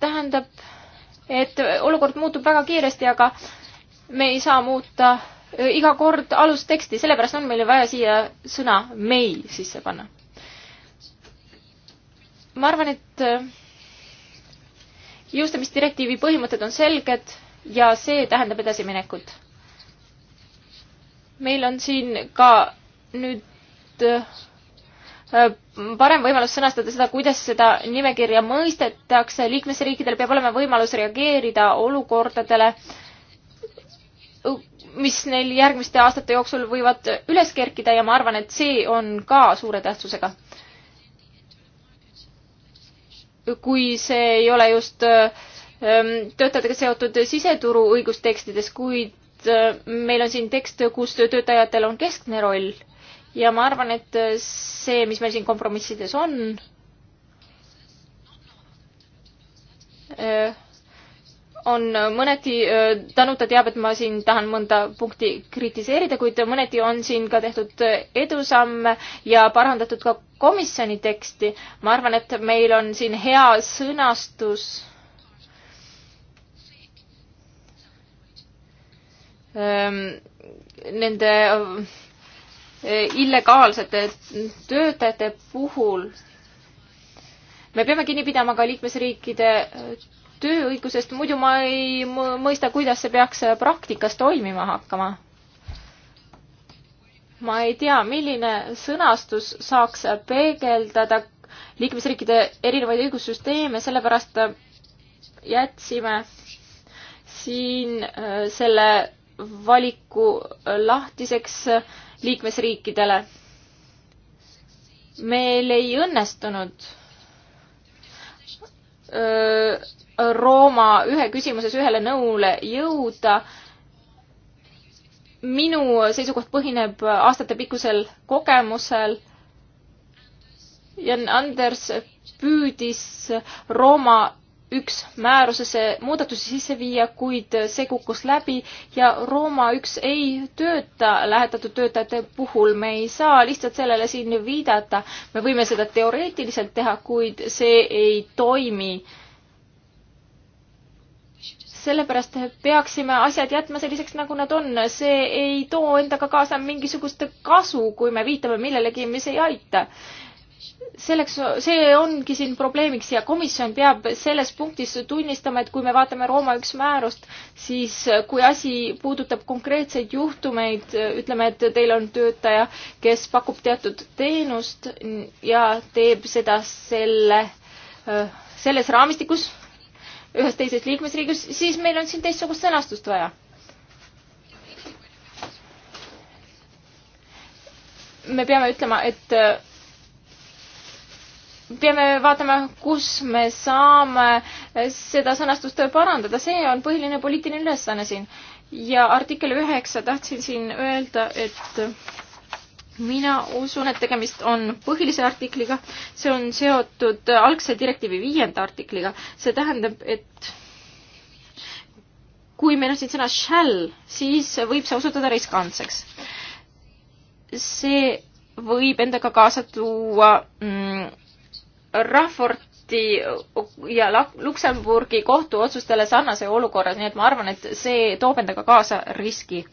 tähendab et olukord muutub väga kiiresti, aga me ei saa muuta äh, iga kord alusteksti, sellepärast on meil vaja siia sõna may sisse panna. ma arvan, et äh, jõustamisdirektiivi põhimõtted on selged ja see tähendab edasiminekut. meil on siin ka nüüd äh, parem võimalus sõnastada seda, kuidas seda nimekirja mõistetakse, liikmesriikidel peab olema võimalus reageerida olukordadele, mis neil järgmiste aastate jooksul võivad üles kerkida ja ma arvan, et see on ka suure tähtsusega. kui see ei ole just ähm, töötajatega seotud siseturu õigustekstides, kuid äh, meil on siin tekst, kus töötajatel on keskne roll ja ma arvan, et see, mis meil siin kompromissides on, äh, on mõneti, äh, Tanuta teab, et ma siin tahan mõnda punkti kritiseerida, kuid mõneti on siin ka tehtud edusamme ja parandatud ka komisjoni teksti. ma arvan, et meil on siin hea sõnastus. Ähm, nende illegaalsete töötajate puhul me peame kinni pidama ka liikmesriikide tööõigusest, muidu ma ei mõista, kuidas see peaks praktikas toimima hakkama. ma ei tea, milline sõnastus saaks peegeldada liikmesriikide erinevaid õigussüsteeme, sellepärast jätsime siin äh, selle valiku lahtiseks äh, liikmesriikidele. meil ei õnnestunud öö, Rooma ühe küsimuses ühele nõule jõuda. minu seisukoht põhineb aastatepikkusel kogemusel. Jan Anders püüdis Rooma üks määrusesse muudatusi sisse viia, kuid see kukkus läbi ja Rooma üks ei tööta lähetatud töötajate puhul. me ei saa lihtsalt sellele siin viidata. me võime seda teoreetiliselt teha, kuid see ei toimi. sellepärast peaksime asjad jätma selliseks, nagu nad on. see ei too endaga kaasa mingisugust kasu, kui me viitame millelegi, mis ei aita selleks, see ongi siin probleemiks ja komisjon peab selles punktis tunnistama, et kui me vaatame Rooma üks määrust, siis kui asi puudutab konkreetseid juhtumeid, ütleme, et teil on töötaja, kes pakub teatud teenust ja teeb seda selle, selles raamistikus ühes teises liikmesriigis, siis meil on siin teistsugust sõnastust vaja me peame ütlema, et peame vaatama, kus me saame seda sõnastust parandada, see on põhiline poliitiline ülesanne siin. ja artikkel üheksa tahtsin siin öelda, et mina usun, et tegemist on põhilise artikliga, see on seotud algse direktiivi viienda artikliga, see tähendab, et kui meil on siin sõna shall, siis võib see osutuda riskantseks. see võib endaga kaasa tuua mm, raporti ja Luksemburgi kohtuotsustele sarnase olukorra, nii et ma arvan, et see toob endaga kaasa riski.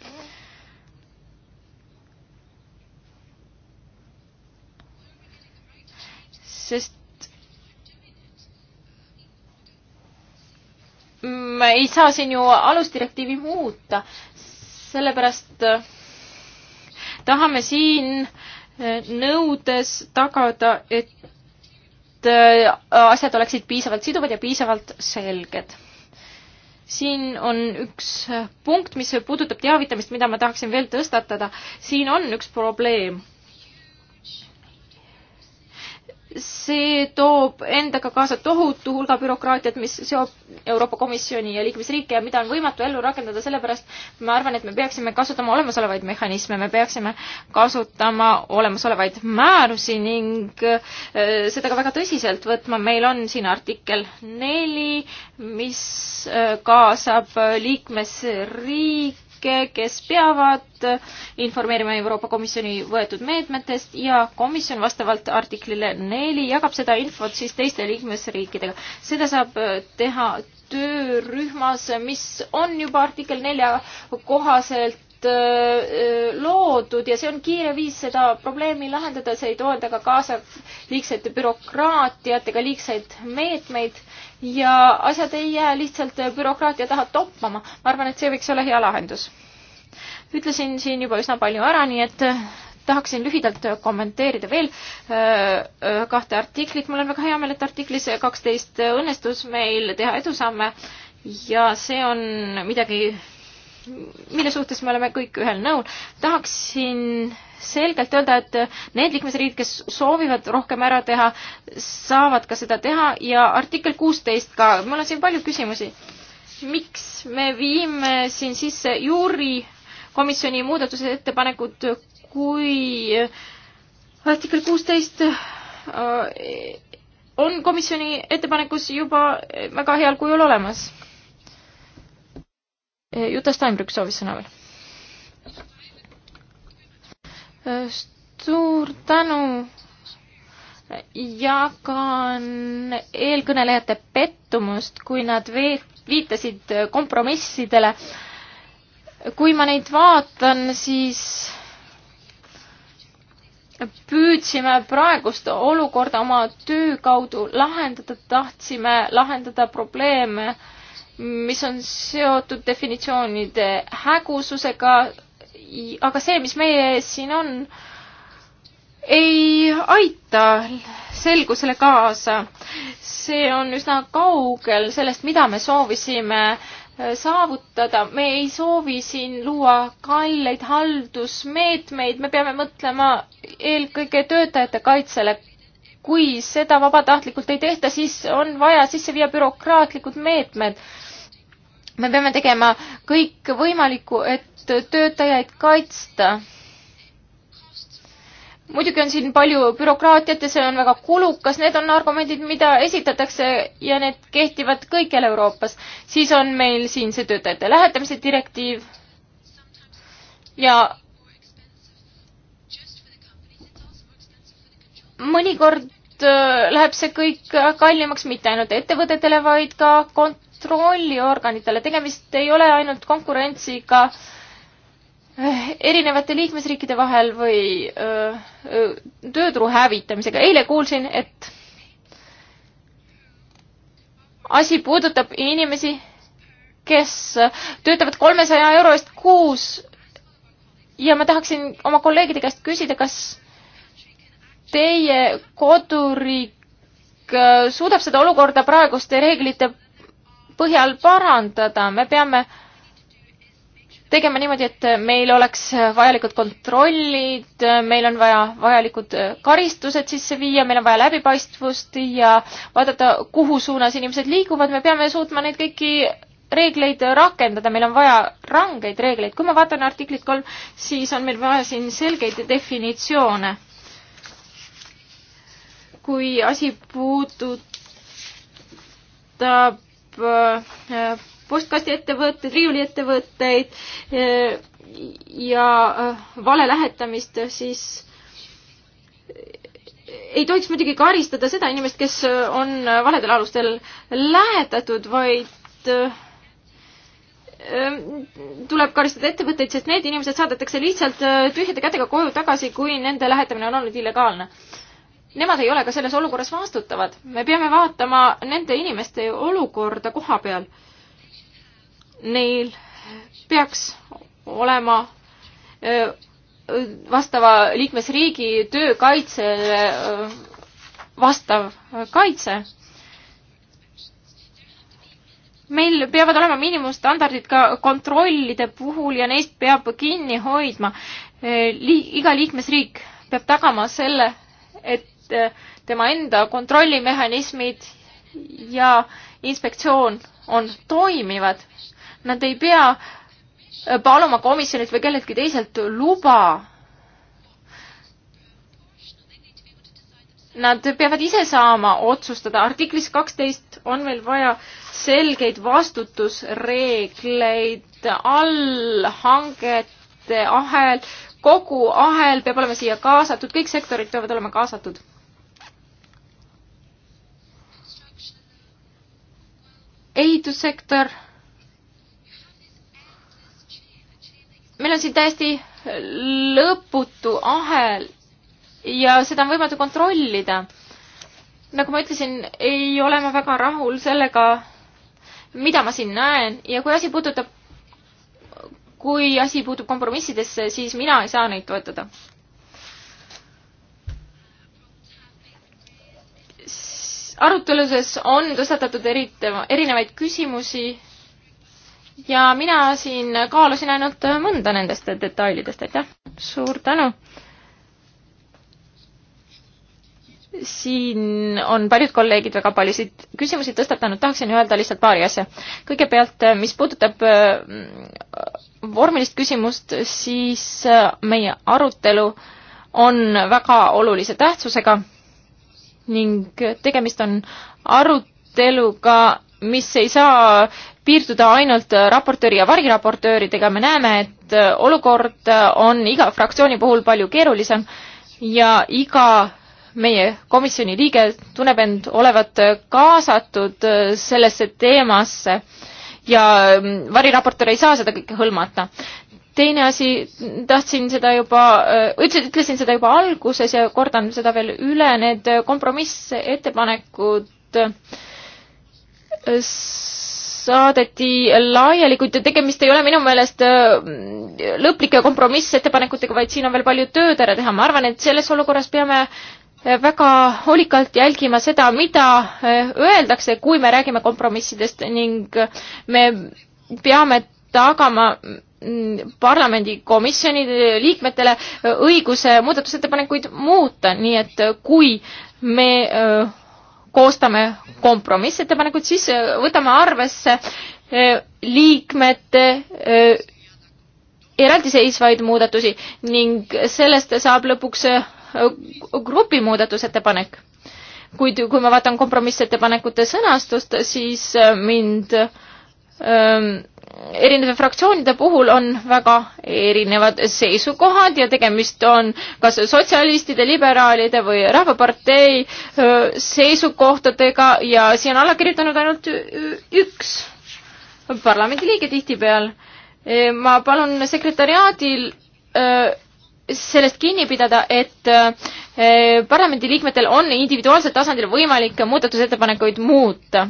sest me ei saa siin ju alusdirektiivi muuta, sellepärast äh, tahame siin äh, nõudes tagada, et Äh, asjad oleksid piisavalt siduvad ja piisavalt selged. siin on üks äh, punkt, mis puudutab teavitamist, mida ma tahaksin veel tõstatada. siin on üks probleem see toob endaga kaasa tohutu hulga bürokraatiat, mis seob Euroopa Komisjoni ja liikmesriike ja mida on võimatu ellu rakendada, sellepärast ma arvan, et me peaksime kasutama olemasolevaid mehhanisme, me peaksime kasutama olemasolevaid määrusi ning äh, seda ka väga tõsiselt võtma. meil on siin artikkel neli, mis äh, kaasab liikmesriike kodanikke, kes peavad informeerima Euroopa Komisjoni võetud meetmetest ja komisjon vastavalt artiklile neli jagab seda infot siis teiste liikmesriikidega. seda saab teha töörühmas, mis on juba artikkel nelja kohaselt Äh, äh, loodud ja see on kiire viis seda probleemi lahendada, see ei too endaga kaasa liigset bürokraatiat ega liigseid meetmeid ja asjad ei jää lihtsalt bürokraatia taha toppama. ma arvan, et see võiks olla hea lahendus. ütlesin siin juba üsna palju ära, nii et äh, tahaksin lühidalt kommenteerida veel kahte artiklit. mul on väga hea meel, et artiklis kaksteist õnnestus meil teha edusamme ja see on midagi mille suhtes me oleme kõik ühel nõul. tahaksin selgelt öelda, et need liikmesriigid, kes soovivad rohkem ära teha, saavad ka seda teha ja artikkel kuusteist ka, mul on siin palju küsimusi. miks me viime siin sisse juuri komisjoni muudatusettepanekud, kui artikkel kuusteist äh, on komisjoni ettepanekus juba väga heal kujul olemas? Jutta Steinbrück soovis sõna veel. suur tänu. jagan eelkõnelejate pettumust, kui nad viitasid kompromissidele. kui ma neid vaatan, siis püüdsime praegust olukorda oma töö kaudu lahendada, tahtsime lahendada probleeme äh, mis on seotud definitsioonide hägususega, aga see, mis meie ees siin on, ei aita selgusele kaasa. see on üsna kaugel sellest, mida me soovisime äh, saavutada. me ei soovi siin luua kalleid haldusmeetmeid, me peame mõtlema eelkõige töötajate kaitsele. kui seda vabatahtlikult ei tehta, siis on vaja sisse viia bürokraatlikud meetmed me peame tegema kõik võimalikku, et töötajaid kaitsta. muidugi on siin palju bürokraatiat ja see on väga kulukas, need on argumendid, mida esitatakse ja need kehtivad kõikjal Euroopas. siis on meil siin see töötajate lähetamise direktiiv ja mõnikord äh, läheb see kõik kallimaks mitte ainult ettevõtetele, vaid ka kont-, kontrolliorganitele, tegemist ei ole ainult konkurentsiga eh, erinevate liikmesriikide vahel või öö, eh, öö, eh, tööturu hävitamisega. eile kuulsin, et asi puudutab inimesi, kes töötavad kolmesaja euro eest kuus ja ma tahaksin oma kolleegide käest küsida, kas teie koduriik suudab seda olukorda praeguste reeglite põhjal parandada, me peame tegema niimoodi, et meil oleks vajalikud kontrollid, meil on vaja vajalikud karistused sisse viia, meil on vaja läbipaistvust ja vaadata, kuhu suunas inimesed liiguvad, me peame suutma neid kõiki reegleid rakendada, meil on vaja rangeid reegleid. kui ma vaatan artiklit kolm, siis on meil vaja siin selgeid definitsioone. kui asi puudutab Äh, postkastiettevõtteid, riiuliettevõtteid äh, ja äh, vale lähetamist, siis ei tohiks muidugi karistada seda inimest, kes on valedel alustel lähetatud, vaid tuleb karistada ettevõtteid, sest need inimesed saadetakse lihtsalt tühjade kätega koju tagasi, kui nende lähetamine on olnud illegaalne nemad ei ole ka selles olukorras vastutavad. me peame vaatama nende inimeste olukorda koha peal. Neil peaks olema vastava liikmesriigi töökaitsele vastav kaitse. meil peavad olema miinimumstandardid ka kontrollide puhul ja neist peab kinni hoidma. Li-, iga liikmesriik peab tagama selle, et Äh, tema enda kontrollimehhanismid ja inspektsioon on toimivad. Nad ei pea äh, paluma komisjonilt või kelleltki teiselt luba. Nad peavad ise saama otsustada. artiklis kaksteist on meil vaja selgeid vastutusreegleid allhangete ahel, kogu ahel peab olema siia kaasatud, kõik sektorid peavad olema kaasatud ehitussektor. meil on siin täiesti lõputu ahel ja seda on võimatu kontrollida. nagu ma ütlesin, ei ole ma väga rahul sellega, mida ma siin näen ja kui asi puudutab, kui asi puutub kompromissidesse, siis mina ei saa neid toetada aruteludes on tõstatatud eriti, erinevaid küsimusi ja mina siin kaalusin ainult mõnda nendest detailidest, aitäh. suur tänu. siin on paljud kolleegid väga paljusid küsimusi tõstatanud, tahaksin öelda lihtsalt paari asja. kõigepealt, mis puudutab mm, vormilist küsimust, siis meie arutelu on väga olulise tähtsusega ning tegemist on aruteluga, mis ei saa piirduda ainult raportööri ja variraportööridega, me näeme, et olukord on iga fraktsiooni puhul palju keerulisem ja iga meie komisjoni liige tunneb end olevat kaasatud sellesse teemasse ja variraportöör ei saa seda kõike hõlmata teine asi, tahtsin seda juba, äh, ütlesin seda juba alguses ja kordan seda veel üle, need kompromissettepanekud äh, saadeti laiali, kuid tegemist ei ole minu meelest äh, lõplike kompromissettepanekutega, vaid siin on veel palju tööd ära teha. ma arvan, et selles olukorras peame väga hoolikalt jälgima seda, mida öeldakse, kui me räägime kompromissidest ning me peame tagama Mm, parlamendikomisjonide liikmetele äh, õiguse muudatusettepanekuid muuta, nii et äh, kui me öö, äh, koostame kompromissettepanekud, siis võtame arvesse liikmete eraldiseisvaid muudatusi ning sellest saab lõpuks grupi muudatusettepanek. kuid kui ma vaatan kompromissettepanekute sõnastust, siis mind öö, ähm, erinevate fraktsioonide puhul on väga erinevad seisukohad ja tegemist on kas sotsialistide, liberaalide või Rahvapartei seisukohtadega ja siia on alla kirjutanud ainult üks parlamendiliige tihtipeale. ma palun sekretäriaadil sellest kinni pidada, et e, parlamendiliikmetel on individuaalsel tasandil võimalik muudatusettepanekuid muuta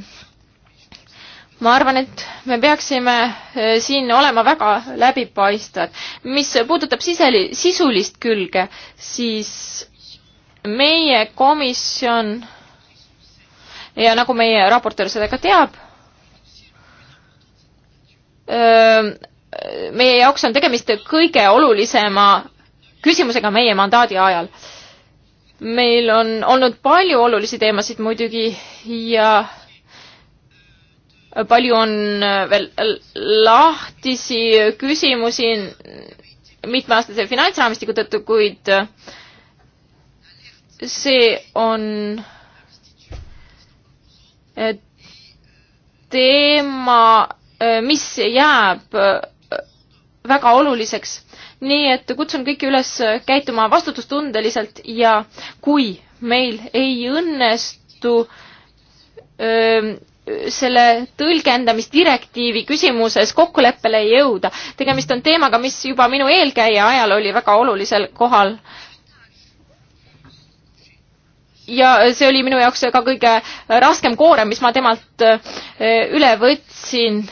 ma arvan, et me peaksime eh, siin olema väga läbipaistvad. mis puudutab siseli, sisulist külge, siis meie komisjon ja nagu meie raportöör seda ka teab, ehm, meie jaoks on tegemist kõige olulisema küsimusega meie mandaadi ajal. meil on olnud palju olulisi teemasid muidugi ja palju on äh, veel lahtisi küsimusi mitmeaastase finantsraamistiku tõttu, kuid äh, see on äh, teema, mis jääb väga oluliseks. nii et kutsun kõiki üles käituma vastutustundeliselt ja kui meil ei õnnestu öö, selle tõlgendamisdirektiivi küsimuses kokkuleppele ei jõuda. tegemist on teemaga, mis juba minu eelkäija ajal oli väga olulisel kohal. ja see oli minu jaoks ka kõige raskem koorem, mis ma temalt äh, üle võtsin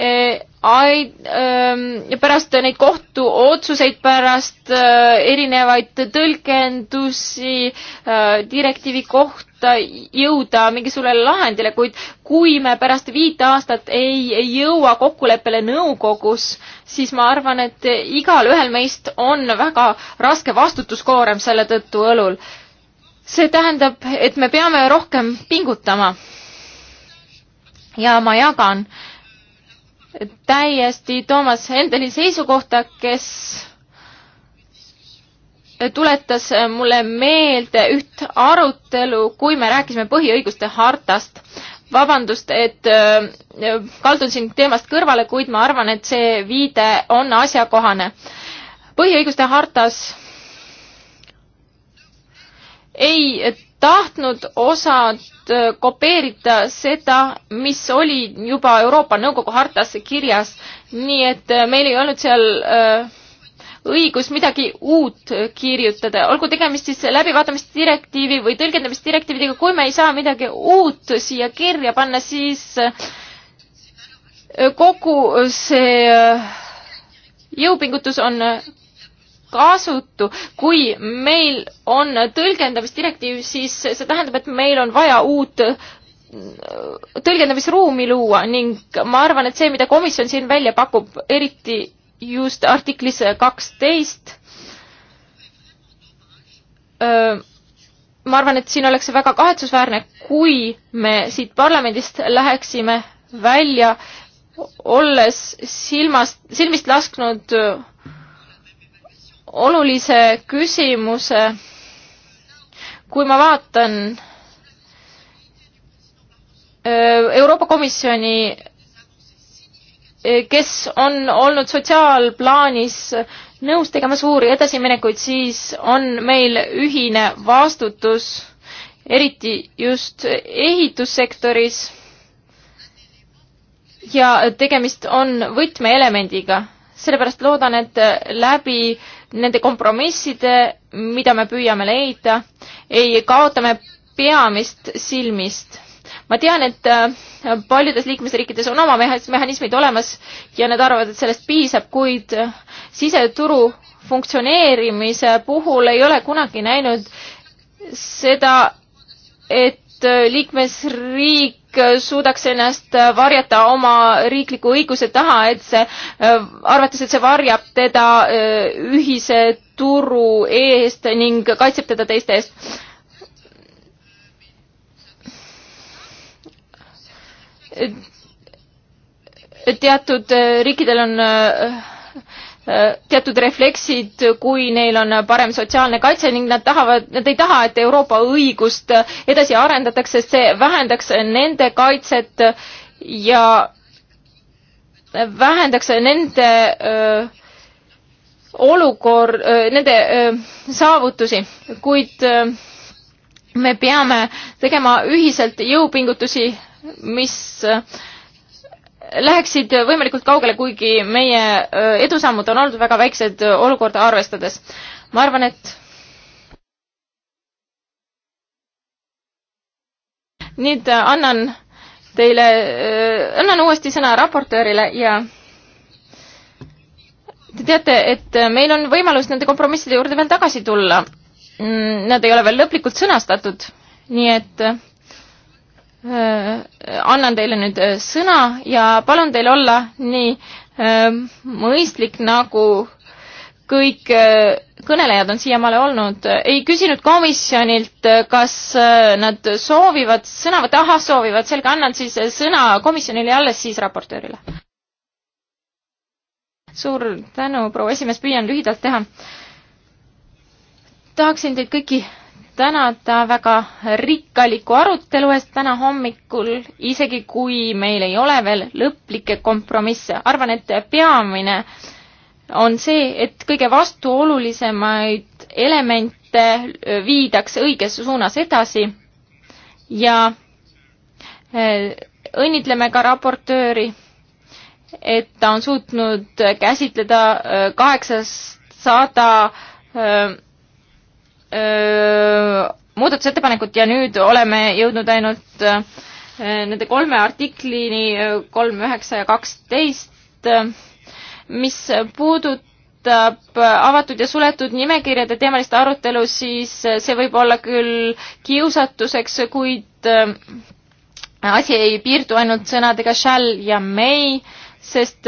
Äh, ai-, ähm, pärast neid kohtuotsuseid, pärast äh, erinevaid tõlgendusi äh, direktiivi kohta jõuda mingisugusele lahendile, kuid kui me pärast viit aastat ei jõua kokkuleppele nõukogus, siis ma arvan, et igalühel meist on väga raske vastutuskoorem selle tõttu õlul. see tähendab, et me peame rohkem pingutama. ja ma jagan äh, täiesti Toomas Hendeli seisukohta, kes tuletas mulle meelde üht arutelu, kui me rääkisime põhiõiguste hartast. vabandust, et äh, kaldun siin teemast kõrvale, kuid ma arvan, et see viide on asjakohane. põhiõiguste hartas ei tahtnud osad äh, kopeerida seda, mis oli juba Euroopa Nõukogu hartasse kirjas, nii et äh, meil ei olnud seal äh, õigus midagi uut kirjutada, olgu tegemist siis läbivaatamisdirektiivi või tõlgendamisdirektiividega, kui me ei saa midagi uut siia kirja panna, siis kogu see jõupingutus on kasutu. kui meil on tõlgendamisdirektiiv, siis see tähendab, et meil on vaja uut äh, tõlgendamisruumi luua ning ma arvan, et see, mida komisjon siin välja pakub, eriti just artiklis kaksteist, äh, ma arvan, et siin oleks see väga kahetsusväärne, kui me siit parlamendist läheksime välja, olles silmast, silmist lasknud äh, olulise küsimuse. kui ma vaatan äh, Euroopa Komisjoni, äh, kes on olnud sotsiaalplaanis nõus tegema suuri edasiminekuid, siis on meil ühine vastutus, eriti just ehitussektoris. ja tegemist on võtmeelemendiga, sellepärast loodan, et läbi äh, nende kompromisside, mida me püüame leida, ei kaota me peamist silmist. ma tean, et äh, paljudes liikmesriikides on oma mehhanismid olemas ja nad arvavad, et sellest piisab, kuid äh, siseturu funktsioneerimise puhul ei ole kunagi näinud seda, et äh, liikmesriik suudaks ennast varjata oma riikliku õiguse taha, et see, arvates, et see varjab teda äh, ühise turu eest ning kaitseb teda teiste eest. teatud äh, riikidel on äh, Äh, teatud refleksid, kui neil on parem sotsiaalne kaitse ning nad tahavad, nad ei taha, et Euroopa õigust edasi arendatakse, sest see vähendaks nende kaitset ja vähendaks nende öö, äh, olukord, äh, nende öö, saavutusi, kuid öö, me peame tegema ühiselt jõupingutusi, mis öö, läheksid võimalikult kaugele, kuigi meie äh, edusammud on olnud väga väiksed äh, olukorda arvestades. ma arvan, et nüüd äh, annan teile, annan uuesti sõna raportöörile ja te teate, et meil on võimalus nende kompromisside juurde veel tagasi tulla. Mm, nad ei ole veel lõplikult sõnastatud, nii et Äh, annan teile nüüd äh, sõna ja palun teil olla nii äh, mõistlik, nagu kõik kõnelejad on siiamaale olnud. ei küsinud komisjonilt, kas nad soovivad sõna võtta, ahah, soovivad, selge, annan siis sõna komisjonile ja alles siis raportöörile. suur tänu, proua esimees, püüan lühidalt teha. tahaksin teid kõiki tänada väga rikkaliku arutelu eest täna hommikul, isegi kui meil ei ole veel lõplikke kompromisse. arvan, et peamine on see, et kõige vastuolulisemaid elemente viidaks õiges suunas edasi ja eh, õnnitleme ka raportööri, et ta on suutnud käsitleda eh, kaheksasada eh, muudatusettepanekut ja nüüd oleme jõudnud ainult öö, nende kolme artiklini, kolm, üheksa ja kaksteist, mis puudutab avatud ja suletud nimekirjade teemalist arutelu, siis see võib olla küll kiusatuseks, kuid asi ei piirdu ainult sõnadega shall ja may, sest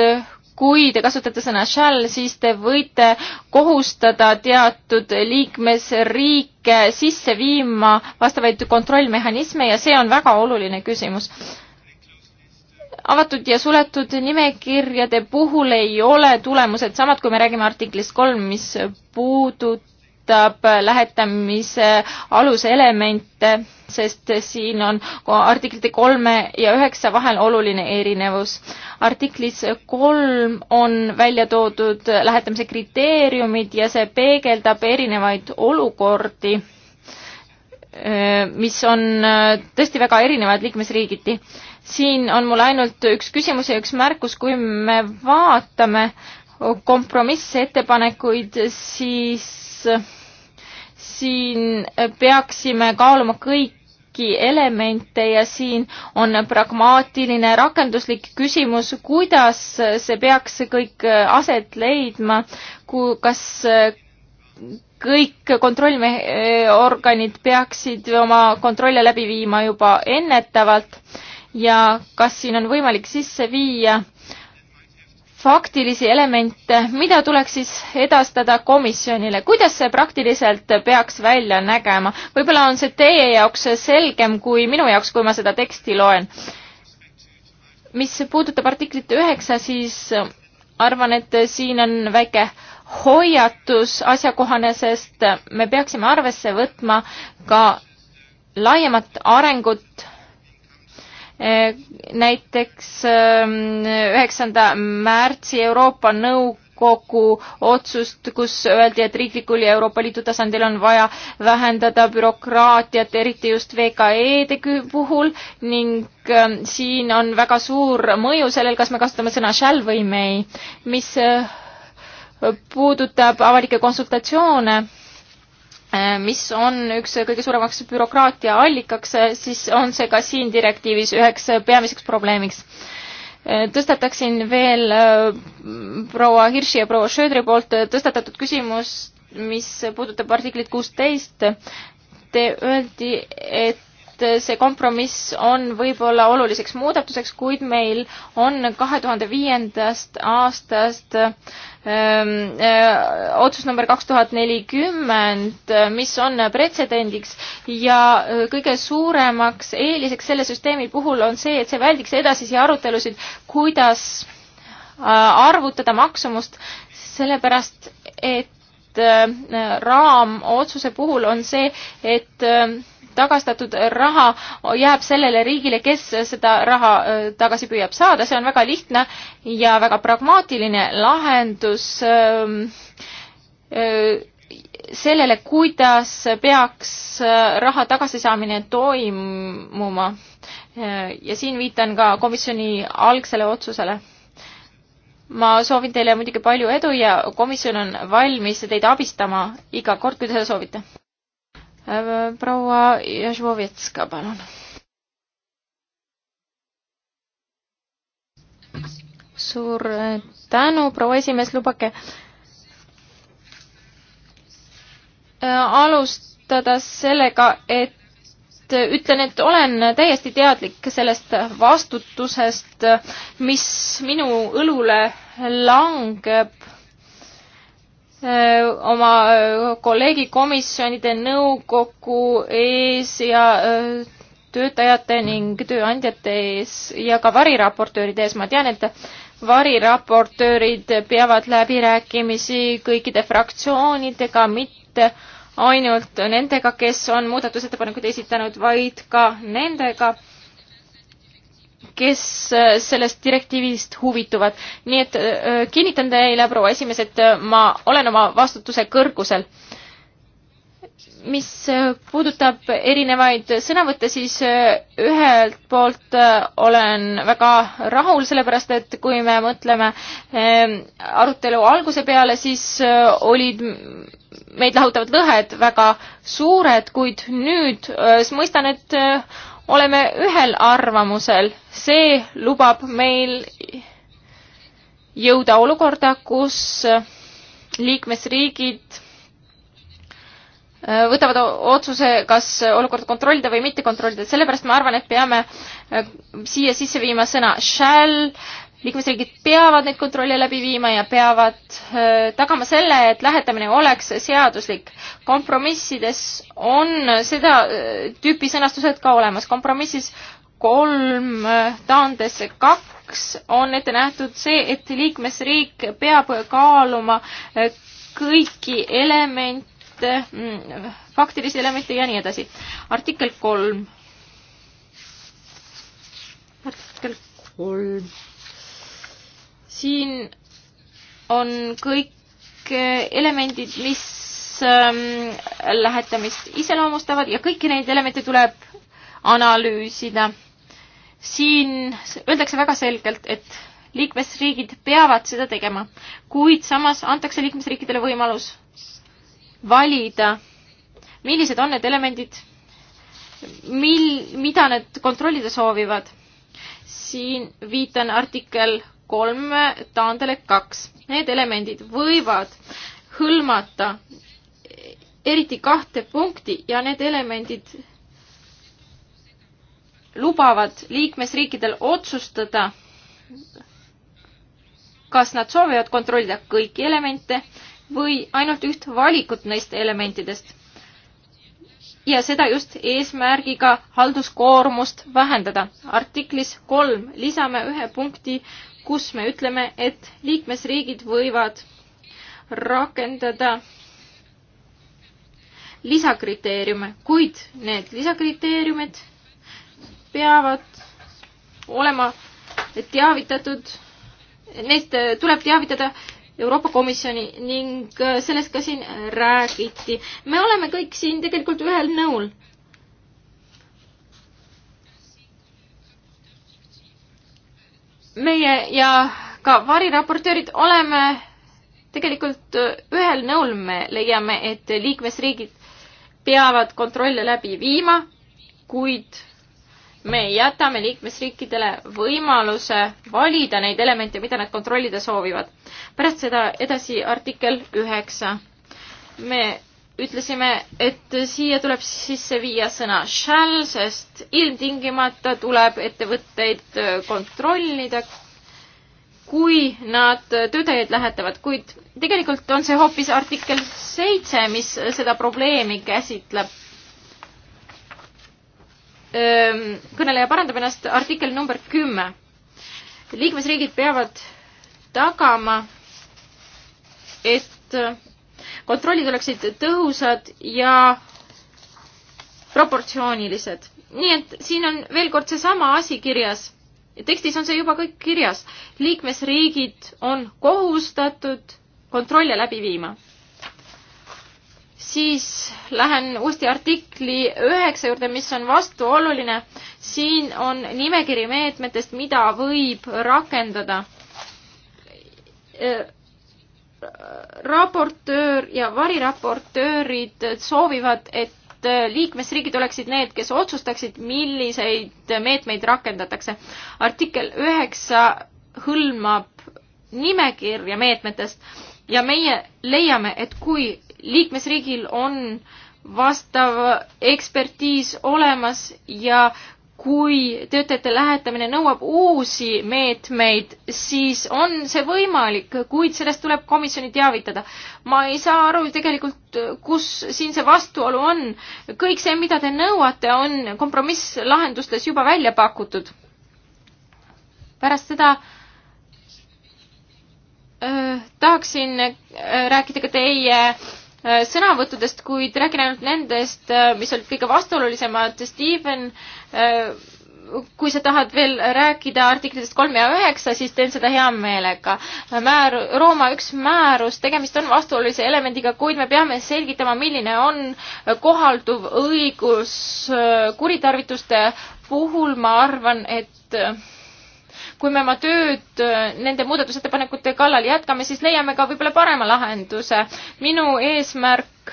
kui te kasutate sõna shall, siis te võite kohustada teatud liikmesriike sisse viima vastavaid kontrollmehhanisme ja see on väga oluline küsimus avatud ja suletud nimekirjade puhul ei ole tulemused samad, kui me räägime artiklist kolm, mis puudutab puudutab lähetamise aluselemente, sest siin on artiklite kolme ja üheksa vahel oluline erinevus. artiklis kolm on välja toodud lähetamise kriteeriumid ja see peegeldab erinevaid olukordi, mis on tõesti väga erinevad liikmesriigiti siin on mul ainult üks küsimus ja üks märkus, kui me vaatame kompromissettepanekuid, siis siin peaksime kaaluma kõiki elemente ja siin on pragmaatiline rakenduslik küsimus, kuidas see peaks kõik aset leidma, kas kõik kontrollorganid peaksid oma kontrolle läbi viima juba ennetavalt ja kas siin on võimalik sisse viia äh, faktilisi elemente, mida tuleks siis edastada komisjonile, kuidas see praktiliselt peaks välja nägema? võib-olla on see teie jaoks selgem kui minu jaoks, kui ma seda teksti loen. mis puudutab artiklit üheksa, siis arvan, et siin on väike hoiatus asjakohane, sest me peaksime arvesse võtma ka laiemat arengut Eh, näiteks ehm, üheksanda märtsi Euroopa Nõukogu otsust, kus öeldi, et riiklikul ja Euroopa Liidu tasandil on vaja vähendada bürokraatiat, eriti just VKE-de puhul ning ehm, siin on väga suur mõju sellel, kas me kasutame sõna shall või may, mis eh, puudutab avalikke konsultatsioone Äh, mis on üks kõige suuremaks bürokraatia allikaks, äh, siis on see ka siin direktiivis üheks peamiseks probleemiks. Äh, tõstataksin veel proua Hirši ja proua Schröderi poolt tõstatatud küsimust, mis puudutab artiklit kuusteist. Te öeldi, et et see kompromiss on võib-olla oluliseks muudatuseks, kuid meil on kahe tuhande viiendast aastast öö, ähm, öö, äh, otsus number kaks tuhat nelikümmend, mis on pretsedendiks ja äh, kõige suuremaks eeliseks selle süsteemi puhul on see, et see väldiks edasisi arutelusid, kuidas äh, arvutada maksumust, sellepärast et raam otsuse puhul on see, et tagastatud raha jääb sellele riigile, kes seda raha äh, tagasi püüab saada, see on väga lihtne ja väga pragmaatiline lahendus ähm, äh, sellele, kuidas peaks äh, raha tagasisaamine toimuma. ja siin viitan ka komisjoni algsele otsusele ma soovin teile muidugi palju edu ja komisjon on valmis teid abistama iga kord, kui te seda soovite proua Jažvovetska, palun. suur tänu, proua esimees, lubage alustada sellega, et ütlen, et olen täiesti teadlik sellest vastutusest, mis minu õlule langeb Äh, oma äh, kolleegi komisjonide nõukogu ees ja äh, töötajate ning tööandjate ees ja ka variraportööride ees. ma tean, et variraportöörid peavad läbirääkimisi kõikide fraktsioonidega, mitte ainult nendega, kes on muudatusettepanekud esitanud, vaid ka nendega, kes äh, sellest direktiivist huvituvad. nii et äh, kinnitan teile, proua esimees, et äh, ma olen oma vastutuse kõrgusel. mis puudutab erinevaid sõnavõtte, siis ühelt poolt olen väga rahul, sellepärast et kui me mõtleme ähm, arutelu alguse peale, siis olid meid lahutavad lõhed väga suured, kuid nüüd mõistan, et oleme ühel arvamusel, see lubab meil jõuda olukorda, kus liikmesriigid äh, võtavad otsuse, kas olukorda kontrollida või mitte kontrollida, sellepärast ma arvan, et peame äh, siia sisse viima sõna shall, liikmesriigid peavad neid kontrolle läbi viima ja peavad äh, tagama selle, et lähetamine oleks seaduslik. kompromissides on seda äh, tüüpi sõnastused ka olemas. kompromissis kolm äh, taandes kaks on ette nähtud see, et liikmesriik peab kaaluma kõiki elemente, mm, faktilisi elemente ja nii edasi. artikkel kolm. artikkel kolm siin on kõik äh, elemendid, mis ähm, lähetamist iseloomustavad ja kõiki neid elemente tuleb analüüsida. siin öeldakse väga selgelt, et liikmesriigid peavad seda tegema, kuid samas antakse liikmesriikidele võimalus valida, millised on need elemendid, mil, mida nad kontrollida soovivad. siin viitan artikkel kolm taandele kaks. Need elemendid võivad hõlmata eriti kahte punkti ja need elemendid lubavad liikmesriikidel otsustada, kas nad soovivad kontrollida kõiki elemente või ainult üht valikut neist elementidest. ja seda just eesmärgiga halduskoormust vähendada. artiklis kolm lisame ühe punkti kus me ütleme, et liikmesriigid võivad rakendada lisakriteeriume, kuid need lisakriteeriumid peavad olema teavitatud, neist tuleb teavitada Euroopa Komisjoni ning sellest ka siin räägiti. me oleme kõik siin tegelikult ühel nõul. meie ja ka variraportöörid oleme tegelikult äh, ühel nõul, me leiame, et liikmesriigid peavad kontrolle läbi viima, kuid me jätame liikmesriikidele võimaluse valida neid elemente, mida nad kontrollida soovivad. pärast seda edasi artikkel üheksa. me ütlesime, et siia tuleb sisse viia sõna shall, sest ilmtingimata tuleb ettevõtteid äh, kontrollida, kui nad töötajaid lähetavad, kuid tegelikult on see hoopis artikkel seitse, mis seda probleemi käsitleb. kõneleja parandab ennast, artikkel number kümme. liikmesriigid peavad tagama, et kontrollid oleksid tõhusad ja proportsioonilised. nii et siin on veel kord seesama asi kirjas. tekstis on see juba kõik kirjas. liikmesriigid on kohustatud kontrolle läbi viima. siis lähen uuesti artikli üheksa juurde, mis on vastuoluline. siin on nimekiri meetmetest, mida võib rakendada raportöör ja variraportöörid soovivad, et liikmesriigid oleksid need, kes otsustaksid, milliseid meetmeid rakendatakse. artikkel üheksa hõlmab nimekirja meetmetest ja meie leiame, et kui liikmesriigil on vastav ekspertiis olemas ja kui töötajate lähetamine nõuab uusi meetmeid, siis on see võimalik, kuid sellest tuleb komisjoni teavitada. ma ei saa aru tegelikult, kus siin see vastuolu on. kõik see, mida te nõuate, on kompromisslahendustes juba välja pakutud. pärast seda öö, äh, tahaksin öö, äh, rääkida ka teie öö, Äh, sõnavõttudest, kuid räägin ainult nendest, äh, mis olid kõige vastuolulisemad. Steven, äh, kui sa tahad veel rääkida artiklitest kolm ja üheksa, siis teen seda hea meelega. määr, Rooma üks määrus, tegemist on vastuolulise elemendiga, kuid me peame selgitama, milline on kohalduv õigus kuritarvituste puhul, ma arvan, et kui me oma tööd äh, nende muudatusettepanekute kallal jätkame, siis leiame ka võib-olla parema lahenduse. minu eesmärk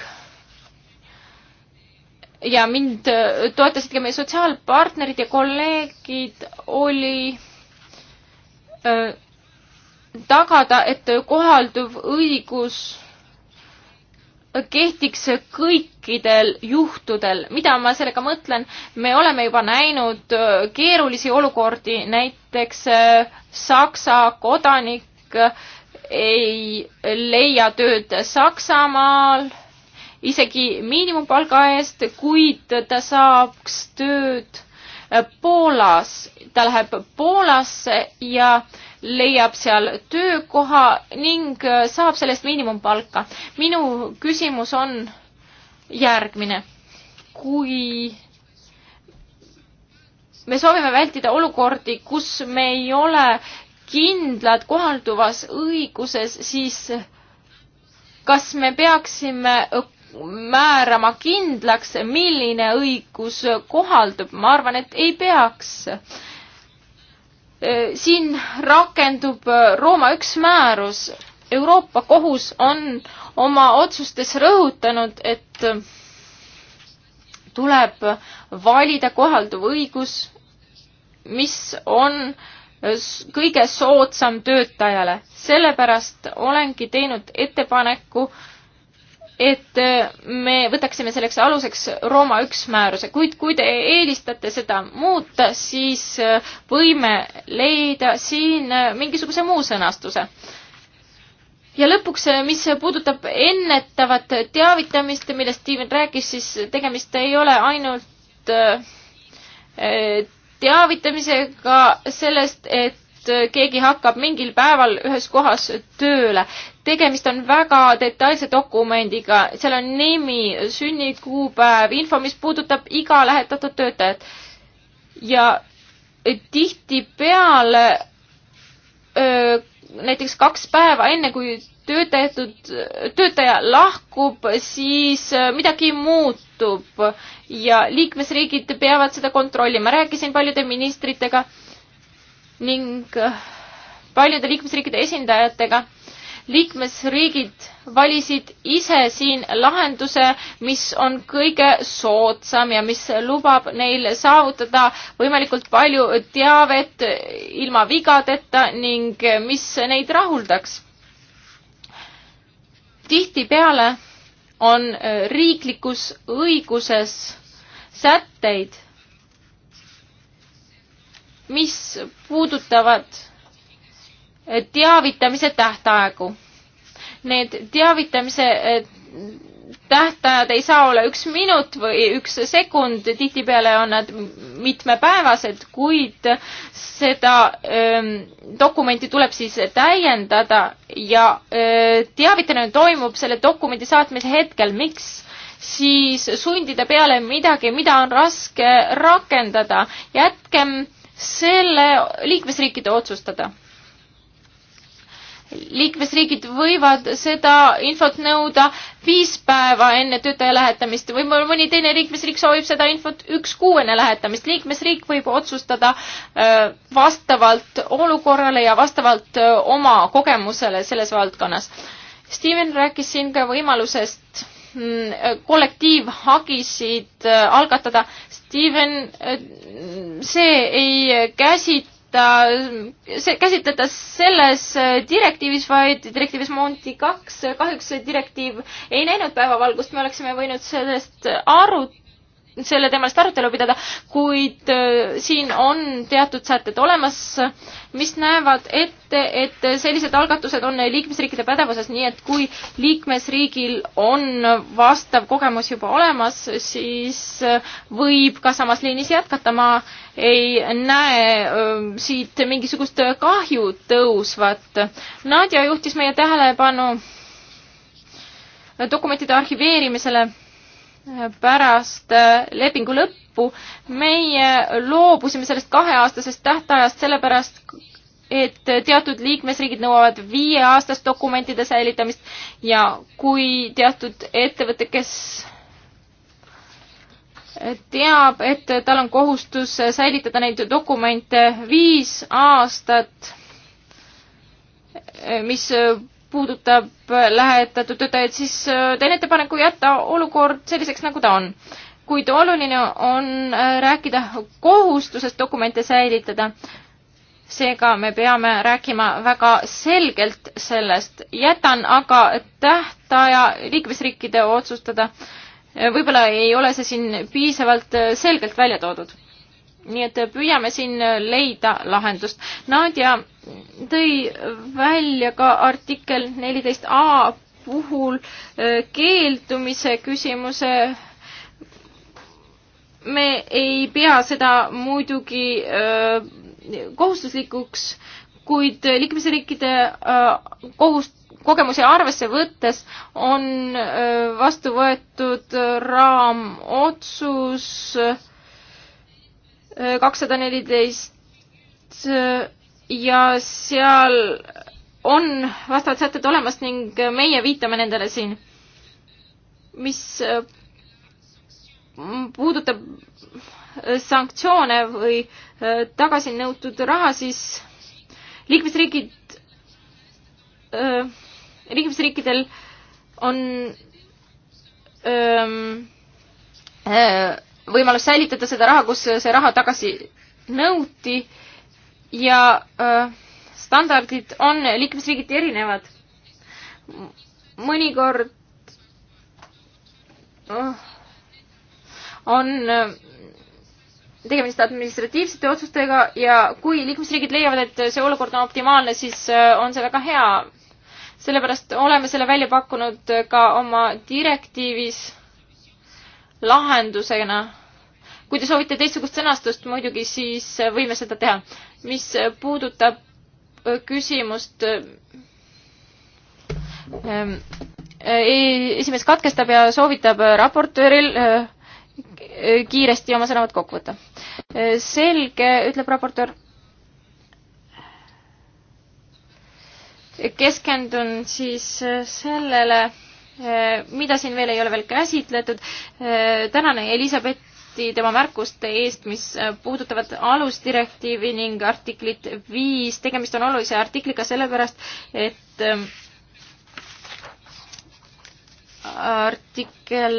ja mind äh, toetasid ka meie sotsiaalpartnerid ja kolleegid, oli äh, tagada, et kohalduv õigus kehtiks kõikidel juhtudel. mida ma sellega mõtlen, me oleme juba näinud äh, keerulisi olukordi, näiteks äh, Saksa kodanik äh, ei leia tööd Saksamaal isegi miinimumpalga eest, kuid ta saaks tööd Poolas, ta läheb Poolasse ja äh, leiab seal töökoha ning äh, saab sellest miinimumpalka. minu küsimus on järgmine. kui me soovime vältida olukordi, kus me ei ole kindlad kohalduvas õiguses, siis kas me peaksime äh, määrama kindlaks, milline õigus kohaldub, ma arvan, et ei peaks Äh, siin rakendub äh, Rooma üks määrus. Euroopa Kohus on oma otsustes rõhutanud, et äh, tuleb valida kohalduv õigus, mis on kõige soodsam töötajale. sellepärast olengi teinud ettepaneku äh, et äh, me võtaksime selleks aluseks Rooma üks määruse, kuid kui te eelistate seda muuta, siis äh, võime leida siin äh, mingisuguse muu sõnastuse. ja lõpuks, mis puudutab ennetavat teavitamist, millest Steven rääkis, siis tegemist ei ole ainult teavitamisega sellest, et keegi hakkab mingil päeval ühes kohas tööle tegemist on väga detailse dokumendiga, seal on nimi, sünnikuupäev, info, mis puudutab iga lähetatud töötajat. ja tihtipeale näiteks kaks päeva enne, kui töötajatud, töötaja lahkub, siis midagi muutub ja liikmesriigid peavad seda kontrollima. rääkisin paljude ministritega ning paljude liikmesriikide esindajatega liikmesriigid valisid ise siin lahenduse, mis on kõige soodsam ja mis lubab neil saavutada võimalikult palju teavet ilma vigadeta ning mis neid rahuldaks. tihtipeale on riiklikus õiguses sätteid, mis puudutavad teavitamise tähtaegu. Need teavitamise eh, tähtajad ei saa olla üks minut või üks sekund, tihtipeale on nad mitmepäevased, kuid seda öö, ehm, dokumenti tuleb siis täiendada ja öö, eh, teavitamine toimub selle dokumendi saatmise hetkel, miks? siis sundida peale midagi, mida on raske rakendada, jätkem selle liikmesriikide otsustada liikmesriigid võivad seda infot nõuda viis päeva enne töötaja lähetamist või mõni teine liikmesriik soovib seda infot üks kuu enne lähetamist. liikmesriik võib otsustada äh, vastavalt olukorrale ja vastavalt äh, oma kogemusele selles valdkonnas. Steven rääkis siin ka võimalusest mm, kollektiivhagisid äh, algatada. Steven, see ei käsit-, see käsitleda selles direktiivis, vaid direktiivis Monti kaks, kahjuks see direktiiv ei näinud päevavalgust, me oleksime võinud sellest arut-, selle teemalist arutelu pidada, kuid äh, siin on teatud sätted olemas, mis näevad ette, et sellised algatused on liikmesriikide pädevuses, nii et kui liikmesriigil on vastav kogemus juba olemas, siis võib ka samas liinis jätkata. ma ei näe äh, siit mingisugust kahju tõusvat. Nadja juhtis meie tähelepanu dokumentide arhiveerimisele pärast äh, lepingu lõppu. meie loobusime sellest kaheaastasest tähtajast sellepärast, et teatud liikmesriigid nõuavad viieaastast dokumentide säilitamist ja kui teatud ettevõte, kes teab, et tal on kohustus säilitada neid dokumente viis aastat, mis puudutab lähetatud töötajaid, siis äh, teen ettepaneku jätta olukord selliseks, nagu ta on. kuid oluline on äh, rääkida kohustusest dokumente säilitada. seega me peame rääkima väga selgelt sellest. jätan aga tähtaja liikmesriikide otsustada. Äh, võib-olla ei ole see siin piisavalt selgelt välja toodud nii et äh, püüame siin äh, leida lahendust. Nadja tõi välja ka artikkel neliteist A puhul äh, keeldumise küsimuse. me ei pea seda muidugi kohustuslikuks, kuid liikmesriikide kohust-, kogemusi arvesse võttes on vastu võetud raamotsus kakssada neliteist äh, ja seal on vastavad sätted olemas ning meie viitame nendele siin. mis äh, puudutab äh, sanktsioone või tagasinõutud raha, siis liikmesriigid, liikmesriikidel on öö, ähm, võimalus säilitada seda raha, kus see raha tagasi nõuti ja öö, äh, standardid on liikmesriigiti erinevad. mõnikord oh, on äh, tegemist administratiivsete otsustega ja kui liikmesriigid leiavad, et see olukord on optimaalne, siis äh, on see väga hea. sellepärast oleme selle välja pakkunud ka oma direktiivis lahendusena. kui te soovite teistsugust sõnastust muidugi, siis võime seda teha. mis puudutab äh, küsimust ähm, äh, esimees katkestab ja soovitab raportööril äh, kiiresti oma sõnavõtt kokku võtta. selge, ütleb raportöör. keskendun siis sellele Eh, mida siin veel ei ole veel käsitletud. Eh, tänan Elizabethi tema märkuste eest, mis eh, puudutavad alusdirektiivi ning artiklit viis. tegemist on olulise artikliga sellepärast, et artikkel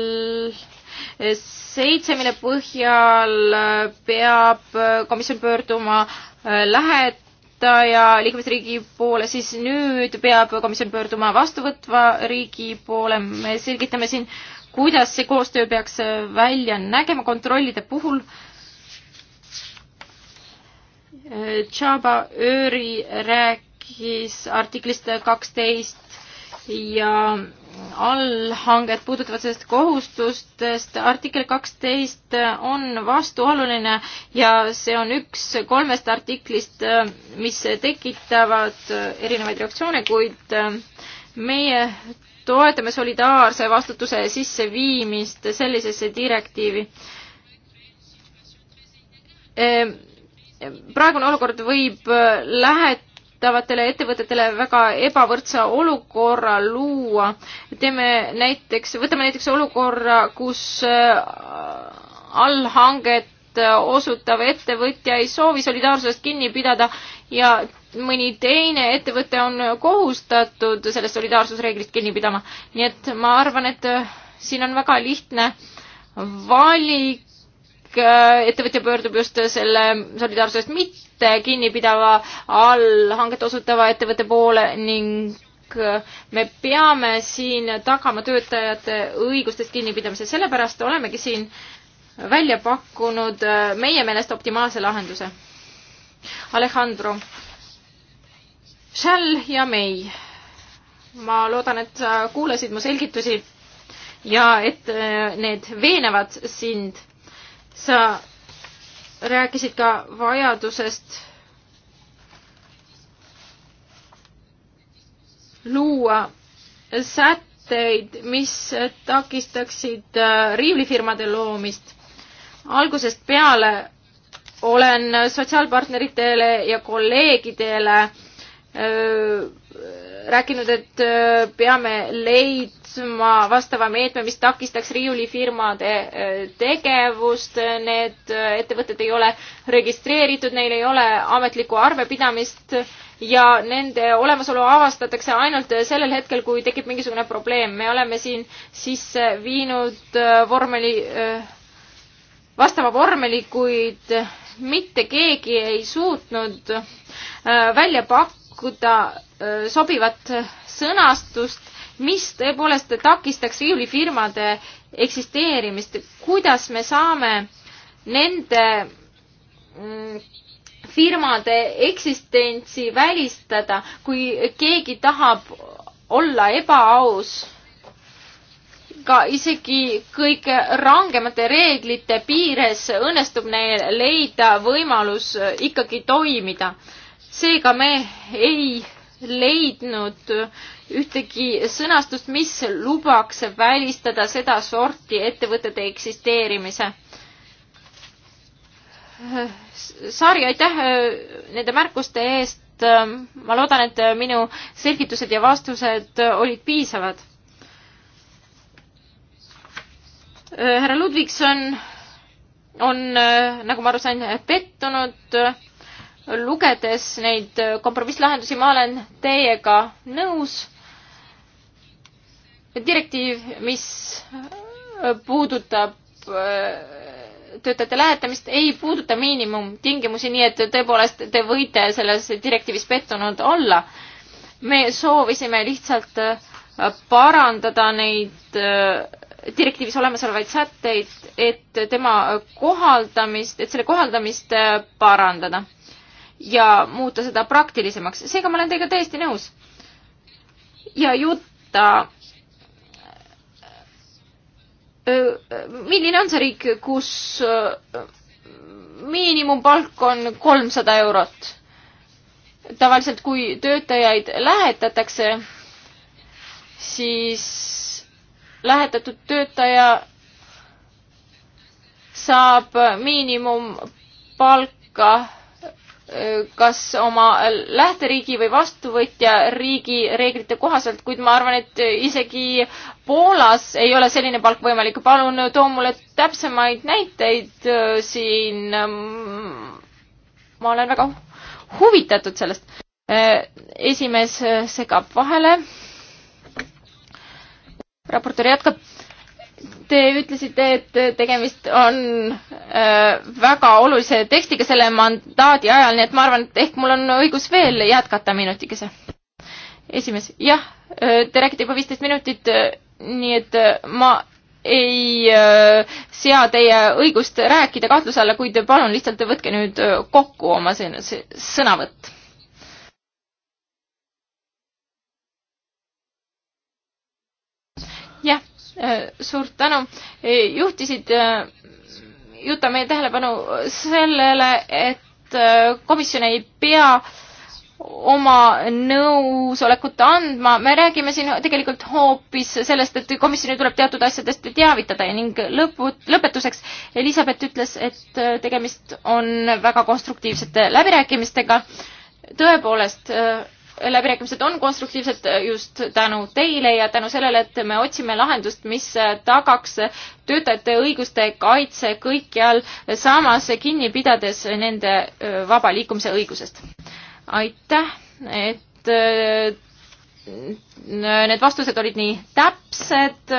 seitse, mille põhjal peab komisjon pöörduma lähed-, esitaja liikmesriigi poole, siis nüüd peab komisjon pöörduma vastuvõtva riigi poole. me selgitame siin, kuidas see koostöö peaks välja nägema kontrollide puhul. Tšaba Ööri rääkis artiklist kaksteist ja allhanged puudutavad sellest kohustustest. artikkel kaksteist on vastuoluline ja see on üks kolmest artiklist, mis tekitavad erinevaid reaktsioone, kuid meie toetame solidaarse vastutuse sisseviimist sellisesse direktiivi. Ehm, praegune olukord võib lähet-, tavatele ettevõtetele väga ebavõrdse olukorra luua. teeme näiteks, võtame näiteks olukorra, kus äh, allhanget äh, osutav ettevõtja ei soovi solidaarsusest kinni pidada ja mõni teine ettevõte on kohustatud sellest solidaarsusreeglist kinni pidama. nii et ma arvan, et äh, siin on väga lihtne valik, ettevõtja pöördub just selle solidaarsusest mitte kinni pidava allhanget osutava ettevõtte poole ning äh, me peame siin tagama töötajate õigustest kinnipidamise, sellepärast olemegi siin välja pakkunud äh, meie meelest optimaalse lahenduse. Alejandro, Shell ja May, ma loodan, et sa kuulasid mu selgitusi ja et äh, need veenavad sind. sa rääkisid ka vajadusest luua sätteid, mis takistaksid äh, riivlifirmade loomist. algusest peale olen sotsiaalpartneritele ja kolleegidele öö, äh, rääkinud, et äh, peame leidma vastava meetme, mis takistaks riiulifirmade äh, tegevust. Need äh, ettevõtted ei ole registreeritud, neil ei ole ametlikku arvepidamist ja nende olemasolu avastatakse ainult sellel hetkel, kui tekib mingisugune probleem. me oleme siin sisse viinud vormeli, vastava vormeli, kuid mitte keegi ei suutnud välja pakkuda sobivat sõnastust, mis tõepoolest takistaks riiulifirmade eksisteerimist, kuidas me saame nende mm, firmade eksistentsi välistada, kui keegi tahab olla ebaaus. ka isegi kõige rangemate reeglite piires õnnestub neil leida võimalus ikkagi toimida. seega me ei leidnud ühtegi sõnastust, mis lubaks välistada sedasorti ettevõtete eksisteerimise. Saari, aitäh äh, nende märkuste eest. Ähm, ma loodan, et äh, minu selgitused ja vastused olid piisavad. Äh, härra Ludvigson on, nagu ma aru sain, pettunud lugedes neid kompromisslahendusi, ma olen teiega nõus. direktiiv, mis puudutab äh, töötajate lähetamist, ei puuduta miinimumtingimusi, nii et tõepoolest te võite selles direktiivis pettunud olla. me soovisime lihtsalt äh, parandada neid äh, direktiivis olemasolevaid sätteid, et tema kohaldamist, et selle kohaldamist parandada ja muuta seda praktilisemaks. seega ma olen teiega täiesti nõus. ja Juta. milline on see riik, kus miinimumpalk on kolmsada eurot? tavaliselt, kui töötajaid lähetatakse, siis lähetatud töötaja saab miinimumpalka kas oma lähteriigi või vastuvõtja riigi reeglite kohaselt, kuid ma arvan, et isegi Poolas ei ole selline palk võimalik. palun too mulle täpsemaid näiteid äh, siin. Ähm, ma olen väga huvitatud sellest. Äh, esimees äh, segab vahele. raportöör jätkab Te ütlesite, et tegemist on äh, väga olulise tekstiga selle mandaadi ajal, nii et ma arvan, et ehk mul on õigus veel jätkata minutikese. esimees, jah, äh, te räägite juba viisteist minutit, äh, nii et äh, ma ei äh, sea teie õigust rääkida kahtluse alla, kuid palun lihtsalt võtke nüüd kokku oma sõnavõtt jah, Äh, suur tänu, äh, juhtisid äh, Juta meie tähelepanu sellele, et komisjon ei pea oma nõusolekut andma, me räägime siin tegelikult hoopis sellest, et komisjoni tuleb teatud asjadest teavitada ning lõpu, lõpetuseks Elizabeth ütles, et tegemist on väga konstruktiivsete läbirääkimistega. tõepoolest läbirääkimised on konstruktiivsed just tänu teile ja tänu sellele, et me otsime lahendust, mis tagaks töötajate õiguste kaitse kõikjal, samas kinni pidades nende vaba liikumise õigusest. aitäh, et need vastused olid nii täpsed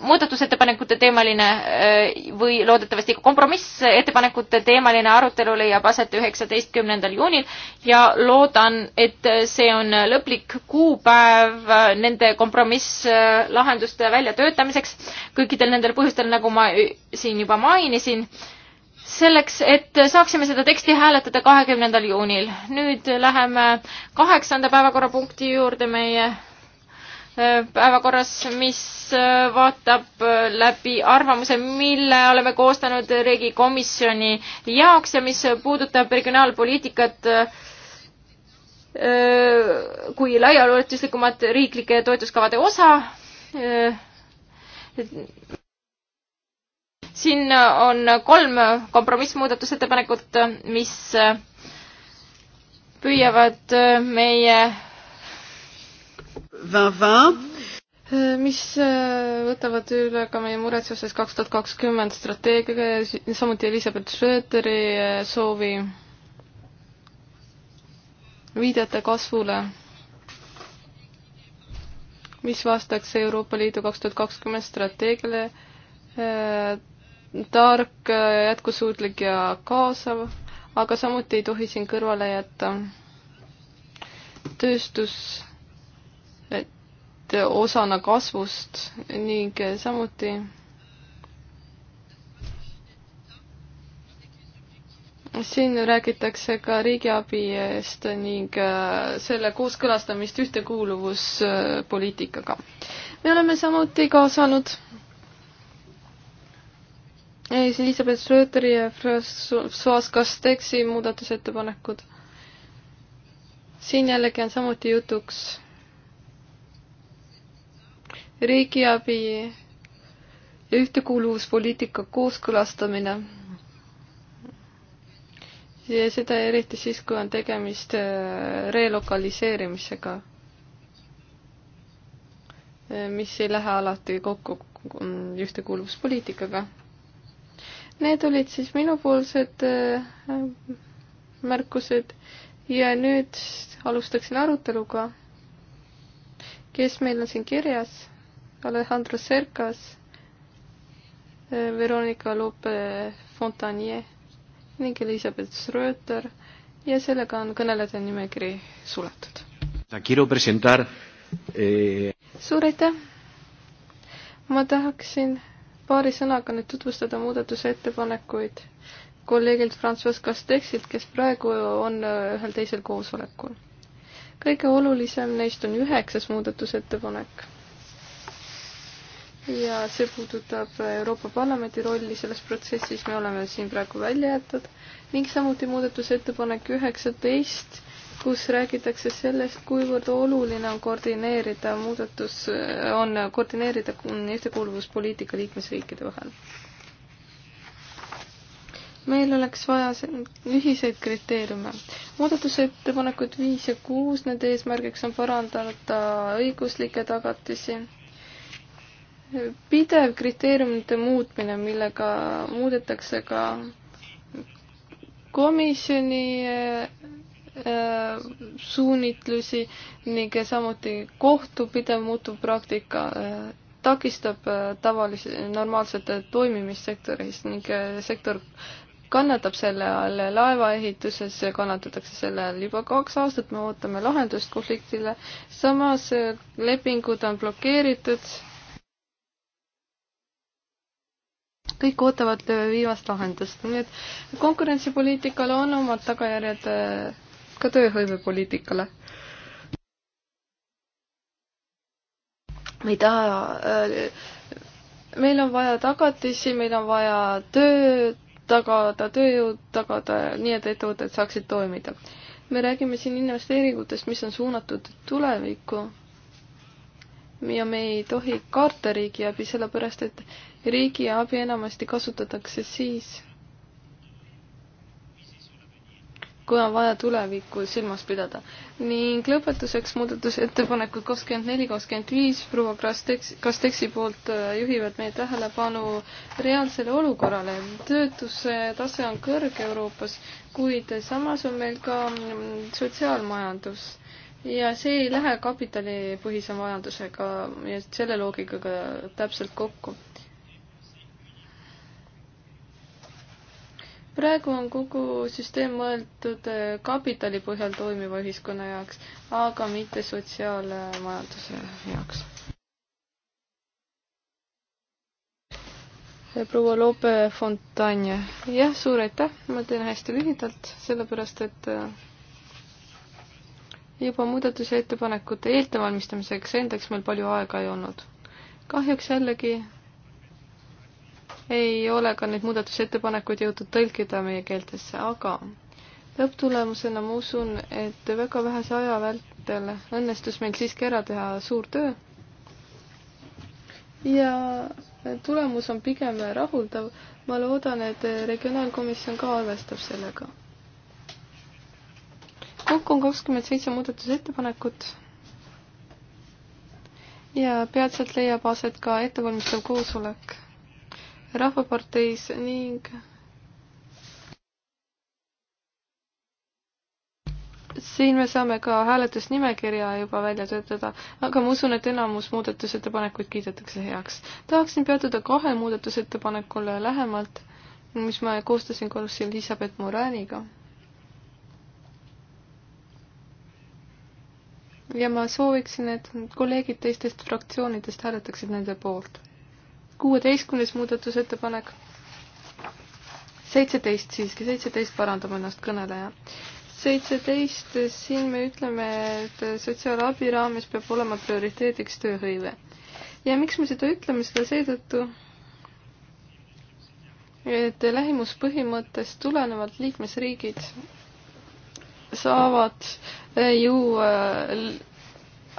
muudatusettepanekute teemaline eh, või loodetavasti ka kompromissettepanekute teemaline arutelu leiab aset üheksateistkümnendal juunil ja loodan, et see on lõplik kuupäev nende kompromisslahenduste väljatöötamiseks kõikidel nendel põhjustel, nagu ma siin juba mainisin selleks, et saaksime seda teksti hääletada kahekümnendal juunil. nüüd läheme kaheksanda päevakorrapunkti juurde meie päevakorras, mis äh, vaatab äh, läbi arvamuse, mille oleme koostanud riigikomisjoni jaoks ja mis puudutab regionaalpoliitikat äh, kui laiaulatuslikumat riiklike toetuskavade osa. siin on kolm kompromissmuudatusettepanekut, mis püüavad meie mis äh, võtavad üle ka meie mured seoses kaks tuhat kakskümmend strateegiaga ja samuti Elizabeth Schröderi äh, soovi viidete kasvule, mis vastaks Euroopa Liidu kaks tuhat kakskümmend strateegiale, äh, tark, jätkusuutlik ja kaasav, aga samuti ei tohi siin kõrvale jätta tööstus osana kasvust ning samuti siin räägitakse ka riigiabi eest ning äh, selle kooskõlastamist ühtekuuluvuspoliitikaga. me oleme samuti kaasanud Elizabeth Schröderi ja Francois Castexi muudatusettepanekud. siin jällegi on samuti jutuks riigiabi ja ühtekuuluvuspoliitika kooskõlastamine. ja seda eriti siis, kui on tegemist äh, relokaliseerimisega, äh, mis ei lähe alati kokku mm, ühtekuuluvuspoliitikaga. Need olid siis minupoolsed äh, märkused ja nüüd alustaksin aruteluga. kes meil on siin kirjas? Alejandro Cercas, eh, Veronika Lope Fontanier ning Elizabeth Schröter ja sellega on kõnelejate nimekiri suletud. Eh, suur aitäh! ma tahaksin paari sõnaga nüüd tutvustada muudatusettepanekuid kolleegilt Francois Castexilt, kes praegu on eh, ühel teisel koosolekul. kõige olulisem neist on üheksas muudatusettepanek ja see puudutab Euroopa Parlamendi rolli selles protsessis, me oleme siin praegu välja jäetud, ning samuti muudatusettepanek üheksateist, kus räägitakse sellest, kuivõrd oluline on koordineerida muudatus, on koordineerida ühtekuuluvuspoliitika liikmesriikide vahel. meil oleks vaja ühiseid kriteeriume. muudatusettepanekud viis ja kuus, nende eesmärgiks on parandada õiguslikke tagatisi pidev kriteeriumite muutmine, millega muudetakse ka komisjoni äh, äh, suunitlusi ning samuti kohtu pidev muutuv praktika äh, takistab tavalise, normaalset toimimist sektoris ning sektor kannatab selle all laevaehituses, kannatatakse selle all juba kaks aastat, me ootame lahendust konfliktile. samas lepingud on blokeeritud kõik ootavad äh, viimast lahendust, nii et konkurentsipoliitikal on omad tagajärjed äh, ka tööhõivepoliitikale. me ei taha, äh, meil on vaja tagatisi, meil on vaja töö tagada, tööjõud tagada, nii et ettevõtted saaksid toimida. me räägime siin investeeringutest, mis on suunatud tulevikku ja me ei tohi kaarteriigi abi, sellepärast et riigiabi enamasti kasutatakse siis, kui on vaja tulevikku silmas pidada. ning lõpetuseks muudatusettepanekud kakskümmend neli, kakskümmend viis proua Krasteks, Kasteksi poolt äh, juhivad meie tähelepanu reaalsele olukorrale. töötuse tase on kõrge Euroopas, kuid samas on meil ka mm, sotsiaalmajandus ja see ei lähe kapitalipõhise majandusega ja selle loogikaga täpselt kokku praegu on kogu süsteem mõeldud eh, kapitali põhjal toimiva ühiskonna jaoks, aga mitte sotsiaalmajanduse jaoks. Eh, proua Lope Fontanje, jah, suur aitäh, ma teen hästi lühidalt, sellepärast et eh, juba muudatusettepanekute eeltevalmistamiseks endaks meil palju aega ei olnud. kahjuks jällegi ei ole ka neid muudatusettepanekuid jõutud tõlkida meie keeltesse, aga lõpptulemusena ma usun, et väga vähese aja vältel õnnestus meil siiski ära teha suur töö. ja tulemus on pigem rahuldav. ma loodan, et Regionaalkomisjon ka arvestab sellega. kokku on kakskümmend seitse muudatusettepanekut. ja peatselt leiab aset ka ettevalmistav koosolek Rahvaparteis ning siin me saame ka hääletusnimekirja juba välja töötada, aga ma usun, et enamus muudatusettepanekuid kiidetakse heaks. tahaksin peatuda kahe muudatusettepanekule lähemalt, mis ma koostasin koos Elizabeth Moraniga. ja ma sooviksin, et kolleegid teistest fraktsioonidest hääletaksid nende poolt kuueteistkümnes muudatusettepanek. seitseteist siiski, seitseteist parandab ennast kõneleja. seitseteist, siin me ütleme, et sotsiaalabi raames peab olema prioriteediks tööhõive. ja miks me seda ütleme, seda seetõttu, et lähimuspõhimõttest tulenevalt liikmesriigid saavad ju äh,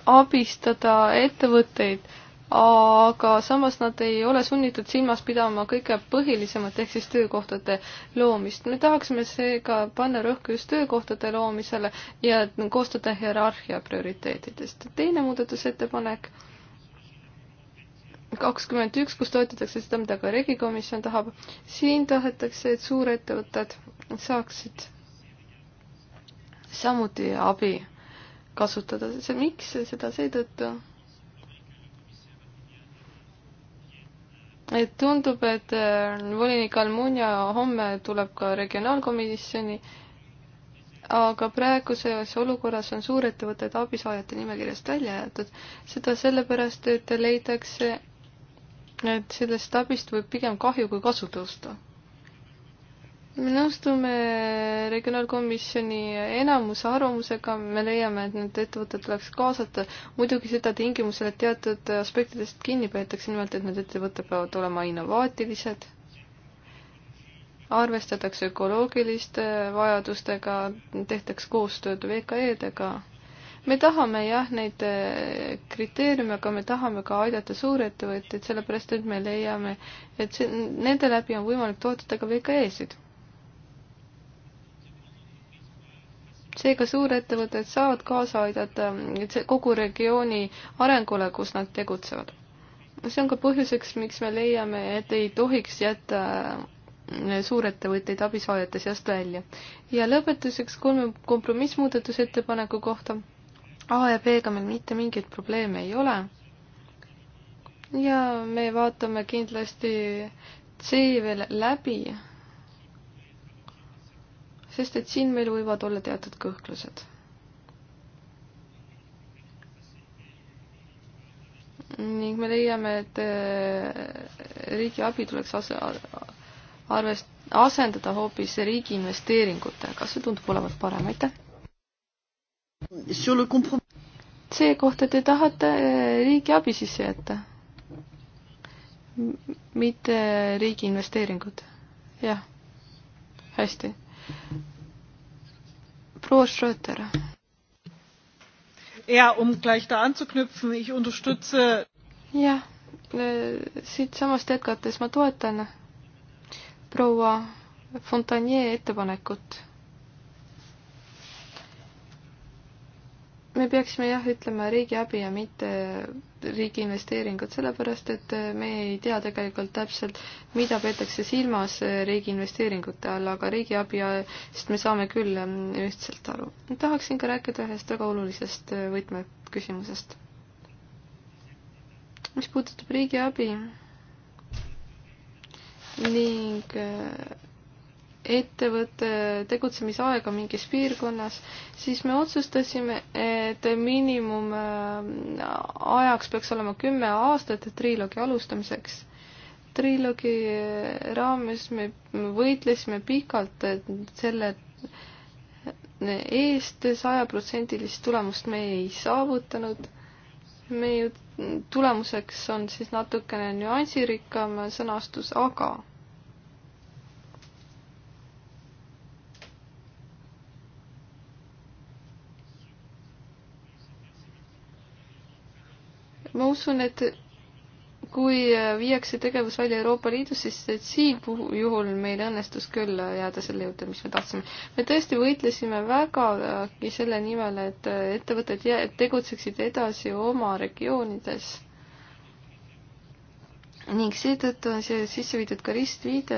abistada ettevõtteid aga samas nad ei ole sunnitud silmas pidama kõige põhilisemat ehk siis töökohtade loomist. me tahaksime seega panna rõhku just töökohtade loomisele ja koostada hierarhia prioriteetidest. teine muudatusettepanek kakskümmend üks, kus toetatakse seda, mida ka regikomisjon tahab. siin tahetakse, et suurettevõtted saaksid samuti abi kasutada. see, miks seda seetõttu? et tundub, et äh, volinik Almunia homme tuleb ka regionaalkomisjoni, aga praeguses olukorras on suurettevõtted abisaajate nimekirjast välja jäetud. seda sellepärast, et leitakse, et sellest abist võib pigem kahju kui kasu tõusta me nõustume Regionaalkomisjoni enamuse arvamusega, me leiame, et need ettevõtted tuleks kaasata, muidugi seda tingimusel, et teatud aspektidest kinni peetakse, nimelt et need ettevõtted peavad olema innovaatilised, arvestatakse ökoloogiliste vajadustega, tehtaks koostööd VKE-dega. me tahame jah, neid kriteeriume, aga me tahame ka aidata suurettevõtjaid, sellepärast et me leiame, et see, nende läbi on võimalik toetada ka VKE-sid seega suurettevõtted saavad kaasa aidata kogu regiooni arengule, kus nad tegutsevad. see on ka põhjuseks, miks me leiame, et ei tohiks jätta äh, suurettevõtteid abisaajate seast välja. ja lõpetuseks kolme kompromissmuudatusettepaneku kohta. A ja B-ga meil mitte mingeid probleeme ei ole. ja me vaatame kindlasti C veel läbi sest et siin meil võivad olla teatud kõhklused. ning me leiame, et äh, riigi abi tuleks ase-, arvest-, asendada hoopis riigi investeeringutega, see tundub olevat parem, aitäh! see kohta te tahate äh, riigi abi sisse jätta? mitte riigi investeeringud? jah, hästi proua Schröter. ja, um gleich da anzuknüpfen, ich unterstütze. jah, äh, siitsamast jätkates ma toetan proua Fontanier ettepanekut me peaksime jah ütlema riigiabi ja mitte riigi investeeringud, sellepärast et me ei tea tegelikult täpselt, mida peetakse silmas riigi investeeringute all, aga riigiabi, sest me saame küll ähm, ühtselt aru. tahaksin ka rääkida ühest väga olulisest äh, võtmeküsimusest. mis puudutab riigiabi ning äh, ettevõtte tegutsemisaega mingis piirkonnas, siis me otsustasime, et miinimum äh, ajaks peaks olema kümme aastat triloogi alustamiseks. triloogi äh, raames me võitlesime pikalt selle äh, eest, sajaprotsendilist tulemust me ei saavutanud meie tulemuseks on siis natukene nüansirikkam sõnastus, aga ma usun, et kui äh, viiakse tegevus välja Euroopa Liidus, siis siin puhul, juhul meil õnnestus küll äh, jääda selle juurde, mis me tahtsime. me tõesti võitlesime vägagi äh, selle nimel, et ettevõtted tegutseksid edasi oma regioonides. ning seetõttu on siia sisse viidud ka ristviide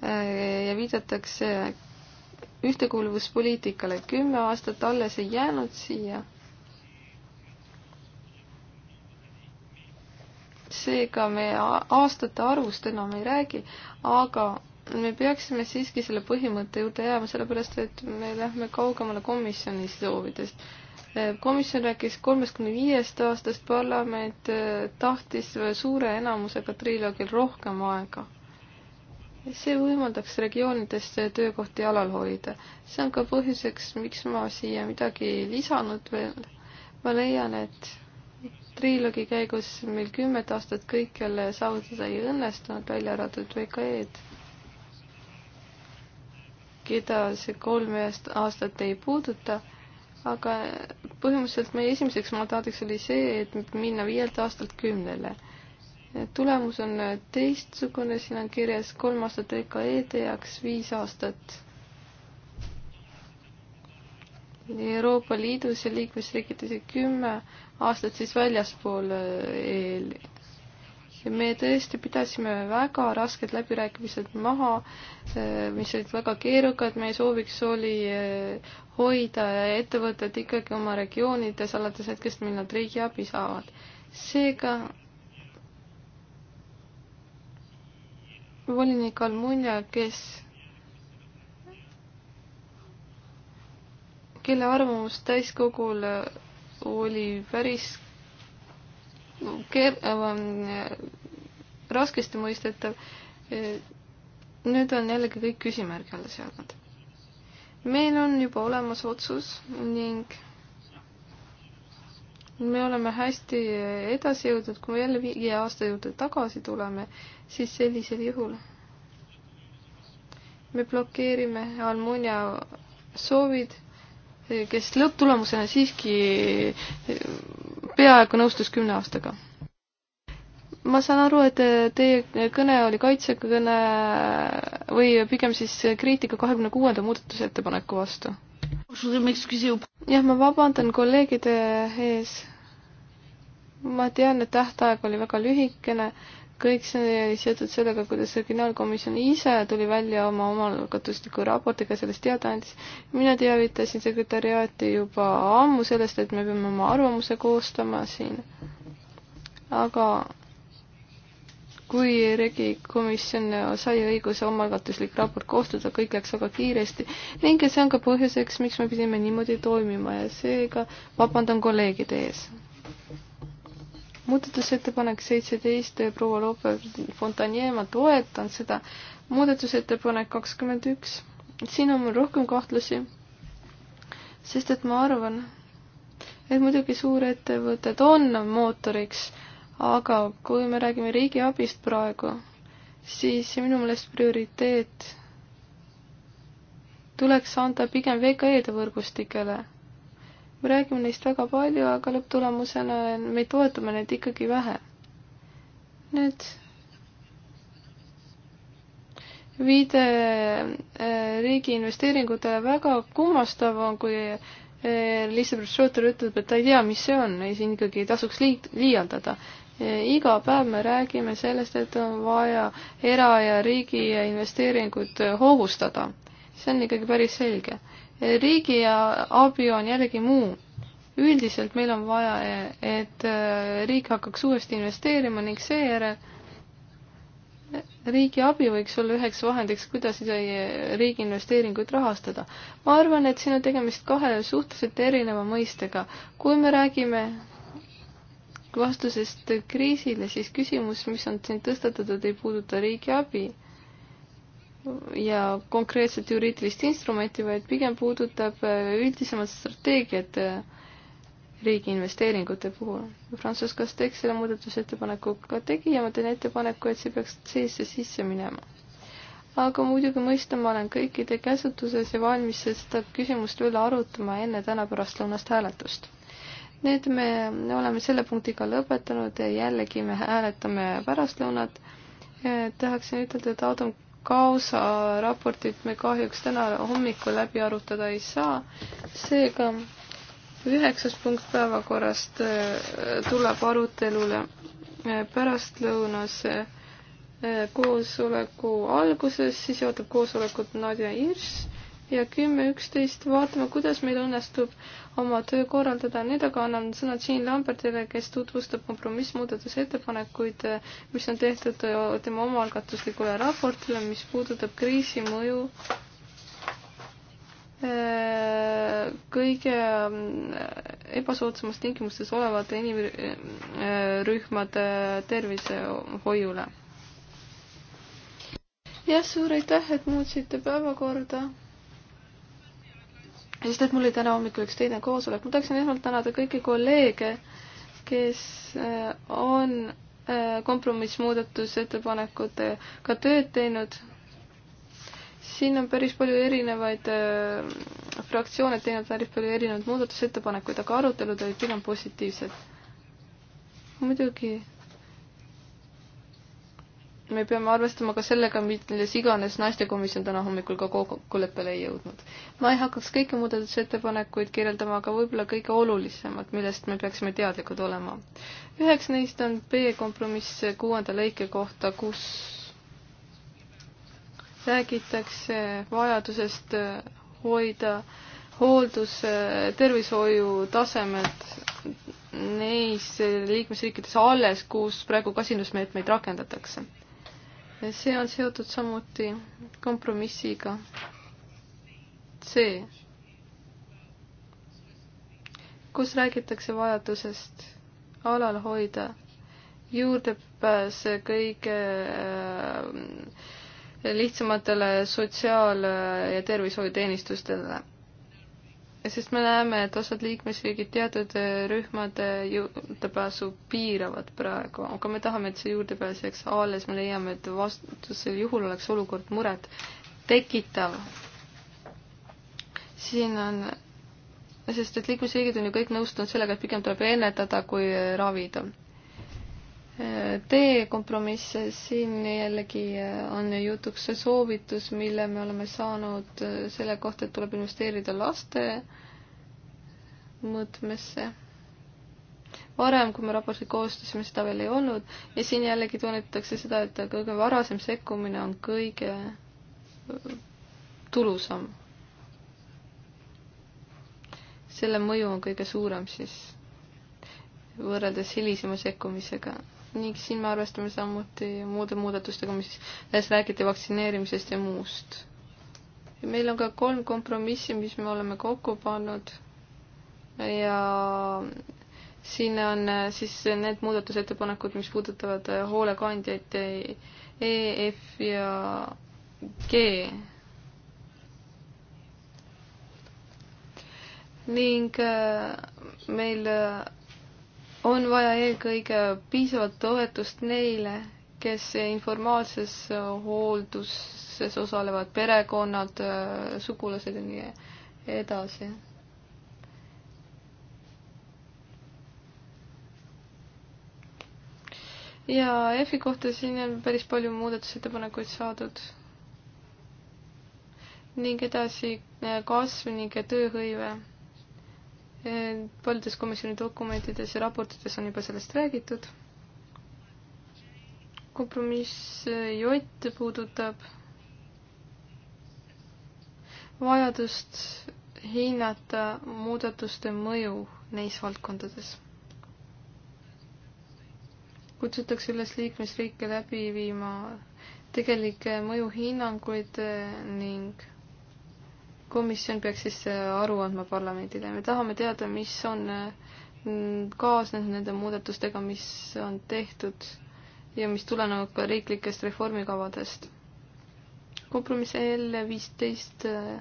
ja viidatakse ühtekuuluvuspoliitikale. kümme aastat alles ei jäänud siia seega me aastate arvust enam ei räägi, aga me peaksime siiski selle põhimõtte juurde jääma, sellepärast et me lähme kaugemale komisjoni soovidest. komisjon rääkis kolmest kuni viiest aastast, parlament äh, tahtis suure enamusega triloogil rohkem aega. see võimaldaks regioonides äh, töökohti alal hoida. see on ka põhjuseks, miks ma siia midagi lisanud veel. ma leian, et triloogi käigus meil kümmet aastat kõikjal saavutada ei õnnestunud, välja arvatud VKE-d, keda see kolm aastat ei puuduta, aga põhimõtteliselt meie esimeseks mandaadiks oli see, et minna viielt aastalt kümnele. tulemus on teistsugune, siin on kirjas kolm aastat VKE-de jaoks, viis aastat Euroopa Liidus ja liikmesriikides ja kümme aastat siis väljaspool eh, EL-i. me tõesti pidasime väga rasked läbirääkimised maha, eh, mis olid väga keerukad, meie sooviks oli eh, hoida ettevõtted ikkagi oma regioonides alates hetkest, mil nad riigiabi saavad. seega volinik Almunia, kes kelle arvamus täiskogul oli päris keer- äh, äh,, raskesti mõistetav. nüüd on jällegi kõik küsimärgi alla seadnud. meil on juba olemas otsus ning me oleme hästi edasi jõudnud, kui me jälle viie aasta juurde tagasi tuleme, siis sellisel juhul me blokeerime Almunia soovid kes lõpptulemusena siiski eh, peaaegu nõustus kümne aastaga. ma saan aru, et eh, teie kõne oli kaitsekõne või pigem siis kriitika kahekümne kuuenda muudatusettepaneku vastu? jah, ma vabandan kolleegide ees. ma tean, et tähtaeg oli väga lühikene kõik see oli seotud sellega, kuidas regionaalkomisjon ise tuli välja oma omalgatusliku raportiga, sellest teada andis. mina teavitasin sekretäriaati juba ammu sellest, et me peame oma arvamuse koostama siin. aga kui regi komisjon sai õiguse omalgatuslik raport koostada, kõik läks väga kiiresti ning see on ka põhjuseks, miks me pidime niimoodi toimima ja seega vabandan kolleegide ees muudatusettepanek seitseteist, eh, proua Looper Fontanier, ma toetan seda. muudatusettepanek kakskümmend üks, siin on mul rohkem kahtlusi, sest et ma arvan, et muidugi suurettevõtted on mootoriks, aga kui me räägime riigiabist praegu, siis minu meelest prioriteet tuleks anda pigem VKE-de võrgustikele me räägime neist väga palju, aga lõpptulemusena me toetame neid ikkagi vähe. nüüd viide äh, riigi investeeringutele väga kummastav on, kui Elizabeth äh, Schroeder ütleb, et ta ei tea, mis see on, siin ikkagi ei tasuks liit-, liialdada. Äh, iga päev me räägime sellest, et on vaja era- ja riigi investeeringut hoovustada. see on ikkagi päris selge riigi abi on jällegi muu. üldiselt meil on vaja, et äh, riik hakkaks uuesti investeerima ning seejärel riigi abi võiks olla üheks vahendiks, kuidas riigi investeeringuid rahastada. ma arvan, et siin on tegemist kahe suhteliselt erineva mõistega. kui me räägime vastusest kriisile, siis küsimus, mis on siin tõstatatud, ei puuduta riigi abi ja konkreetset juriidilist instrumenti, vaid pigem puudutab äh, üldisemat strateegiat äh, riigi investeeringute puhul. Prantsus Kastek selle muudatusettepaneku ka tegi ja ma teen ettepaneku, et see peaks sees ja sisse minema. aga muidugi mõista, ma olen kõikide käsutuses ja valmis seda küsimust üle arutama enne täna pärastlõunast hääletust. nüüd me oleme selle punktiga lõpetanud ja jällegi me hääletame pärastlõunat. Äh, tahaksin ütelda, et Adam Kausa raportit me kahjuks täna hommikul läbi arutada ei saa, seega üheksas punkt päevakorrast äh, tuleb arutelule äh, pärastlõunase äh, koosoleku alguses, siis juhatab koosolekut Nadja Irš ja kümme, üksteist, vaatame, kuidas meil õnnestub oma töö korraldada. nüüd aga annan sõna Jean Lambertile, kes tutvustab kompromissmuudatusettepanekuid, mis on tehtud tema omaalgatuslikule raportile, mis puudutab kriisi mõju äh, kõige äh, ebasoodsamas tingimustes olevate inimrühmade äh, tervishoiule. jah, suur aitäh, et muutsite päevakorda sest et mul oli täna hommikul üks teine koosolek. ma tahaksin esmalt tänada kõiki kolleege, kes äh, on äh, kompromissmuudatusettepanekutega tööd teinud. siin on päris palju erinevaid äh, fraktsioone teinud päris palju erinevaid muudatusettepanekuid, aga arutelud olid pigem positiivsed. muidugi me peame arvestama ka sellega, milles iganes naistekomisjon täna hommikul ka kokkuleppele ei jõudnud. ma ei hakkaks kõiki muudatusettepanekuid kirjeldama, aga võib-olla kõige olulisemad, millest me peaksime teadlikud olema. üheks neist on B-kompromiss kuuenda lõike kohta, kus räägitakse vajadusest hoida hooldus, tervishoiu tasemed neis liikmesriikides alles, kus praegu kasinusmeetmeid rakendatakse see on seotud samuti kompromissiga C, kus räägitakse vajadusest alal hoida juurdepääs kõige äh, lihtsamatele sotsiaal- ja tervishoiuteenistustele sest me näeme, et osad liikmesriigid teatud äh, rühmade äh, juurdepääsu piiravad praegu, aga me tahame, et see juurdepääs jääks alles, me leiame, et vastusel juhul oleks olukord muret tekitav. siin on, sest et liikmesriigid on ju kõik nõustunud sellega, et pigem tuleb ennetada kui äh, ravida tee kompromisse, siin jällegi äh, on jutuks see soovitus, mille me oleme saanud äh, selle kohta, et tuleb investeerida laste mõõtmesse. varem, kui me raporti koostasime, seda veel ei olnud ja siin jällegi toonitatakse seda, et kõige varasem sekkumine on kõige äh, tulusam. selle mõju on kõige suurem siis võrreldes hilisema sekkumisega ning siin me arvestame samuti muude muudatustega, mis räägiti vaktsineerimisest ja muust. meil on ka kolm kompromissi, mis me oleme kokku pannud ja siin on äh, siis need muudatusettepanekud, mis puudutavad äh, hoolekandjaid äh, E, F ja G. ning meil on vaja eelkõige piisavat toetust neile, kes informaalses hoolduses osalevad, perekonnad, sugulased ja nii edasi. ja EF-i kohta siin on päris palju muudatusettepanekuid saadud. ning edasi kasv ning tööhõive paljudes komisjoni dokumentides ja raportites on juba sellest räägitud. kompromiss J puudutab vajadust hinnata muudatuste mõju neis valdkondades. kutsutakse üles liikmesriike läbi viima tegelikke mõjuhinnanguid ning komisjon peaks siis äh, aru andma parlamendile. me tahame teada, mis on äh, kaasnenud nende muudatustega, mis on tehtud ja mis tulenevad ka riiklikest reformikavadest. kompromiss L viisteist äh,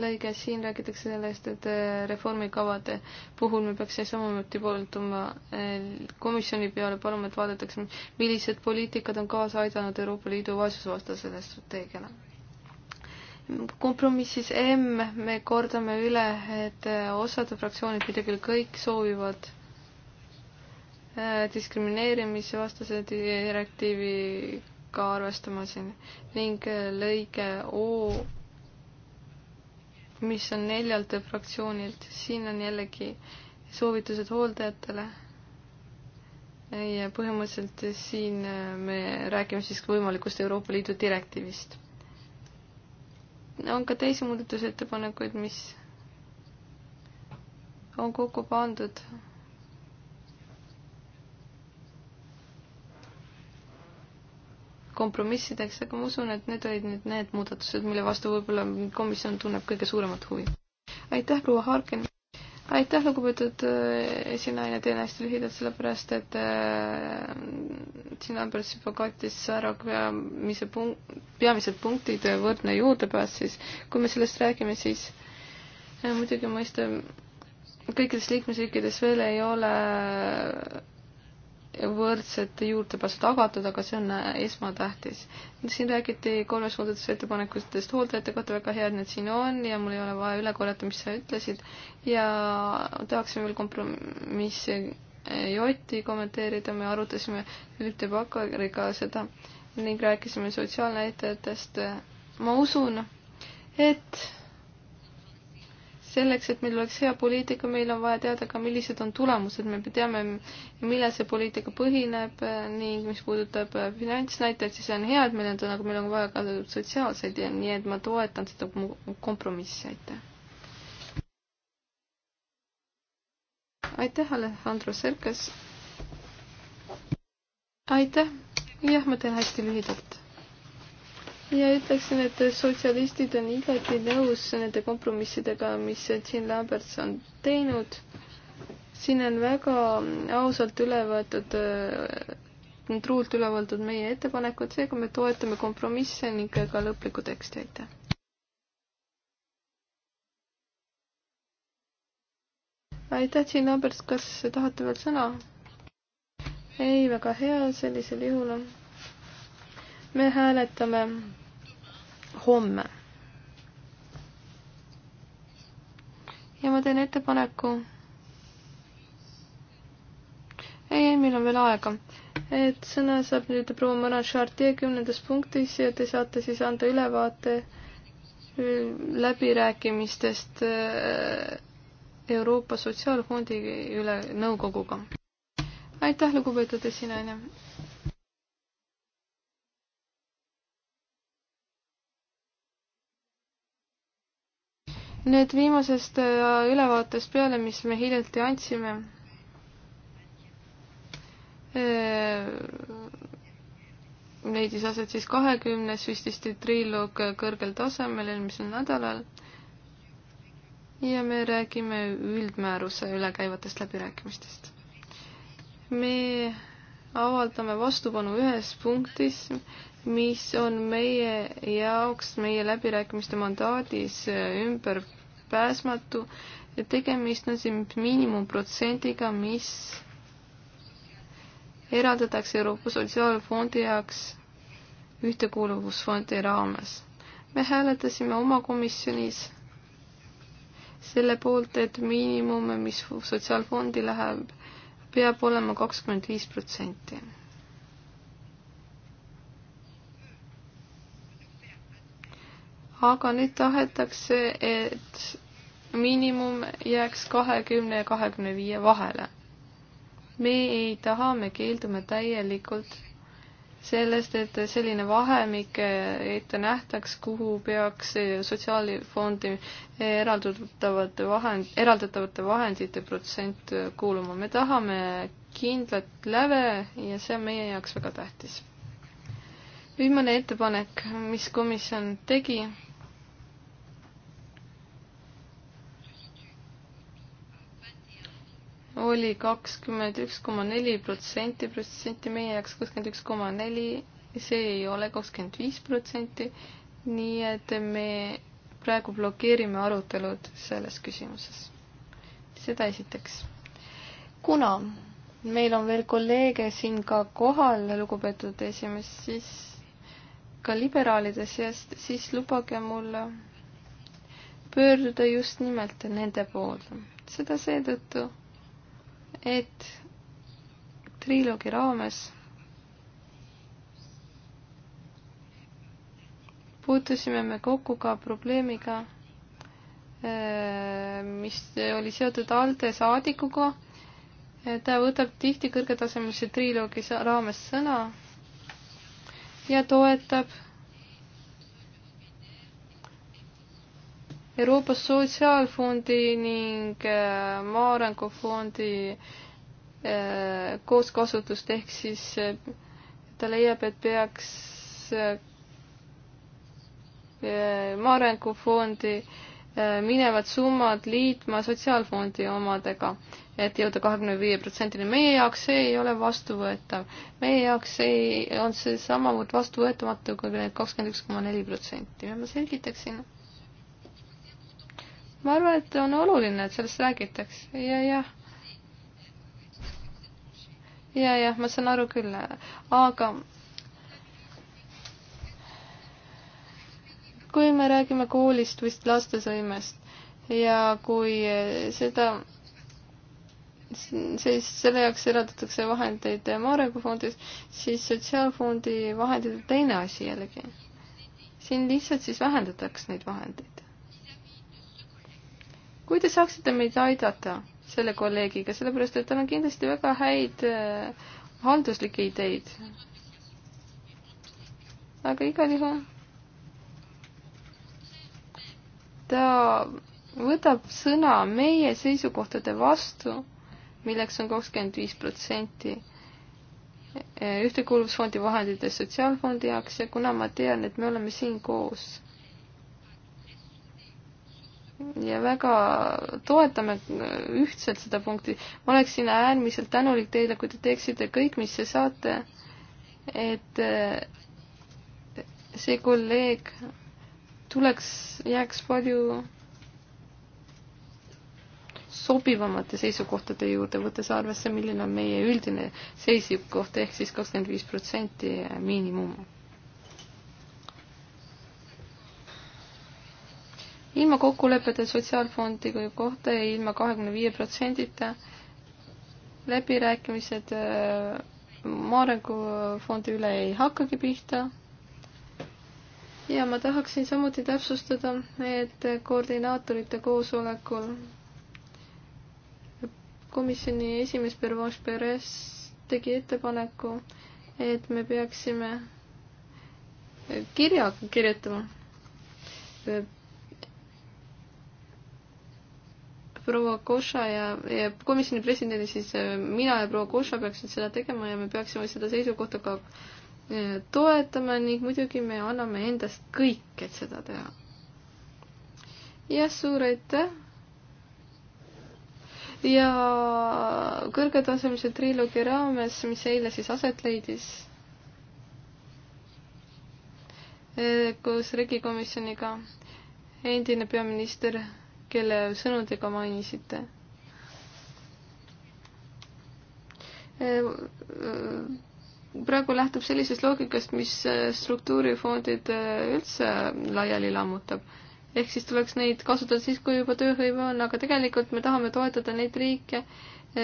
lõige, siin räägitakse sellest, et reformikavade puhul me peaks samamoodi poolduma komisjoni peale, palume, et vaadatakse, millised poliitikad on kaasa aidanud Euroopa Liidu vaesusvastasele strateegiale kompromissis M me kordame üle, et osad fraktsioonid, mida küll kõik soovivad äh, diskrimineerimise vastase direktiiviga arvestama siin ning äh, lõige O, mis on neljalt fraktsioonilt, siin on jällegi soovitused hooldajatele ja põhimõtteliselt siin äh, me räägime siis võimalikust Euroopa Liidu direktiivist on ka teisi muudatusettepanekuid, mis on kokku pandud. kompromissideks, aga ma usun, et need olid nüüd need muudatused, mille vastu võib-olla komisjon tunneb kõige suuremat huvi. aitäh, proua Harkin! aitäh, lugupeetud äh, esinaine, teen hästi lühidalt, sellepärast et äh, siin Albert Sipa kattis ära peamise punkt, peamised punktid, äh, võrdne juurdepääs, siis kui me sellest räägime, siis äh, muidugi mõista, kõikides liikmesriikides veel ei ole võrdset juurdepääsu tagatud, aga see on äh, esmatähtis. siin räägiti kolmes muudatusettepanekutest hooldajate kohta, väga hea, et need siin on ja mul ei ole vaja üle korrata, mis sa ütlesid. ja tahaksime veel kompromissi äh, Jotti kommenteerida, me arutasime Philip de Bacariga seda ning rääkisime sotsiaalnäitajatest. ma usun, et selleks, et meil oleks hea poliitika, meil on vaja teada ka, millised on tulemused, me teame, millal see poliitika põhineb ning mis puudutab finantsnäitajaid, siis on hea, et meil on, nagu meil on vaja ka sotsiaalseid ja nii, et ma toetan seda kompromissi, aitäh. aitäh, Alejandro Serkas. aitäh, jah, ma teen hästi lühidalt ja ütleksin, et sotsialistid on igati nõus nende kompromissidega, mis Jean Lamberts on teinud. siin on väga ausalt üle võetud, äh, truult üle võetud meie ettepanekud, seega me toetame kompromisse ning ka lõplikku teksti, aitäh. aitäh, Jean Lamberts, kas tahate veel sõna? ei, väga hea, sellisel juhul on me hääletame homme. ja ma teen ettepaneku. ei, ei, meil on veel aega. et sõna saab nüüd proua Mona Chartier kümnendas punktis ja te saate siis anda ülevaate äh, läbirääkimistest äh, Euroopa Sotsiaalfondi üle nõukoguga. aitäh, lugupeetud esinaine nüüd viimasest äh, ülevaatest peale, mis me hiljuti andsime. Äh, leidis aset siis kahekümnes vististi triloog äh, kõrgel tasemel eelmisel nädalal. ja me räägime üldmääruse üle käivatest läbirääkimistest. me avaldame vastupanu ühes punktis, mis on meie jaoks, meie läbirääkimiste mandaadis ümber pääsmatu ja tegemist on siin miinimumprotsendiga, mis eraldatakse Euroopa Sotsiaalfondi jaoks ühtekuuluvusfondi raames. me hääletasime oma komisjonis selle poolt, et miinimum, mis sotsiaalfondi läheb, peab olema kakskümmend viis protsenti aga nüüd tahetakse, et miinimum jääks kahekümne ja kahekümne viie vahele. me ei taha, me keeldume täielikult sellest, et selline vahemik ette nähtaks, kuhu peaks sotsiaalfondi eraldatavate vahend, eraldatavate vahendite protsent kuuluma. me tahame kindlat läve ja see on meie jaoks väga tähtis. viimane ettepanek, mis komisjon tegi oli kakskümmend üks koma neli protsenti, protsenti meie jaoks kuuskümmend üks koma neli, see ei ole kakskümmend viis protsenti, nii et me praegu blokeerime arutelud selles küsimuses. seda esiteks. kuna meil on veel kolleege siin ka kohal, lugupeetud esimees, siis ka liberaalide seast, siis lubage mul pöörduda just nimelt nende poole. seda seetõttu et triloogi raames puutusime me kokku ka probleemiga, äh, mis oli seotud ALDE saadikuga. ta võtab tihti kõrgetasemelise triloogi raames sõna ja toetab Euroopa Sotsiaalfondi ning äh, Maaarengu fondi äh, kooskasutust, ehk siis äh, ta leiab, et peaks Maaarengu fondi minevad summad liitma Sotsiaalfondi omadega, et jõuda kahekümne viie protsendini. meie jaoks see ei ole vastuvõetav. meie jaoks see on see samavõrd vastuvõetamatu kui need kakskümmend üks koma neli protsenti ja ma selgitaksin ma arvan, et on oluline, et sellest räägitakse ja, jah. ja, jah, ma saan aru küll, aga kui me räägime koolist või lastesõimest ja kui seda, siis selle jaoks eraldatakse vahendeid Maarepu fondist, siis sotsiaalfondi vahendid on teine asi jällegi. siin lihtsalt siis vähendatakse neid vahendeid kui te saaksite meid aidata selle kolleegiga, sellepärast et tal on kindlasti väga häid äh, halduslikke ideid. aga igal juhul ta võtab sõna meie seisukohtade vastu, milleks on kakskümmend viis protsenti äh, ühtekuuluvusfondi vahendid ja sotsiaalfondi jaoks ja kuna ma tean, et me oleme siin koos ja väga toetame äh, ühtselt seda punkti. ma oleksin äärmiselt tänulik teile, kui te teeksite kõik, mis te saate, et äh, see kolleeg tuleks, jääks palju sobivamate seisukohtade juurde, võttes arvesse, milline on meie üldine seisukoht ehk siis kakskümmend viis protsenti miinimum ilma kokkulepete sotsiaalfondi kohta ja ilma kahekümne viie protsendita läbirääkimised äh, Maarengu fondi üle ei hakkagi pihta. ja ma tahaksin samuti täpsustada, et koordinaatorite koosolekul komisjoni esimees Pervanche Perez tegi ettepaneku, et me peaksime kirja kirjutama proua Koša ja, ja komisjoni presidendi, siis äh, mina ja proua Koša peaksid seda tegema ja me peaksime seda seisukohta ka äh, toetama ning muidugi me anname endast kõik, et seda teha. jah, suur aitäh! ja kõrgetasemelise triloogi raames, mis eile siis aset leidis, äh, koos regikomisjoniga, endine peaminister kelle sõnu te ka mainisite. praegu lähtub sellisest loogikast, mis struktuurifondid üldse laiali lammutab. ehk siis tuleks neid kasutada siis, kui juba tööhõive on, aga tegelikult me tahame toetada neid riike,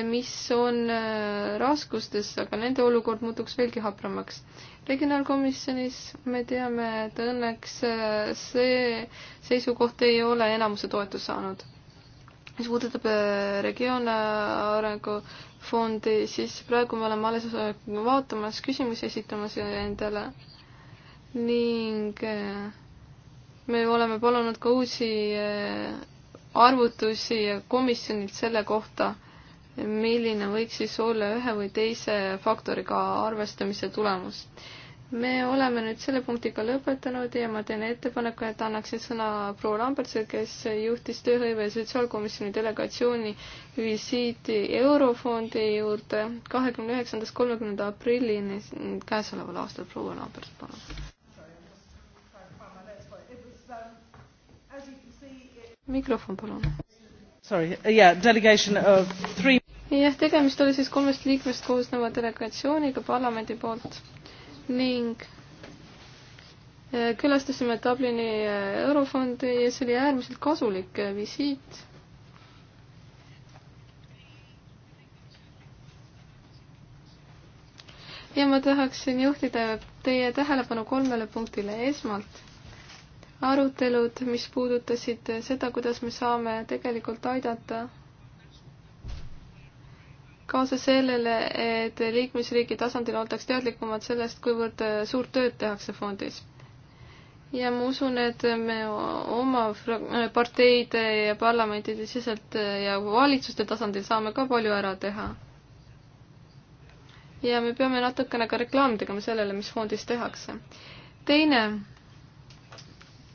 mis on äh, raskustes, aga nende olukord muutuks veelgi hapramaks. regionaalkomisjonis me teame, et õnneks äh, see seisukoht ei ole enamuse toetust saanud. mis puudutab äh, regioone arengu fondi, siis praegu me oleme alles vaatamas, küsimusi esitamas endale ning me oleme palunud ka uusi arvutusi komisjonilt selle kohta milline võiks siis olla ühe või teise faktoriga arvestamise tulemus. me oleme nüüd selle punktiga lõpetanud ja ma teen ettepaneku, et annaksin sõna proua Lambertsile, kes juhtis tööhõive sotsiaalkomisjoni delegatsiooni visiiti Eurofondi juurde kahekümne üheksandast kolmekümnenda aprillini käesoleval aastal. proua Lambert, palun. mikrofon palun. Sorry, yeah, delegation of three jah, tegemist oli siis kolmest liikmest koosneva delegatsiooniga parlamendi poolt ning äh, külastasime Dublini äh, Eurofondi ja see oli äärmiselt kasulik äh, visiit. ja ma tahaksin juhtida teie tähelepanu kolmele punktile. esmalt arutelud, mis puudutasid seda, kuidas me saame tegelikult aidata kaasa sellele, et liikmesriigi tasandil oldaks teadlikumad sellest, kuivõrd äh, suurt tööd tehakse fondis. ja ma usun, et me oma äh, parteide ja parlamentide siselt äh, ja valitsuste tasandil saame ka palju ära teha. ja me peame natukene ka reklaami tegema sellele, mis fondis tehakse. teine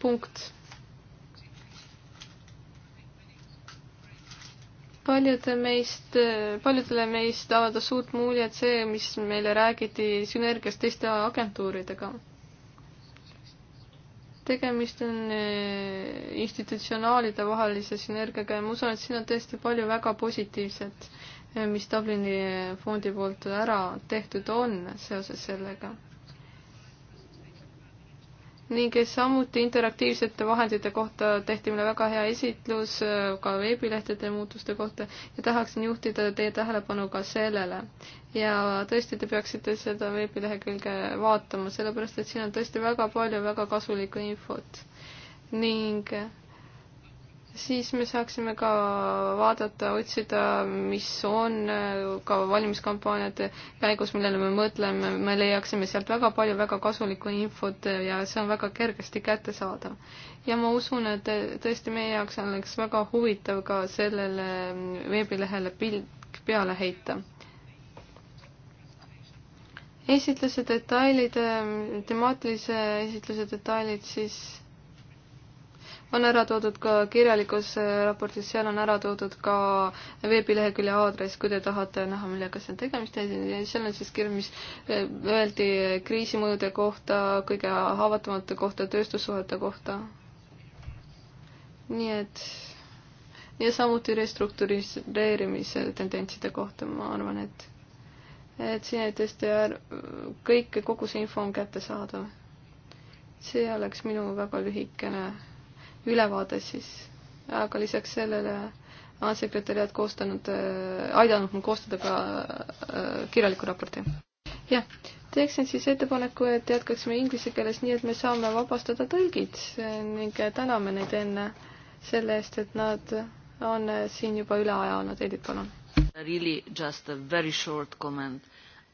punkt paljude meist, paljudele meist avaldas suurt muljet see, mis meile räägiti sünergiast teiste agentuuridega. tegemist on eh, institutsionaalide vahelise sünergiaga ja ma usun, et siin on tõesti palju väga positiivset, eh, mis Dublini fondi poolt ära tehtud on seoses sellega ning samuti interaktiivsete vahendite kohta tehti meile väga hea esitlus äh, ka veebilehtede muutuste kohta ja tahaksin juhtida teie tähelepanu ka sellele. ja tõesti, te peaksite seda veebilehekülge vaatama, sellepärast et siin on tõesti väga palju väga kasulikku infot. ning siis me saaksime ka vaadata, otsida, mis on äh, ka valimiskampaaniate käigus, millele me mõtleme, me leiaksime sealt väga palju väga kasulikku infot ja see on väga kergesti kättesaadav. ja ma usun, et äh, tõesti meie jaoks oleks väga huvitav ka sellele mm, veebilehele pilk peale heita esitluse detailid, äh, temaatilise esitluse detailid siis on ära toodud ka kirjalikus äh, raportis, seal on ära toodud ka veebilehekülje aadress, kui te tahate näha, millega see on tegemist, seal on siis kirjas, mis äh, öeldi kriisimõjude kohta, kõige haavatavamate kohta, tööstussuhete kohta. nii et ja samuti restruktureerimise tendentside kohta, ma arvan, et et siin tõesti kõik, kogu see info on kättesaadav. see oleks minu väga lühikene ülevaade siis, aga lisaks sellele on sekretäriat koostanud, aidanud mul koostada ka äh, kirjaliku raporti. jah, teeksin siis ettepaneku, et jätkaksime inglise keeles, nii et me saame vabastada tõlgid ning täname neid enne selle eest, et nad on siin juba üle aja olnud. Edith, palun. Really just a very short comment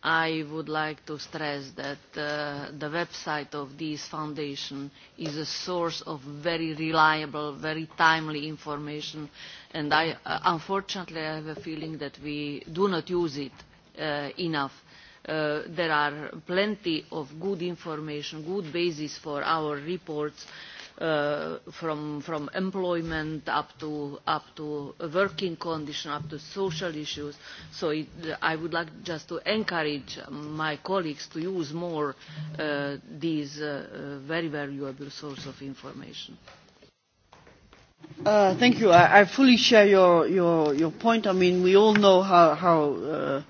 I would like to stress that uh, the website of this foundation is a source of very reliable, very timely information, and I, uh, unfortunately I have a feeling that we do not use it uh, enough. Uh, there are plenty of good information, good basis for our reports, uh, uh, from, from employment up to, up to working condition, up to social issues. So it, I would like just to encourage my colleagues to use more uh, these uh, very valuable source of information. Uh, thank you. I, I fully share your, your, your point. I mean, we all know how, how uh,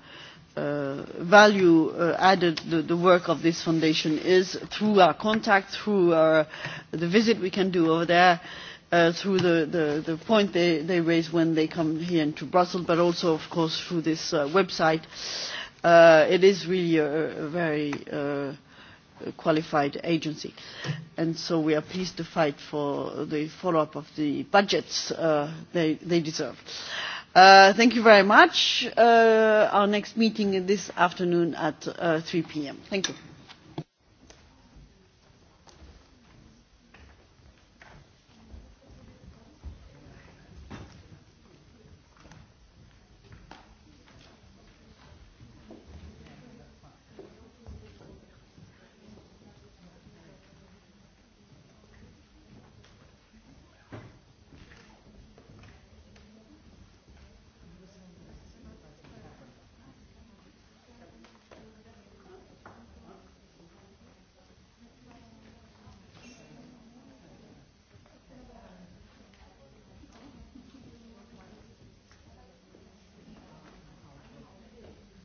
uh, value uh, added the, the work of this foundation is through our contact, through our, the visit we can do over there, uh, through the, the, the point they, they raise when they come here into Brussels, but also, of course, through this uh, website. Uh, it is really a, a very uh, qualified agency. And so we are pleased to fight for the follow-up of the budgets uh, they, they deserve. Uh, Uh, thank you very much. Uh, our next meeting this afternoon at uh, 3 p.m. Thank you.